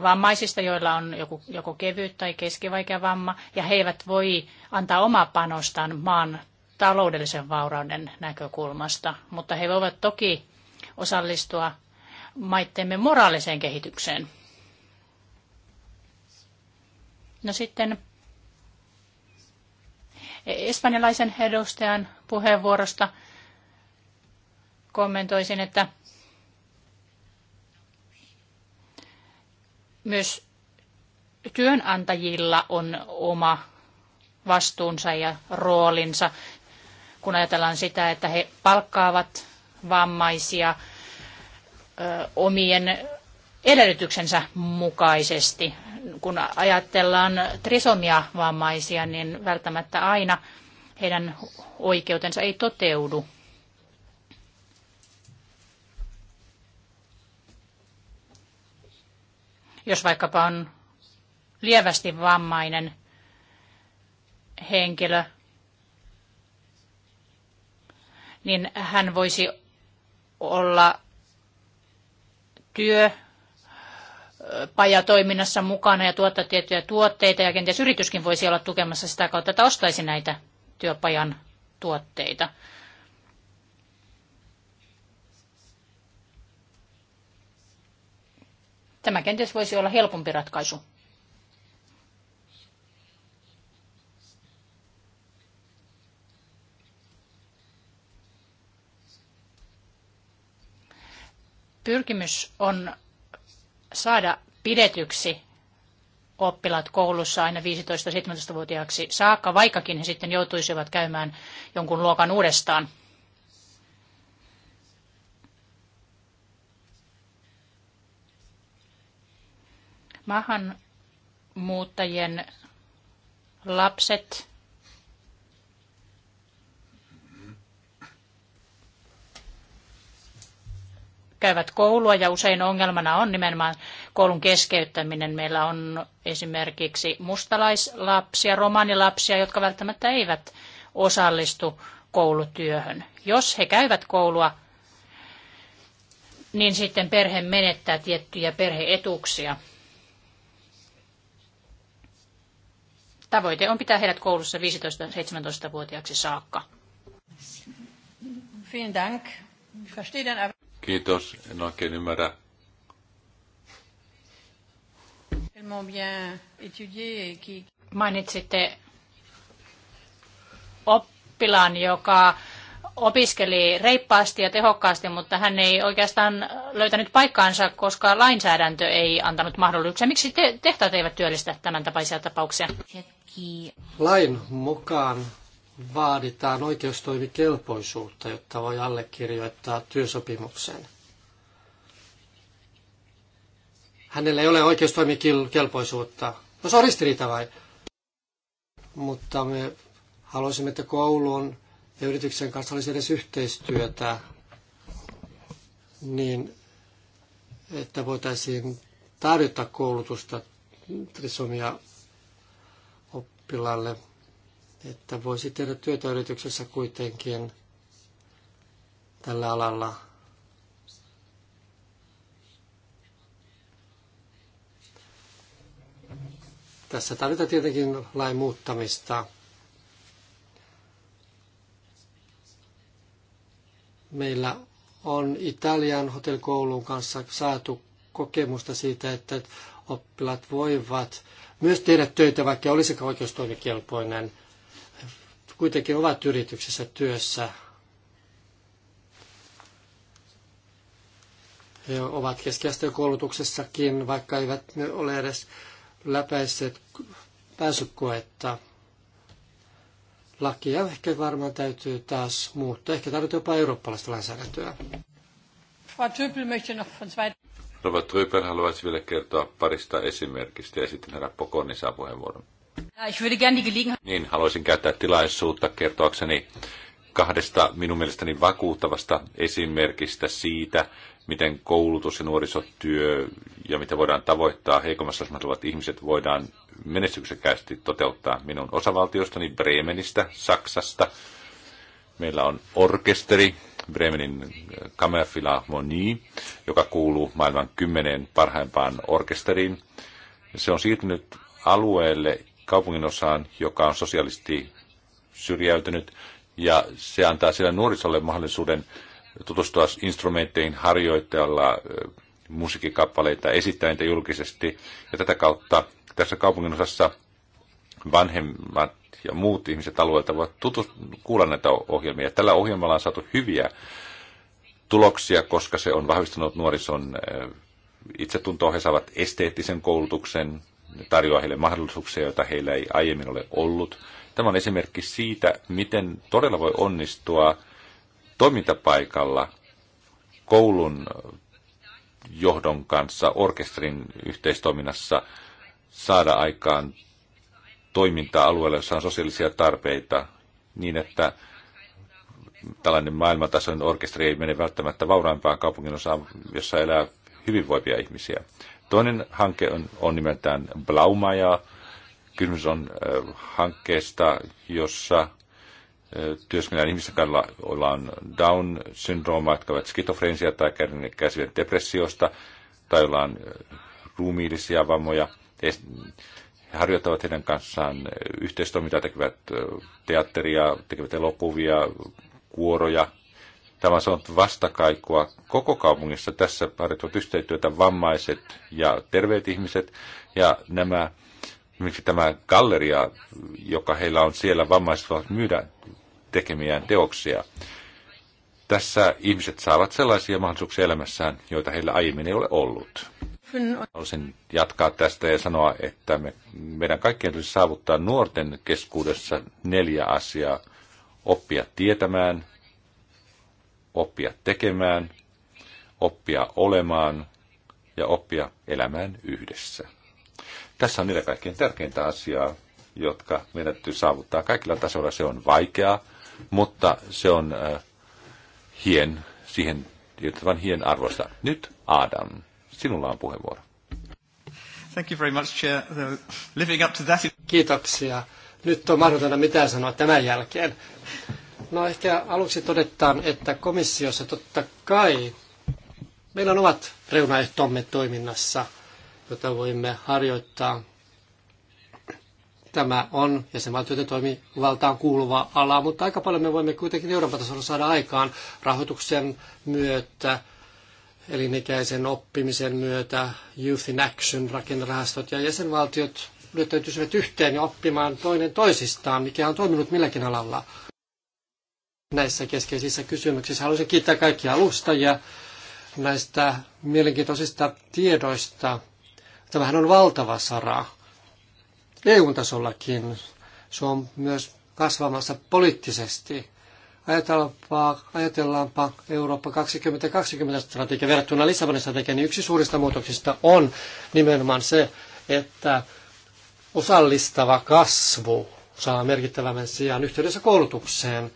vammaisista, joilla on joku, joku kevyt tai keskivaikea vamma, ja he eivät voi antaa omaa panostaan maan taloudellisen vaurauden näkökulmasta, mutta he voivat toki osallistua maittemme moraaliseen kehitykseen. No sitten espanjalaisen edustajan puheenvuorosta kommentoisin, että myös työnantajilla on oma vastuunsa ja roolinsa, kun ajatellaan sitä, että he palkkaavat vammaisia omien edellytyksensä mukaisesti. Kun ajatellaan trisomia-vammaisia, niin välttämättä aina heidän oikeutensa ei toteudu. Jos vaikkapa on lievästi vammainen henkilö, niin hän voisi olla työ pajatoiminnassa mukana ja tuottaa tiettyjä tuotteita ja kenties yrityskin voisi olla tukemassa sitä kautta, että ostaisi näitä työpajan tuotteita. Tämä kenties voisi olla helpompi ratkaisu. pyrkimys on saada pidetyksi oppilaat koulussa aina 15-17-vuotiaaksi saakka, vaikkakin he sitten joutuisivat käymään jonkun luokan uudestaan. Maahanmuuttajien lapset käyvät koulua ja usein ongelmana on nimenomaan koulun keskeyttäminen. Meillä on esimerkiksi mustalaislapsia, romanilapsia, jotka välttämättä eivät osallistu koulutyöhön. Jos he käyvät koulua, niin sitten perhe menettää tiettyjä perheetuuksia. Tavoite on pitää heidät koulussa 15-17-vuotiaaksi saakka. Vielen Dank. Kiitos. En oikein ymmärrä. Mainitsitte oppilaan, joka opiskeli reippaasti ja tehokkaasti, mutta hän ei oikeastaan löytänyt paikkaansa, koska lainsäädäntö ei antanut mahdollisuuksia. Miksi te, tehtaat eivät työllistä tämän tapaisia tapauksia? Lain mukaan vaaditaan oikeustoimikelpoisuutta, jotta voi allekirjoittaa työsopimuksen. Hänellä ei ole oikeustoimikelpoisuutta. No se on ristiriita vai? Mutta me haluaisimme, että koulun ja yrityksen kanssa olisi edes yhteistyötä, niin että voitaisiin tarjota koulutusta trisomia oppilaille että voisi tehdä työtä yrityksessä kuitenkin tällä alalla. Tässä tarvitaan tietenkin lain muuttamista. Meillä on Italian hotellikoulun kanssa saatu kokemusta siitä, että oppilaat voivat myös tehdä töitä, vaikka olisikaan oikeustoimikelpoinen – kuitenkin ovat yrityksessä työssä. He ovat keskiasteen koulutuksessakin, vaikka eivät ne ole edes läpäisseet pääsykoetta. Lakia ehkä varmaan täytyy taas muuttaa. Ehkä tarvitaan jopa eurooppalaista lainsäädäntöä. Frau Rova Trypel haluaisi vielä kertoa parista esimerkistä ja sitten herra Pokonin saa puheenvuoron. Niin, haluaisin käyttää tilaisuutta kertoakseni kahdesta minun mielestäni vakuuttavasta esimerkistä siitä, miten koulutus ja nuorisotyö ja mitä voidaan tavoittaa heikommassa asemassa olevat ihmiset voidaan menestyksekkäästi toteuttaa minun osavaltiostani Bremenistä, Saksasta. Meillä on orkesteri, Bremenin äh, Kammerphilharmonie, joka kuuluu maailman kymmeneen parhaimpaan orkesteriin. Se on siirtynyt alueelle, kaupunginosaan, joka on sosiaalisesti syrjäytynyt, ja se antaa siellä nuorisolle mahdollisuuden tutustua instrumentteihin harjoitella musiikkikappaleita, esittää niitä julkisesti. Ja tätä kautta tässä kaupunginosassa vanhemmat ja muut ihmiset alueelta voivat tutus- kuulla näitä ohjelmia. Tällä ohjelmalla on saatu hyviä tuloksia, koska se on vahvistanut nuorison itsetuntoa. He saavat esteettisen koulutuksen, tarjoaa heille mahdollisuuksia, joita heillä ei aiemmin ole ollut. Tämä on esimerkki siitä, miten todella voi onnistua toimintapaikalla koulun johdon kanssa, orkesterin yhteistoiminnassa saada aikaan toimintaa alueella, jossa on sosiaalisia tarpeita, niin että tällainen maailmantasoinen orkesteri ei mene välttämättä vauraimpaan kaupungin osaan, jossa elää hyvinvoivia ihmisiä. Toinen hanke on, on nimeltään Blaumaja. Kysymys on äh, hankkeesta, jossa äh, työskennellään ihmisten kanssa, joilla on Down-syndrooma, jotka ovat skitofrensia tai kärsivät depressiosta, tai joilla on äh, ruumiillisia vammoja. He harjoittavat heidän kanssaan yhteistoimintaa, tekevät teatteria, tekevät elokuvia, kuoroja, Tämä on vastakaikua koko kaupungissa. Tässä harjoittavat yhteistyötä vammaiset ja terveet ihmiset. Ja nämä, miksi tämä galleria, joka heillä on siellä, vammaiset voivat myydä tekemiään teoksia. Tässä ihmiset saavat sellaisia mahdollisuuksia elämässään, joita heillä aiemmin ei ole ollut. Haluaisin jatkaa tästä ja sanoa, että me, meidän kaikkien tulisi saavuttaa nuorten keskuudessa neljä asiaa. Oppia tietämään, oppia tekemään, oppia olemaan ja oppia elämään yhdessä. Tässä on niitä kaikkein tärkeintä asiaa, jotka meidän täytyy saavuttaa kaikilla tasoilla. Se on vaikeaa, mutta se on äh, hien, siihen vain hien arvosta. Nyt Adam, sinulla on puheenvuoro. Thank you very much, Chair. Living up to that... Kiitoksia. Nyt on mahdotonta mitään sanoa tämän jälkeen. No ehkä aluksi todetaan, että komissiossa totta kai meillä on omat reunaehtomme toiminnassa, jota voimme harjoittaa. Tämä on jäsenvaltioiden toimivaltaan kuuluva ala, mutta aika paljon me voimme kuitenkin Euroopan tasolla saada aikaan rahoituksen myötä, elinikäisen oppimisen myötä, Youth in Action, rakennerahastot ja jäsenvaltiot löytäytyisivät yhteen ja oppimaan toinen toisistaan, mikä on toiminut milläkin alalla – näissä keskeisissä kysymyksissä. Haluaisin kiittää kaikkia alustajia näistä mielenkiintoisista tiedoista. Tämähän on valtava sara EU-tasollakin. Se on myös kasvamassa poliittisesti. Ajatellaanpa, ajatellaanpa Eurooppa 2020 strategia verrattuna Lissabonin strategiaan, niin yksi suurista muutoksista on nimenomaan se, että osallistava kasvu saa merkittävämmän sijaan yhteydessä koulutukseen –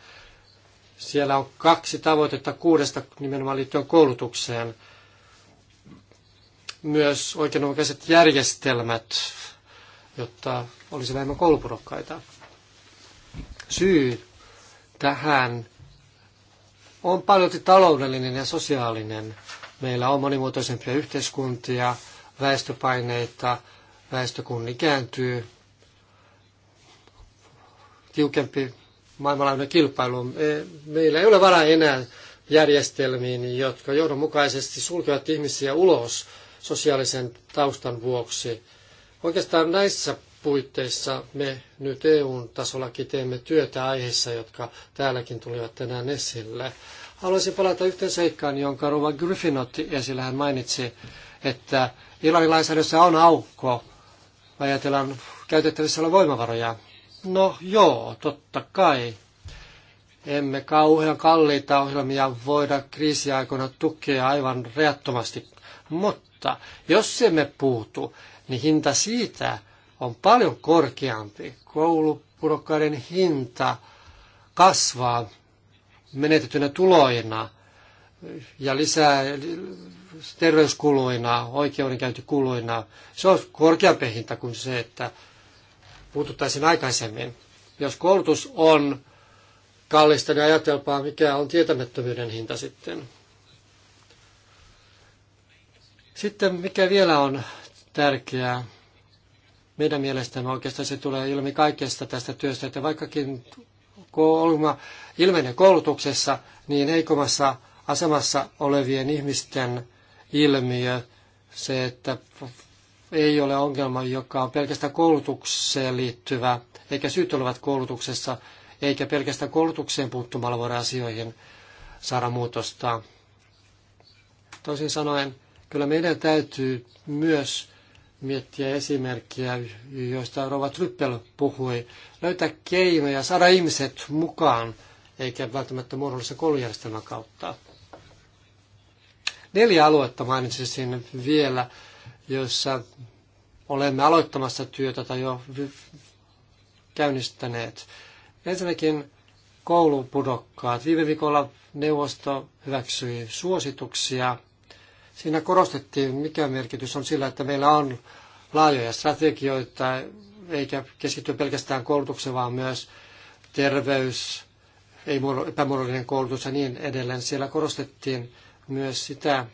siellä on kaksi tavoitetta kuudesta nimenomaan liittyen koulutukseen. Myös oikeudenmukaiset järjestelmät, jotta olisi vähemmän koulupurokkaita. Syy tähän on paljon taloudellinen ja sosiaalinen. Meillä on monimuotoisempia yhteiskuntia, väestöpaineita, väestökunni kääntyy, tiukempi maailmanlaajuinen kilpailu. meillä ei ole varaa enää järjestelmiin, jotka johdonmukaisesti sulkevat ihmisiä ulos sosiaalisen taustan vuoksi. Oikeastaan näissä puitteissa me nyt EU-tasollakin teemme työtä aiheissa, jotka täälläkin tulivat tänään esille. Haluaisin palata yhteen seikkaan, jonka Rova Griffin otti esille. Hän mainitsi, että Irlannin lainsäädössä on aukko, ajatellaan käytettävissä olla voimavaroja. No joo, totta kai. Emme kauhean kalliita ohjelmia voida kriisiaikoina tukea aivan reattomasti, mutta jos emme puutu, niin hinta siitä on paljon korkeampi. Koulupudokkaiden hinta kasvaa menetettynä tuloina ja lisää terveyskuluina, oikeudenkäyntikuluina. Se on korkeampi hinta kuin se, että puututtaisiin aikaisemmin. Jos koulutus on kallista, niin ajatelpaa, mikä on tietämättömyyden hinta sitten. Sitten mikä vielä on tärkeää, meidän mielestämme oikeastaan se tulee ilmi kaikesta tästä työstä, että vaikkakin ongelma ilmenee koulutuksessa, niin heikommassa asemassa olevien ihmisten ilmiö, se, että ei ole ongelma, joka on pelkästään koulutukseen liittyvä, eikä syyt olevat koulutuksessa, eikä pelkästään koulutukseen puuttumalla voida asioihin saada muutosta. Toisin sanoen, kyllä meidän täytyy myös miettiä esimerkkiä, joista Rova Tryppel puhui, löytää keinoja saada ihmiset mukaan, eikä välttämättä muodollisen koulujärjestelmän kautta. Neljä aluetta mainitsisin vielä, joissa olemme aloittamassa työtä tai jo käynnistäneet. Ensinnäkin koulupudokkaat. Viime viikolla neuvosto hyväksyi suosituksia. Siinä korostettiin, mikä merkitys on sillä, että meillä on laajoja strategioita, eikä keskitty pelkästään koulutukseen, vaan myös terveys, ei epämuodollinen koulutus ja niin edelleen. Siellä korostettiin myös sitä,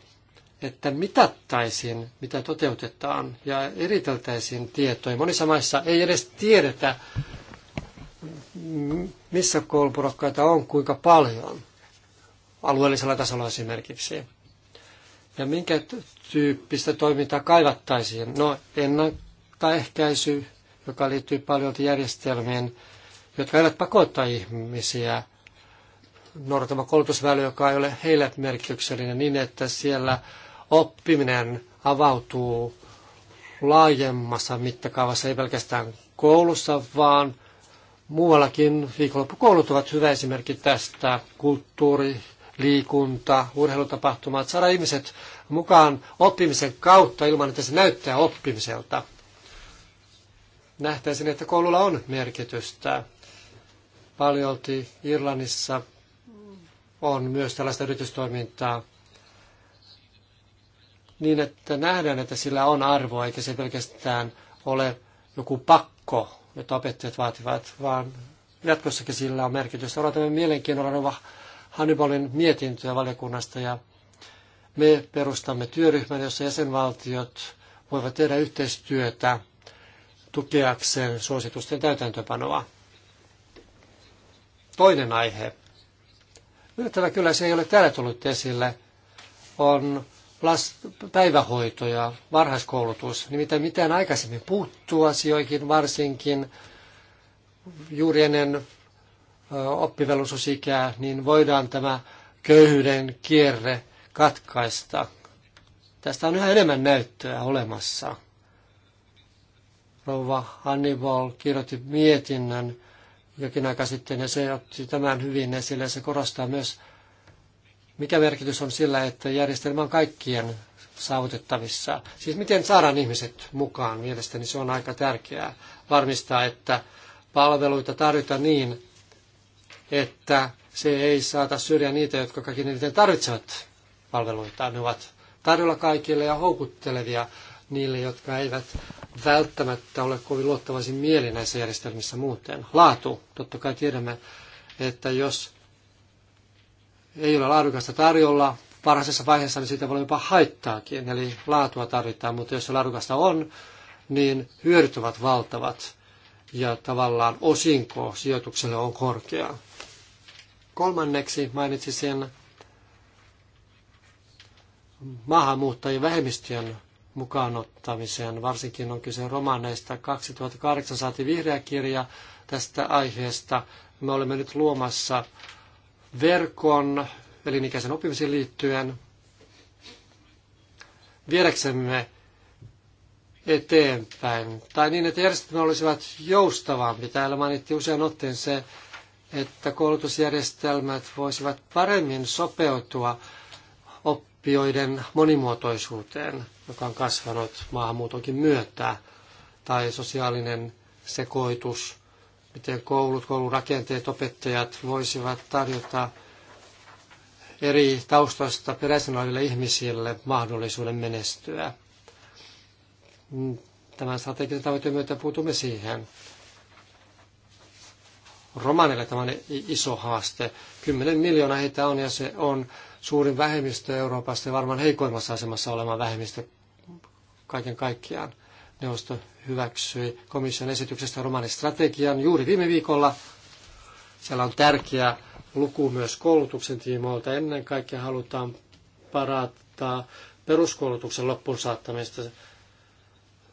että mitattaisiin, mitä toteutetaan ja eriteltäisiin tietoja. Monissa maissa ei edes tiedetä, missä koulupurokkaita on, kuinka paljon, alueellisella tasolla esimerkiksi. Ja minkä tyyppistä toimintaa kaivattaisiin? No, ennaltaehkäisy, joka liittyy paljon järjestelmiin, jotka eivät pakota ihmisiä noudattama koulutusväli, joka ei ole heille merkityksellinen niin, että siellä oppiminen avautuu laajemmassa mittakaavassa, ei pelkästään koulussa, vaan muuallakin viikonloppukoulut ovat hyvä esimerkki tästä. Kulttuuri, liikunta, urheilutapahtumat, saada ihmiset mukaan oppimisen kautta ilman, että se näyttää oppimiselta. Nähtäisin, että koululla on merkitystä. Paljolti Irlannissa on myös tällaista yritystoimintaa, niin, että nähdään, että sillä on arvoa, eikä se pelkästään ole joku pakko, jota opettajat vaativat, vaan jatkossakin sillä on merkitystä. Odotamme mielenkiinnolla Rova Hannibalin mietintöä valiokunnasta ja me perustamme työryhmän, jossa jäsenvaltiot voivat tehdä yhteistyötä tukeakseen suositusten täytäntöpanoa. Toinen aihe. Yllättävä kyllä se ei ole täällä tullut esille, on last- päivähoito ja varhaiskoulutus. Nimittäin mitään aikaisemmin puuttuu asioihin, varsinkin juuri ennen oppivelvollisuusikää, niin voidaan tämä köyhyyden kierre katkaista. Tästä on yhä enemmän näyttöä olemassa. Rouva Hannibal kirjoitti mietinnön jokin aika sitten ja se otti tämän hyvin esille. Se korostaa myös mikä merkitys on sillä, että järjestelmä on kaikkien saavutettavissa? Siis miten saadaan ihmiset mukaan? Mielestäni se on aika tärkeää varmistaa, että palveluita tarjotaan niin, että se ei saata syrjää niitä, jotka kaikkein eniten tarvitsevat palveluita. Ne ovat tarjolla kaikille ja houkuttelevia niille, jotka eivät välttämättä ole kovin luottavaisin mieli näissä järjestelmissä muuten. Laatu, totta kai tiedämme, että jos ei ole laadukasta tarjolla varhaisessa vaiheessa, niin siitä voi olla jopa haittaakin. Eli laatua tarvitaan, mutta jos se laadukasta on, niin hyödyt ovat valtavat ja tavallaan osinko sijoitukselle on korkea. Kolmanneksi mainitsisin maahanmuuttajien vähemmistöjen mukaan ottamiseen. Varsinkin on kyse romaneista. 2008 saatiin vihreä kirja tästä aiheesta. Me olemme nyt luomassa verkon elinikäisen oppimiseen liittyen viedäksemme eteenpäin. Tai niin, että järjestelmä olisivat joustavampi. Täällä mainittiin usein otteen se, että koulutusjärjestelmät voisivat paremmin sopeutua oppijoiden monimuotoisuuteen, joka on kasvanut maahanmuutonkin myötä, tai sosiaalinen sekoitus – miten koulut, koulurakenteet, opettajat voisivat tarjota eri taustoista peräisin oleville ihmisille mahdollisuuden menestyä. Tämän strategisen tavoitteen myötä puutumme siihen. Romanille tämä on iso haaste. 10 miljoonaa heitä on ja se on suurin vähemmistö Euroopasta ja varmaan heikoimmassa asemassa oleva vähemmistö kaiken kaikkiaan. Neuvosto hyväksyi komission esityksestä romanistrategian juuri viime viikolla. Siellä on tärkeä luku myös koulutuksen tiimoilta. Ennen kaikkea halutaan parantaa peruskoulutuksen loppuun saattamista.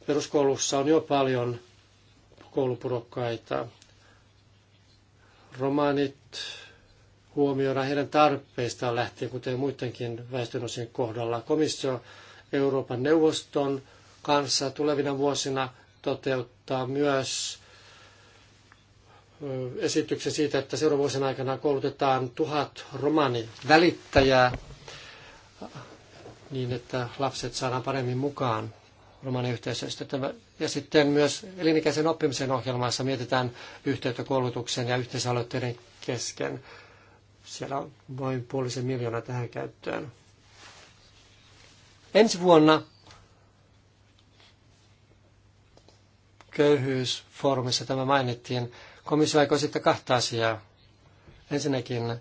Peruskoulussa on jo paljon koulupurokkaita. Romanit huomioidaan heidän tarpeistaan lähtien, kuten muidenkin väestönosien kohdalla. Komissio Euroopan neuvoston kanssa tulevina vuosina toteuttaa myös esityksen siitä, että seuraavuosien aikana koulutetaan tuhat romanivälittäjää niin, että lapset saadaan paremmin mukaan romaniyhteisöistä. Ja sitten myös elinikäisen oppimisen ohjelmassa mietitään yhteyttä koulutuksen ja yhteisaloitteiden kesken. Siellä on noin puolisen miljoonaa tähän käyttöön. Ensi vuonna köyhyysfoorumissa tämä mainittiin. Komissio aikoo sitten kahta asiaa. Ensinnäkin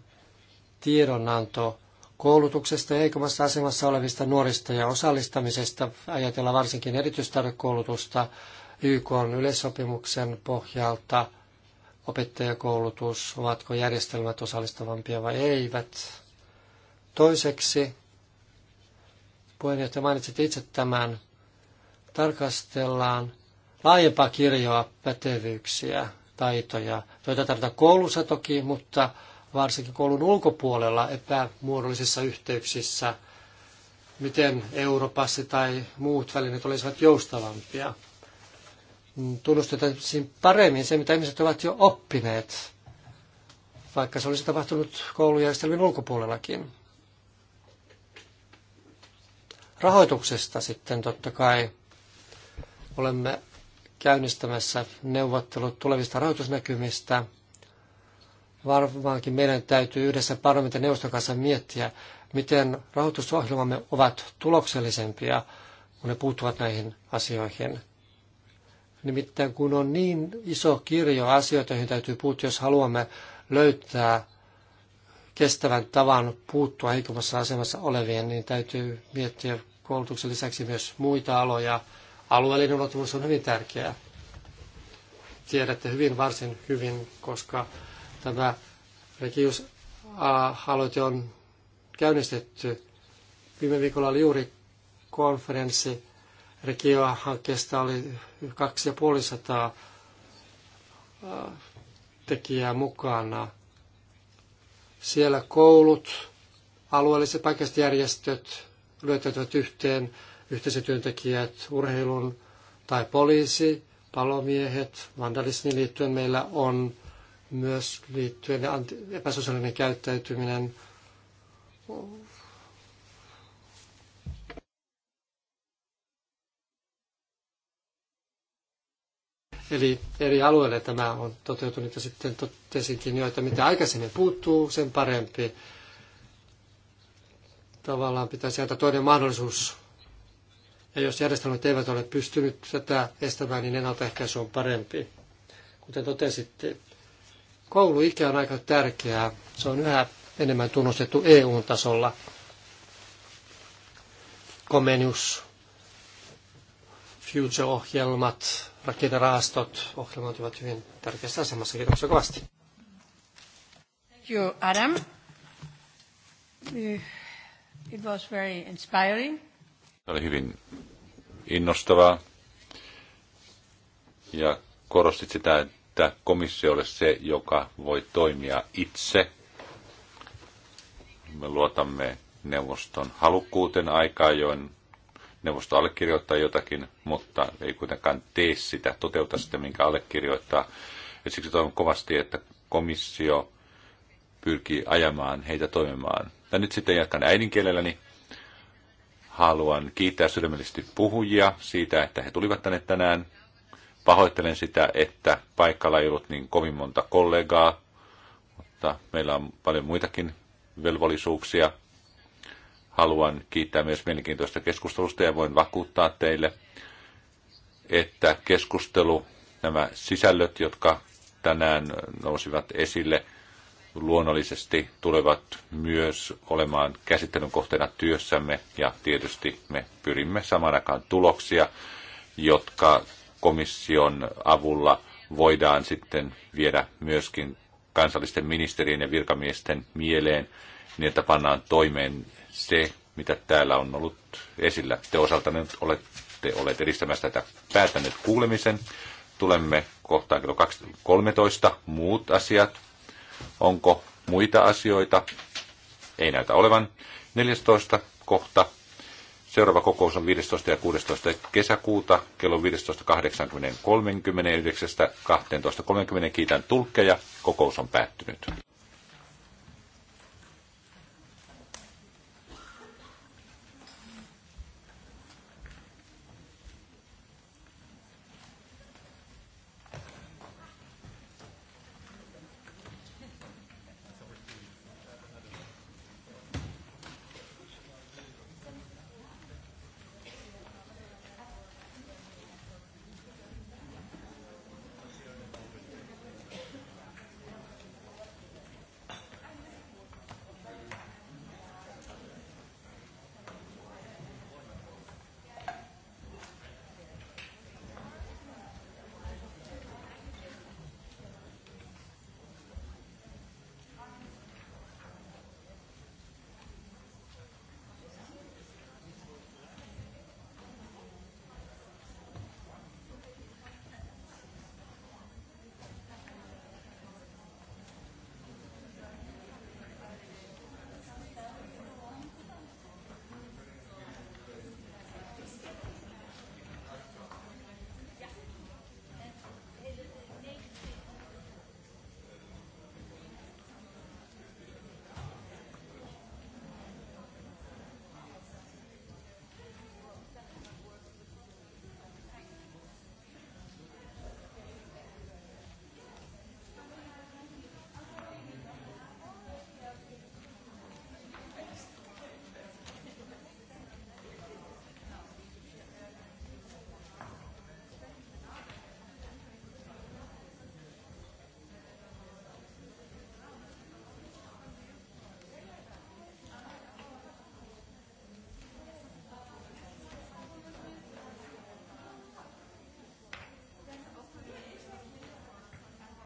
tiedonanto koulutuksesta ja heikommassa asemassa olevista nuorista ja osallistamisesta. Ajatellaan varsinkin erityistarvekoulutusta YK on yleissopimuksen pohjalta. Opettajakoulutus, ovatko järjestelmät osallistavampia vai eivät. Toiseksi, puheenjohtaja mainitsit itse tämän, tarkastellaan laajempaa kirjoa pätevyyksiä, taitoja, joita tarvitaan koulussa toki, mutta varsinkin koulun ulkopuolella epämuodollisissa yhteyksissä, miten Europassi tai muut välineet olisivat joustavampia. Tunnustettaisiin paremmin se, mitä ihmiset ovat jo oppineet, vaikka se olisi tapahtunut koulujärjestelmien ulkopuolellakin. Rahoituksesta sitten totta kai olemme käynnistämässä neuvottelut tulevista rahoitusnäkymistä. Varmaankin meidän täytyy yhdessä parlamentin neuvoston kanssa miettiä, miten rahoitusohjelmamme ovat tuloksellisempia, kun ne puuttuvat näihin asioihin. Nimittäin kun on niin iso kirjo asioita, joihin täytyy puuttua, jos haluamme löytää kestävän tavan puuttua heikommassa asemassa olevien, niin täytyy miettiä koulutuksen lisäksi myös muita aloja, Alueellinen ulottuvuus on hyvin tärkeää. Tiedätte hyvin, varsin hyvin, koska tämä Regius-aloite on käynnistetty. Viime viikolla oli juuri konferenssi Regio-hankkeesta oli 2500 äh, tekijää mukana. Siellä koulut, alueelliset paikalliset järjestöt löytäytyvät yhteen yhteisötyöntekijät, urheilun tai poliisi, palomiehet, vandalismiin liittyen meillä on myös liittyen epäsosiaalinen käyttäytyminen. Eli eri alueille tämä on toteutunut ja sitten totesinkin jo, että mitä aikaisemmin puuttuu, sen parempi. Tavallaan pitäisi antaa toinen mahdollisuus ja jos järjestelmät eivät ole pystynyt tätä estämään, niin ennaltaehkäisy on parempi. Kuten totesitte, kouluikä on aika tärkeää. Se on yhä enemmän tunnustettu EU-tasolla. Komenius, Future-ohjelmat, rakennerahastot, ohjelmat ovat hyvin tärkeässä asemassa. Kiitoksia kovasti. Thank you, Adam. It was very inspiring oli hyvin innostavaa ja korostit sitä, että komissio oli se, joka voi toimia itse. Me luotamme neuvoston halukkuuten aikaa, join neuvosto allekirjoittaa jotakin, mutta ei kuitenkaan tee sitä, toteuta sitä, minkä allekirjoittaa. Ja siksi toivon kovasti, että komissio pyrkii ajamaan heitä toimimaan. Ja nyt sitten jatkan äidinkielelläni. Haluan kiittää sydämellisesti puhujia siitä, että he tulivat tänne tänään. Pahoittelen sitä, että paikalla ei ollut niin kovin monta kollegaa, mutta meillä on paljon muitakin velvollisuuksia. Haluan kiittää myös mielenkiintoista keskustelusta ja voin vakuuttaa teille, että keskustelu, nämä sisällöt, jotka tänään nousivat esille, luonnollisesti tulevat myös olemaan käsittelyn kohteena työssämme ja tietysti me pyrimme samaan aikaan tuloksia, jotka komission avulla voidaan sitten viedä myöskin kansallisten ministerien ja virkamiesten mieleen, niin että pannaan toimeen se, mitä täällä on ollut esillä. Te osalta nyt olette olleet edistämässä tätä päättäneet kuulemisen. Tulemme kohtaan kello 13 muut asiat Onko muita asioita? Ei näytä olevan. 14 kohta. Seuraava kokous on 15. ja 16. kesäkuuta kello 15.80.30 ja 9.12.30. Kiitän tulkkeja. Kokous on päättynyt.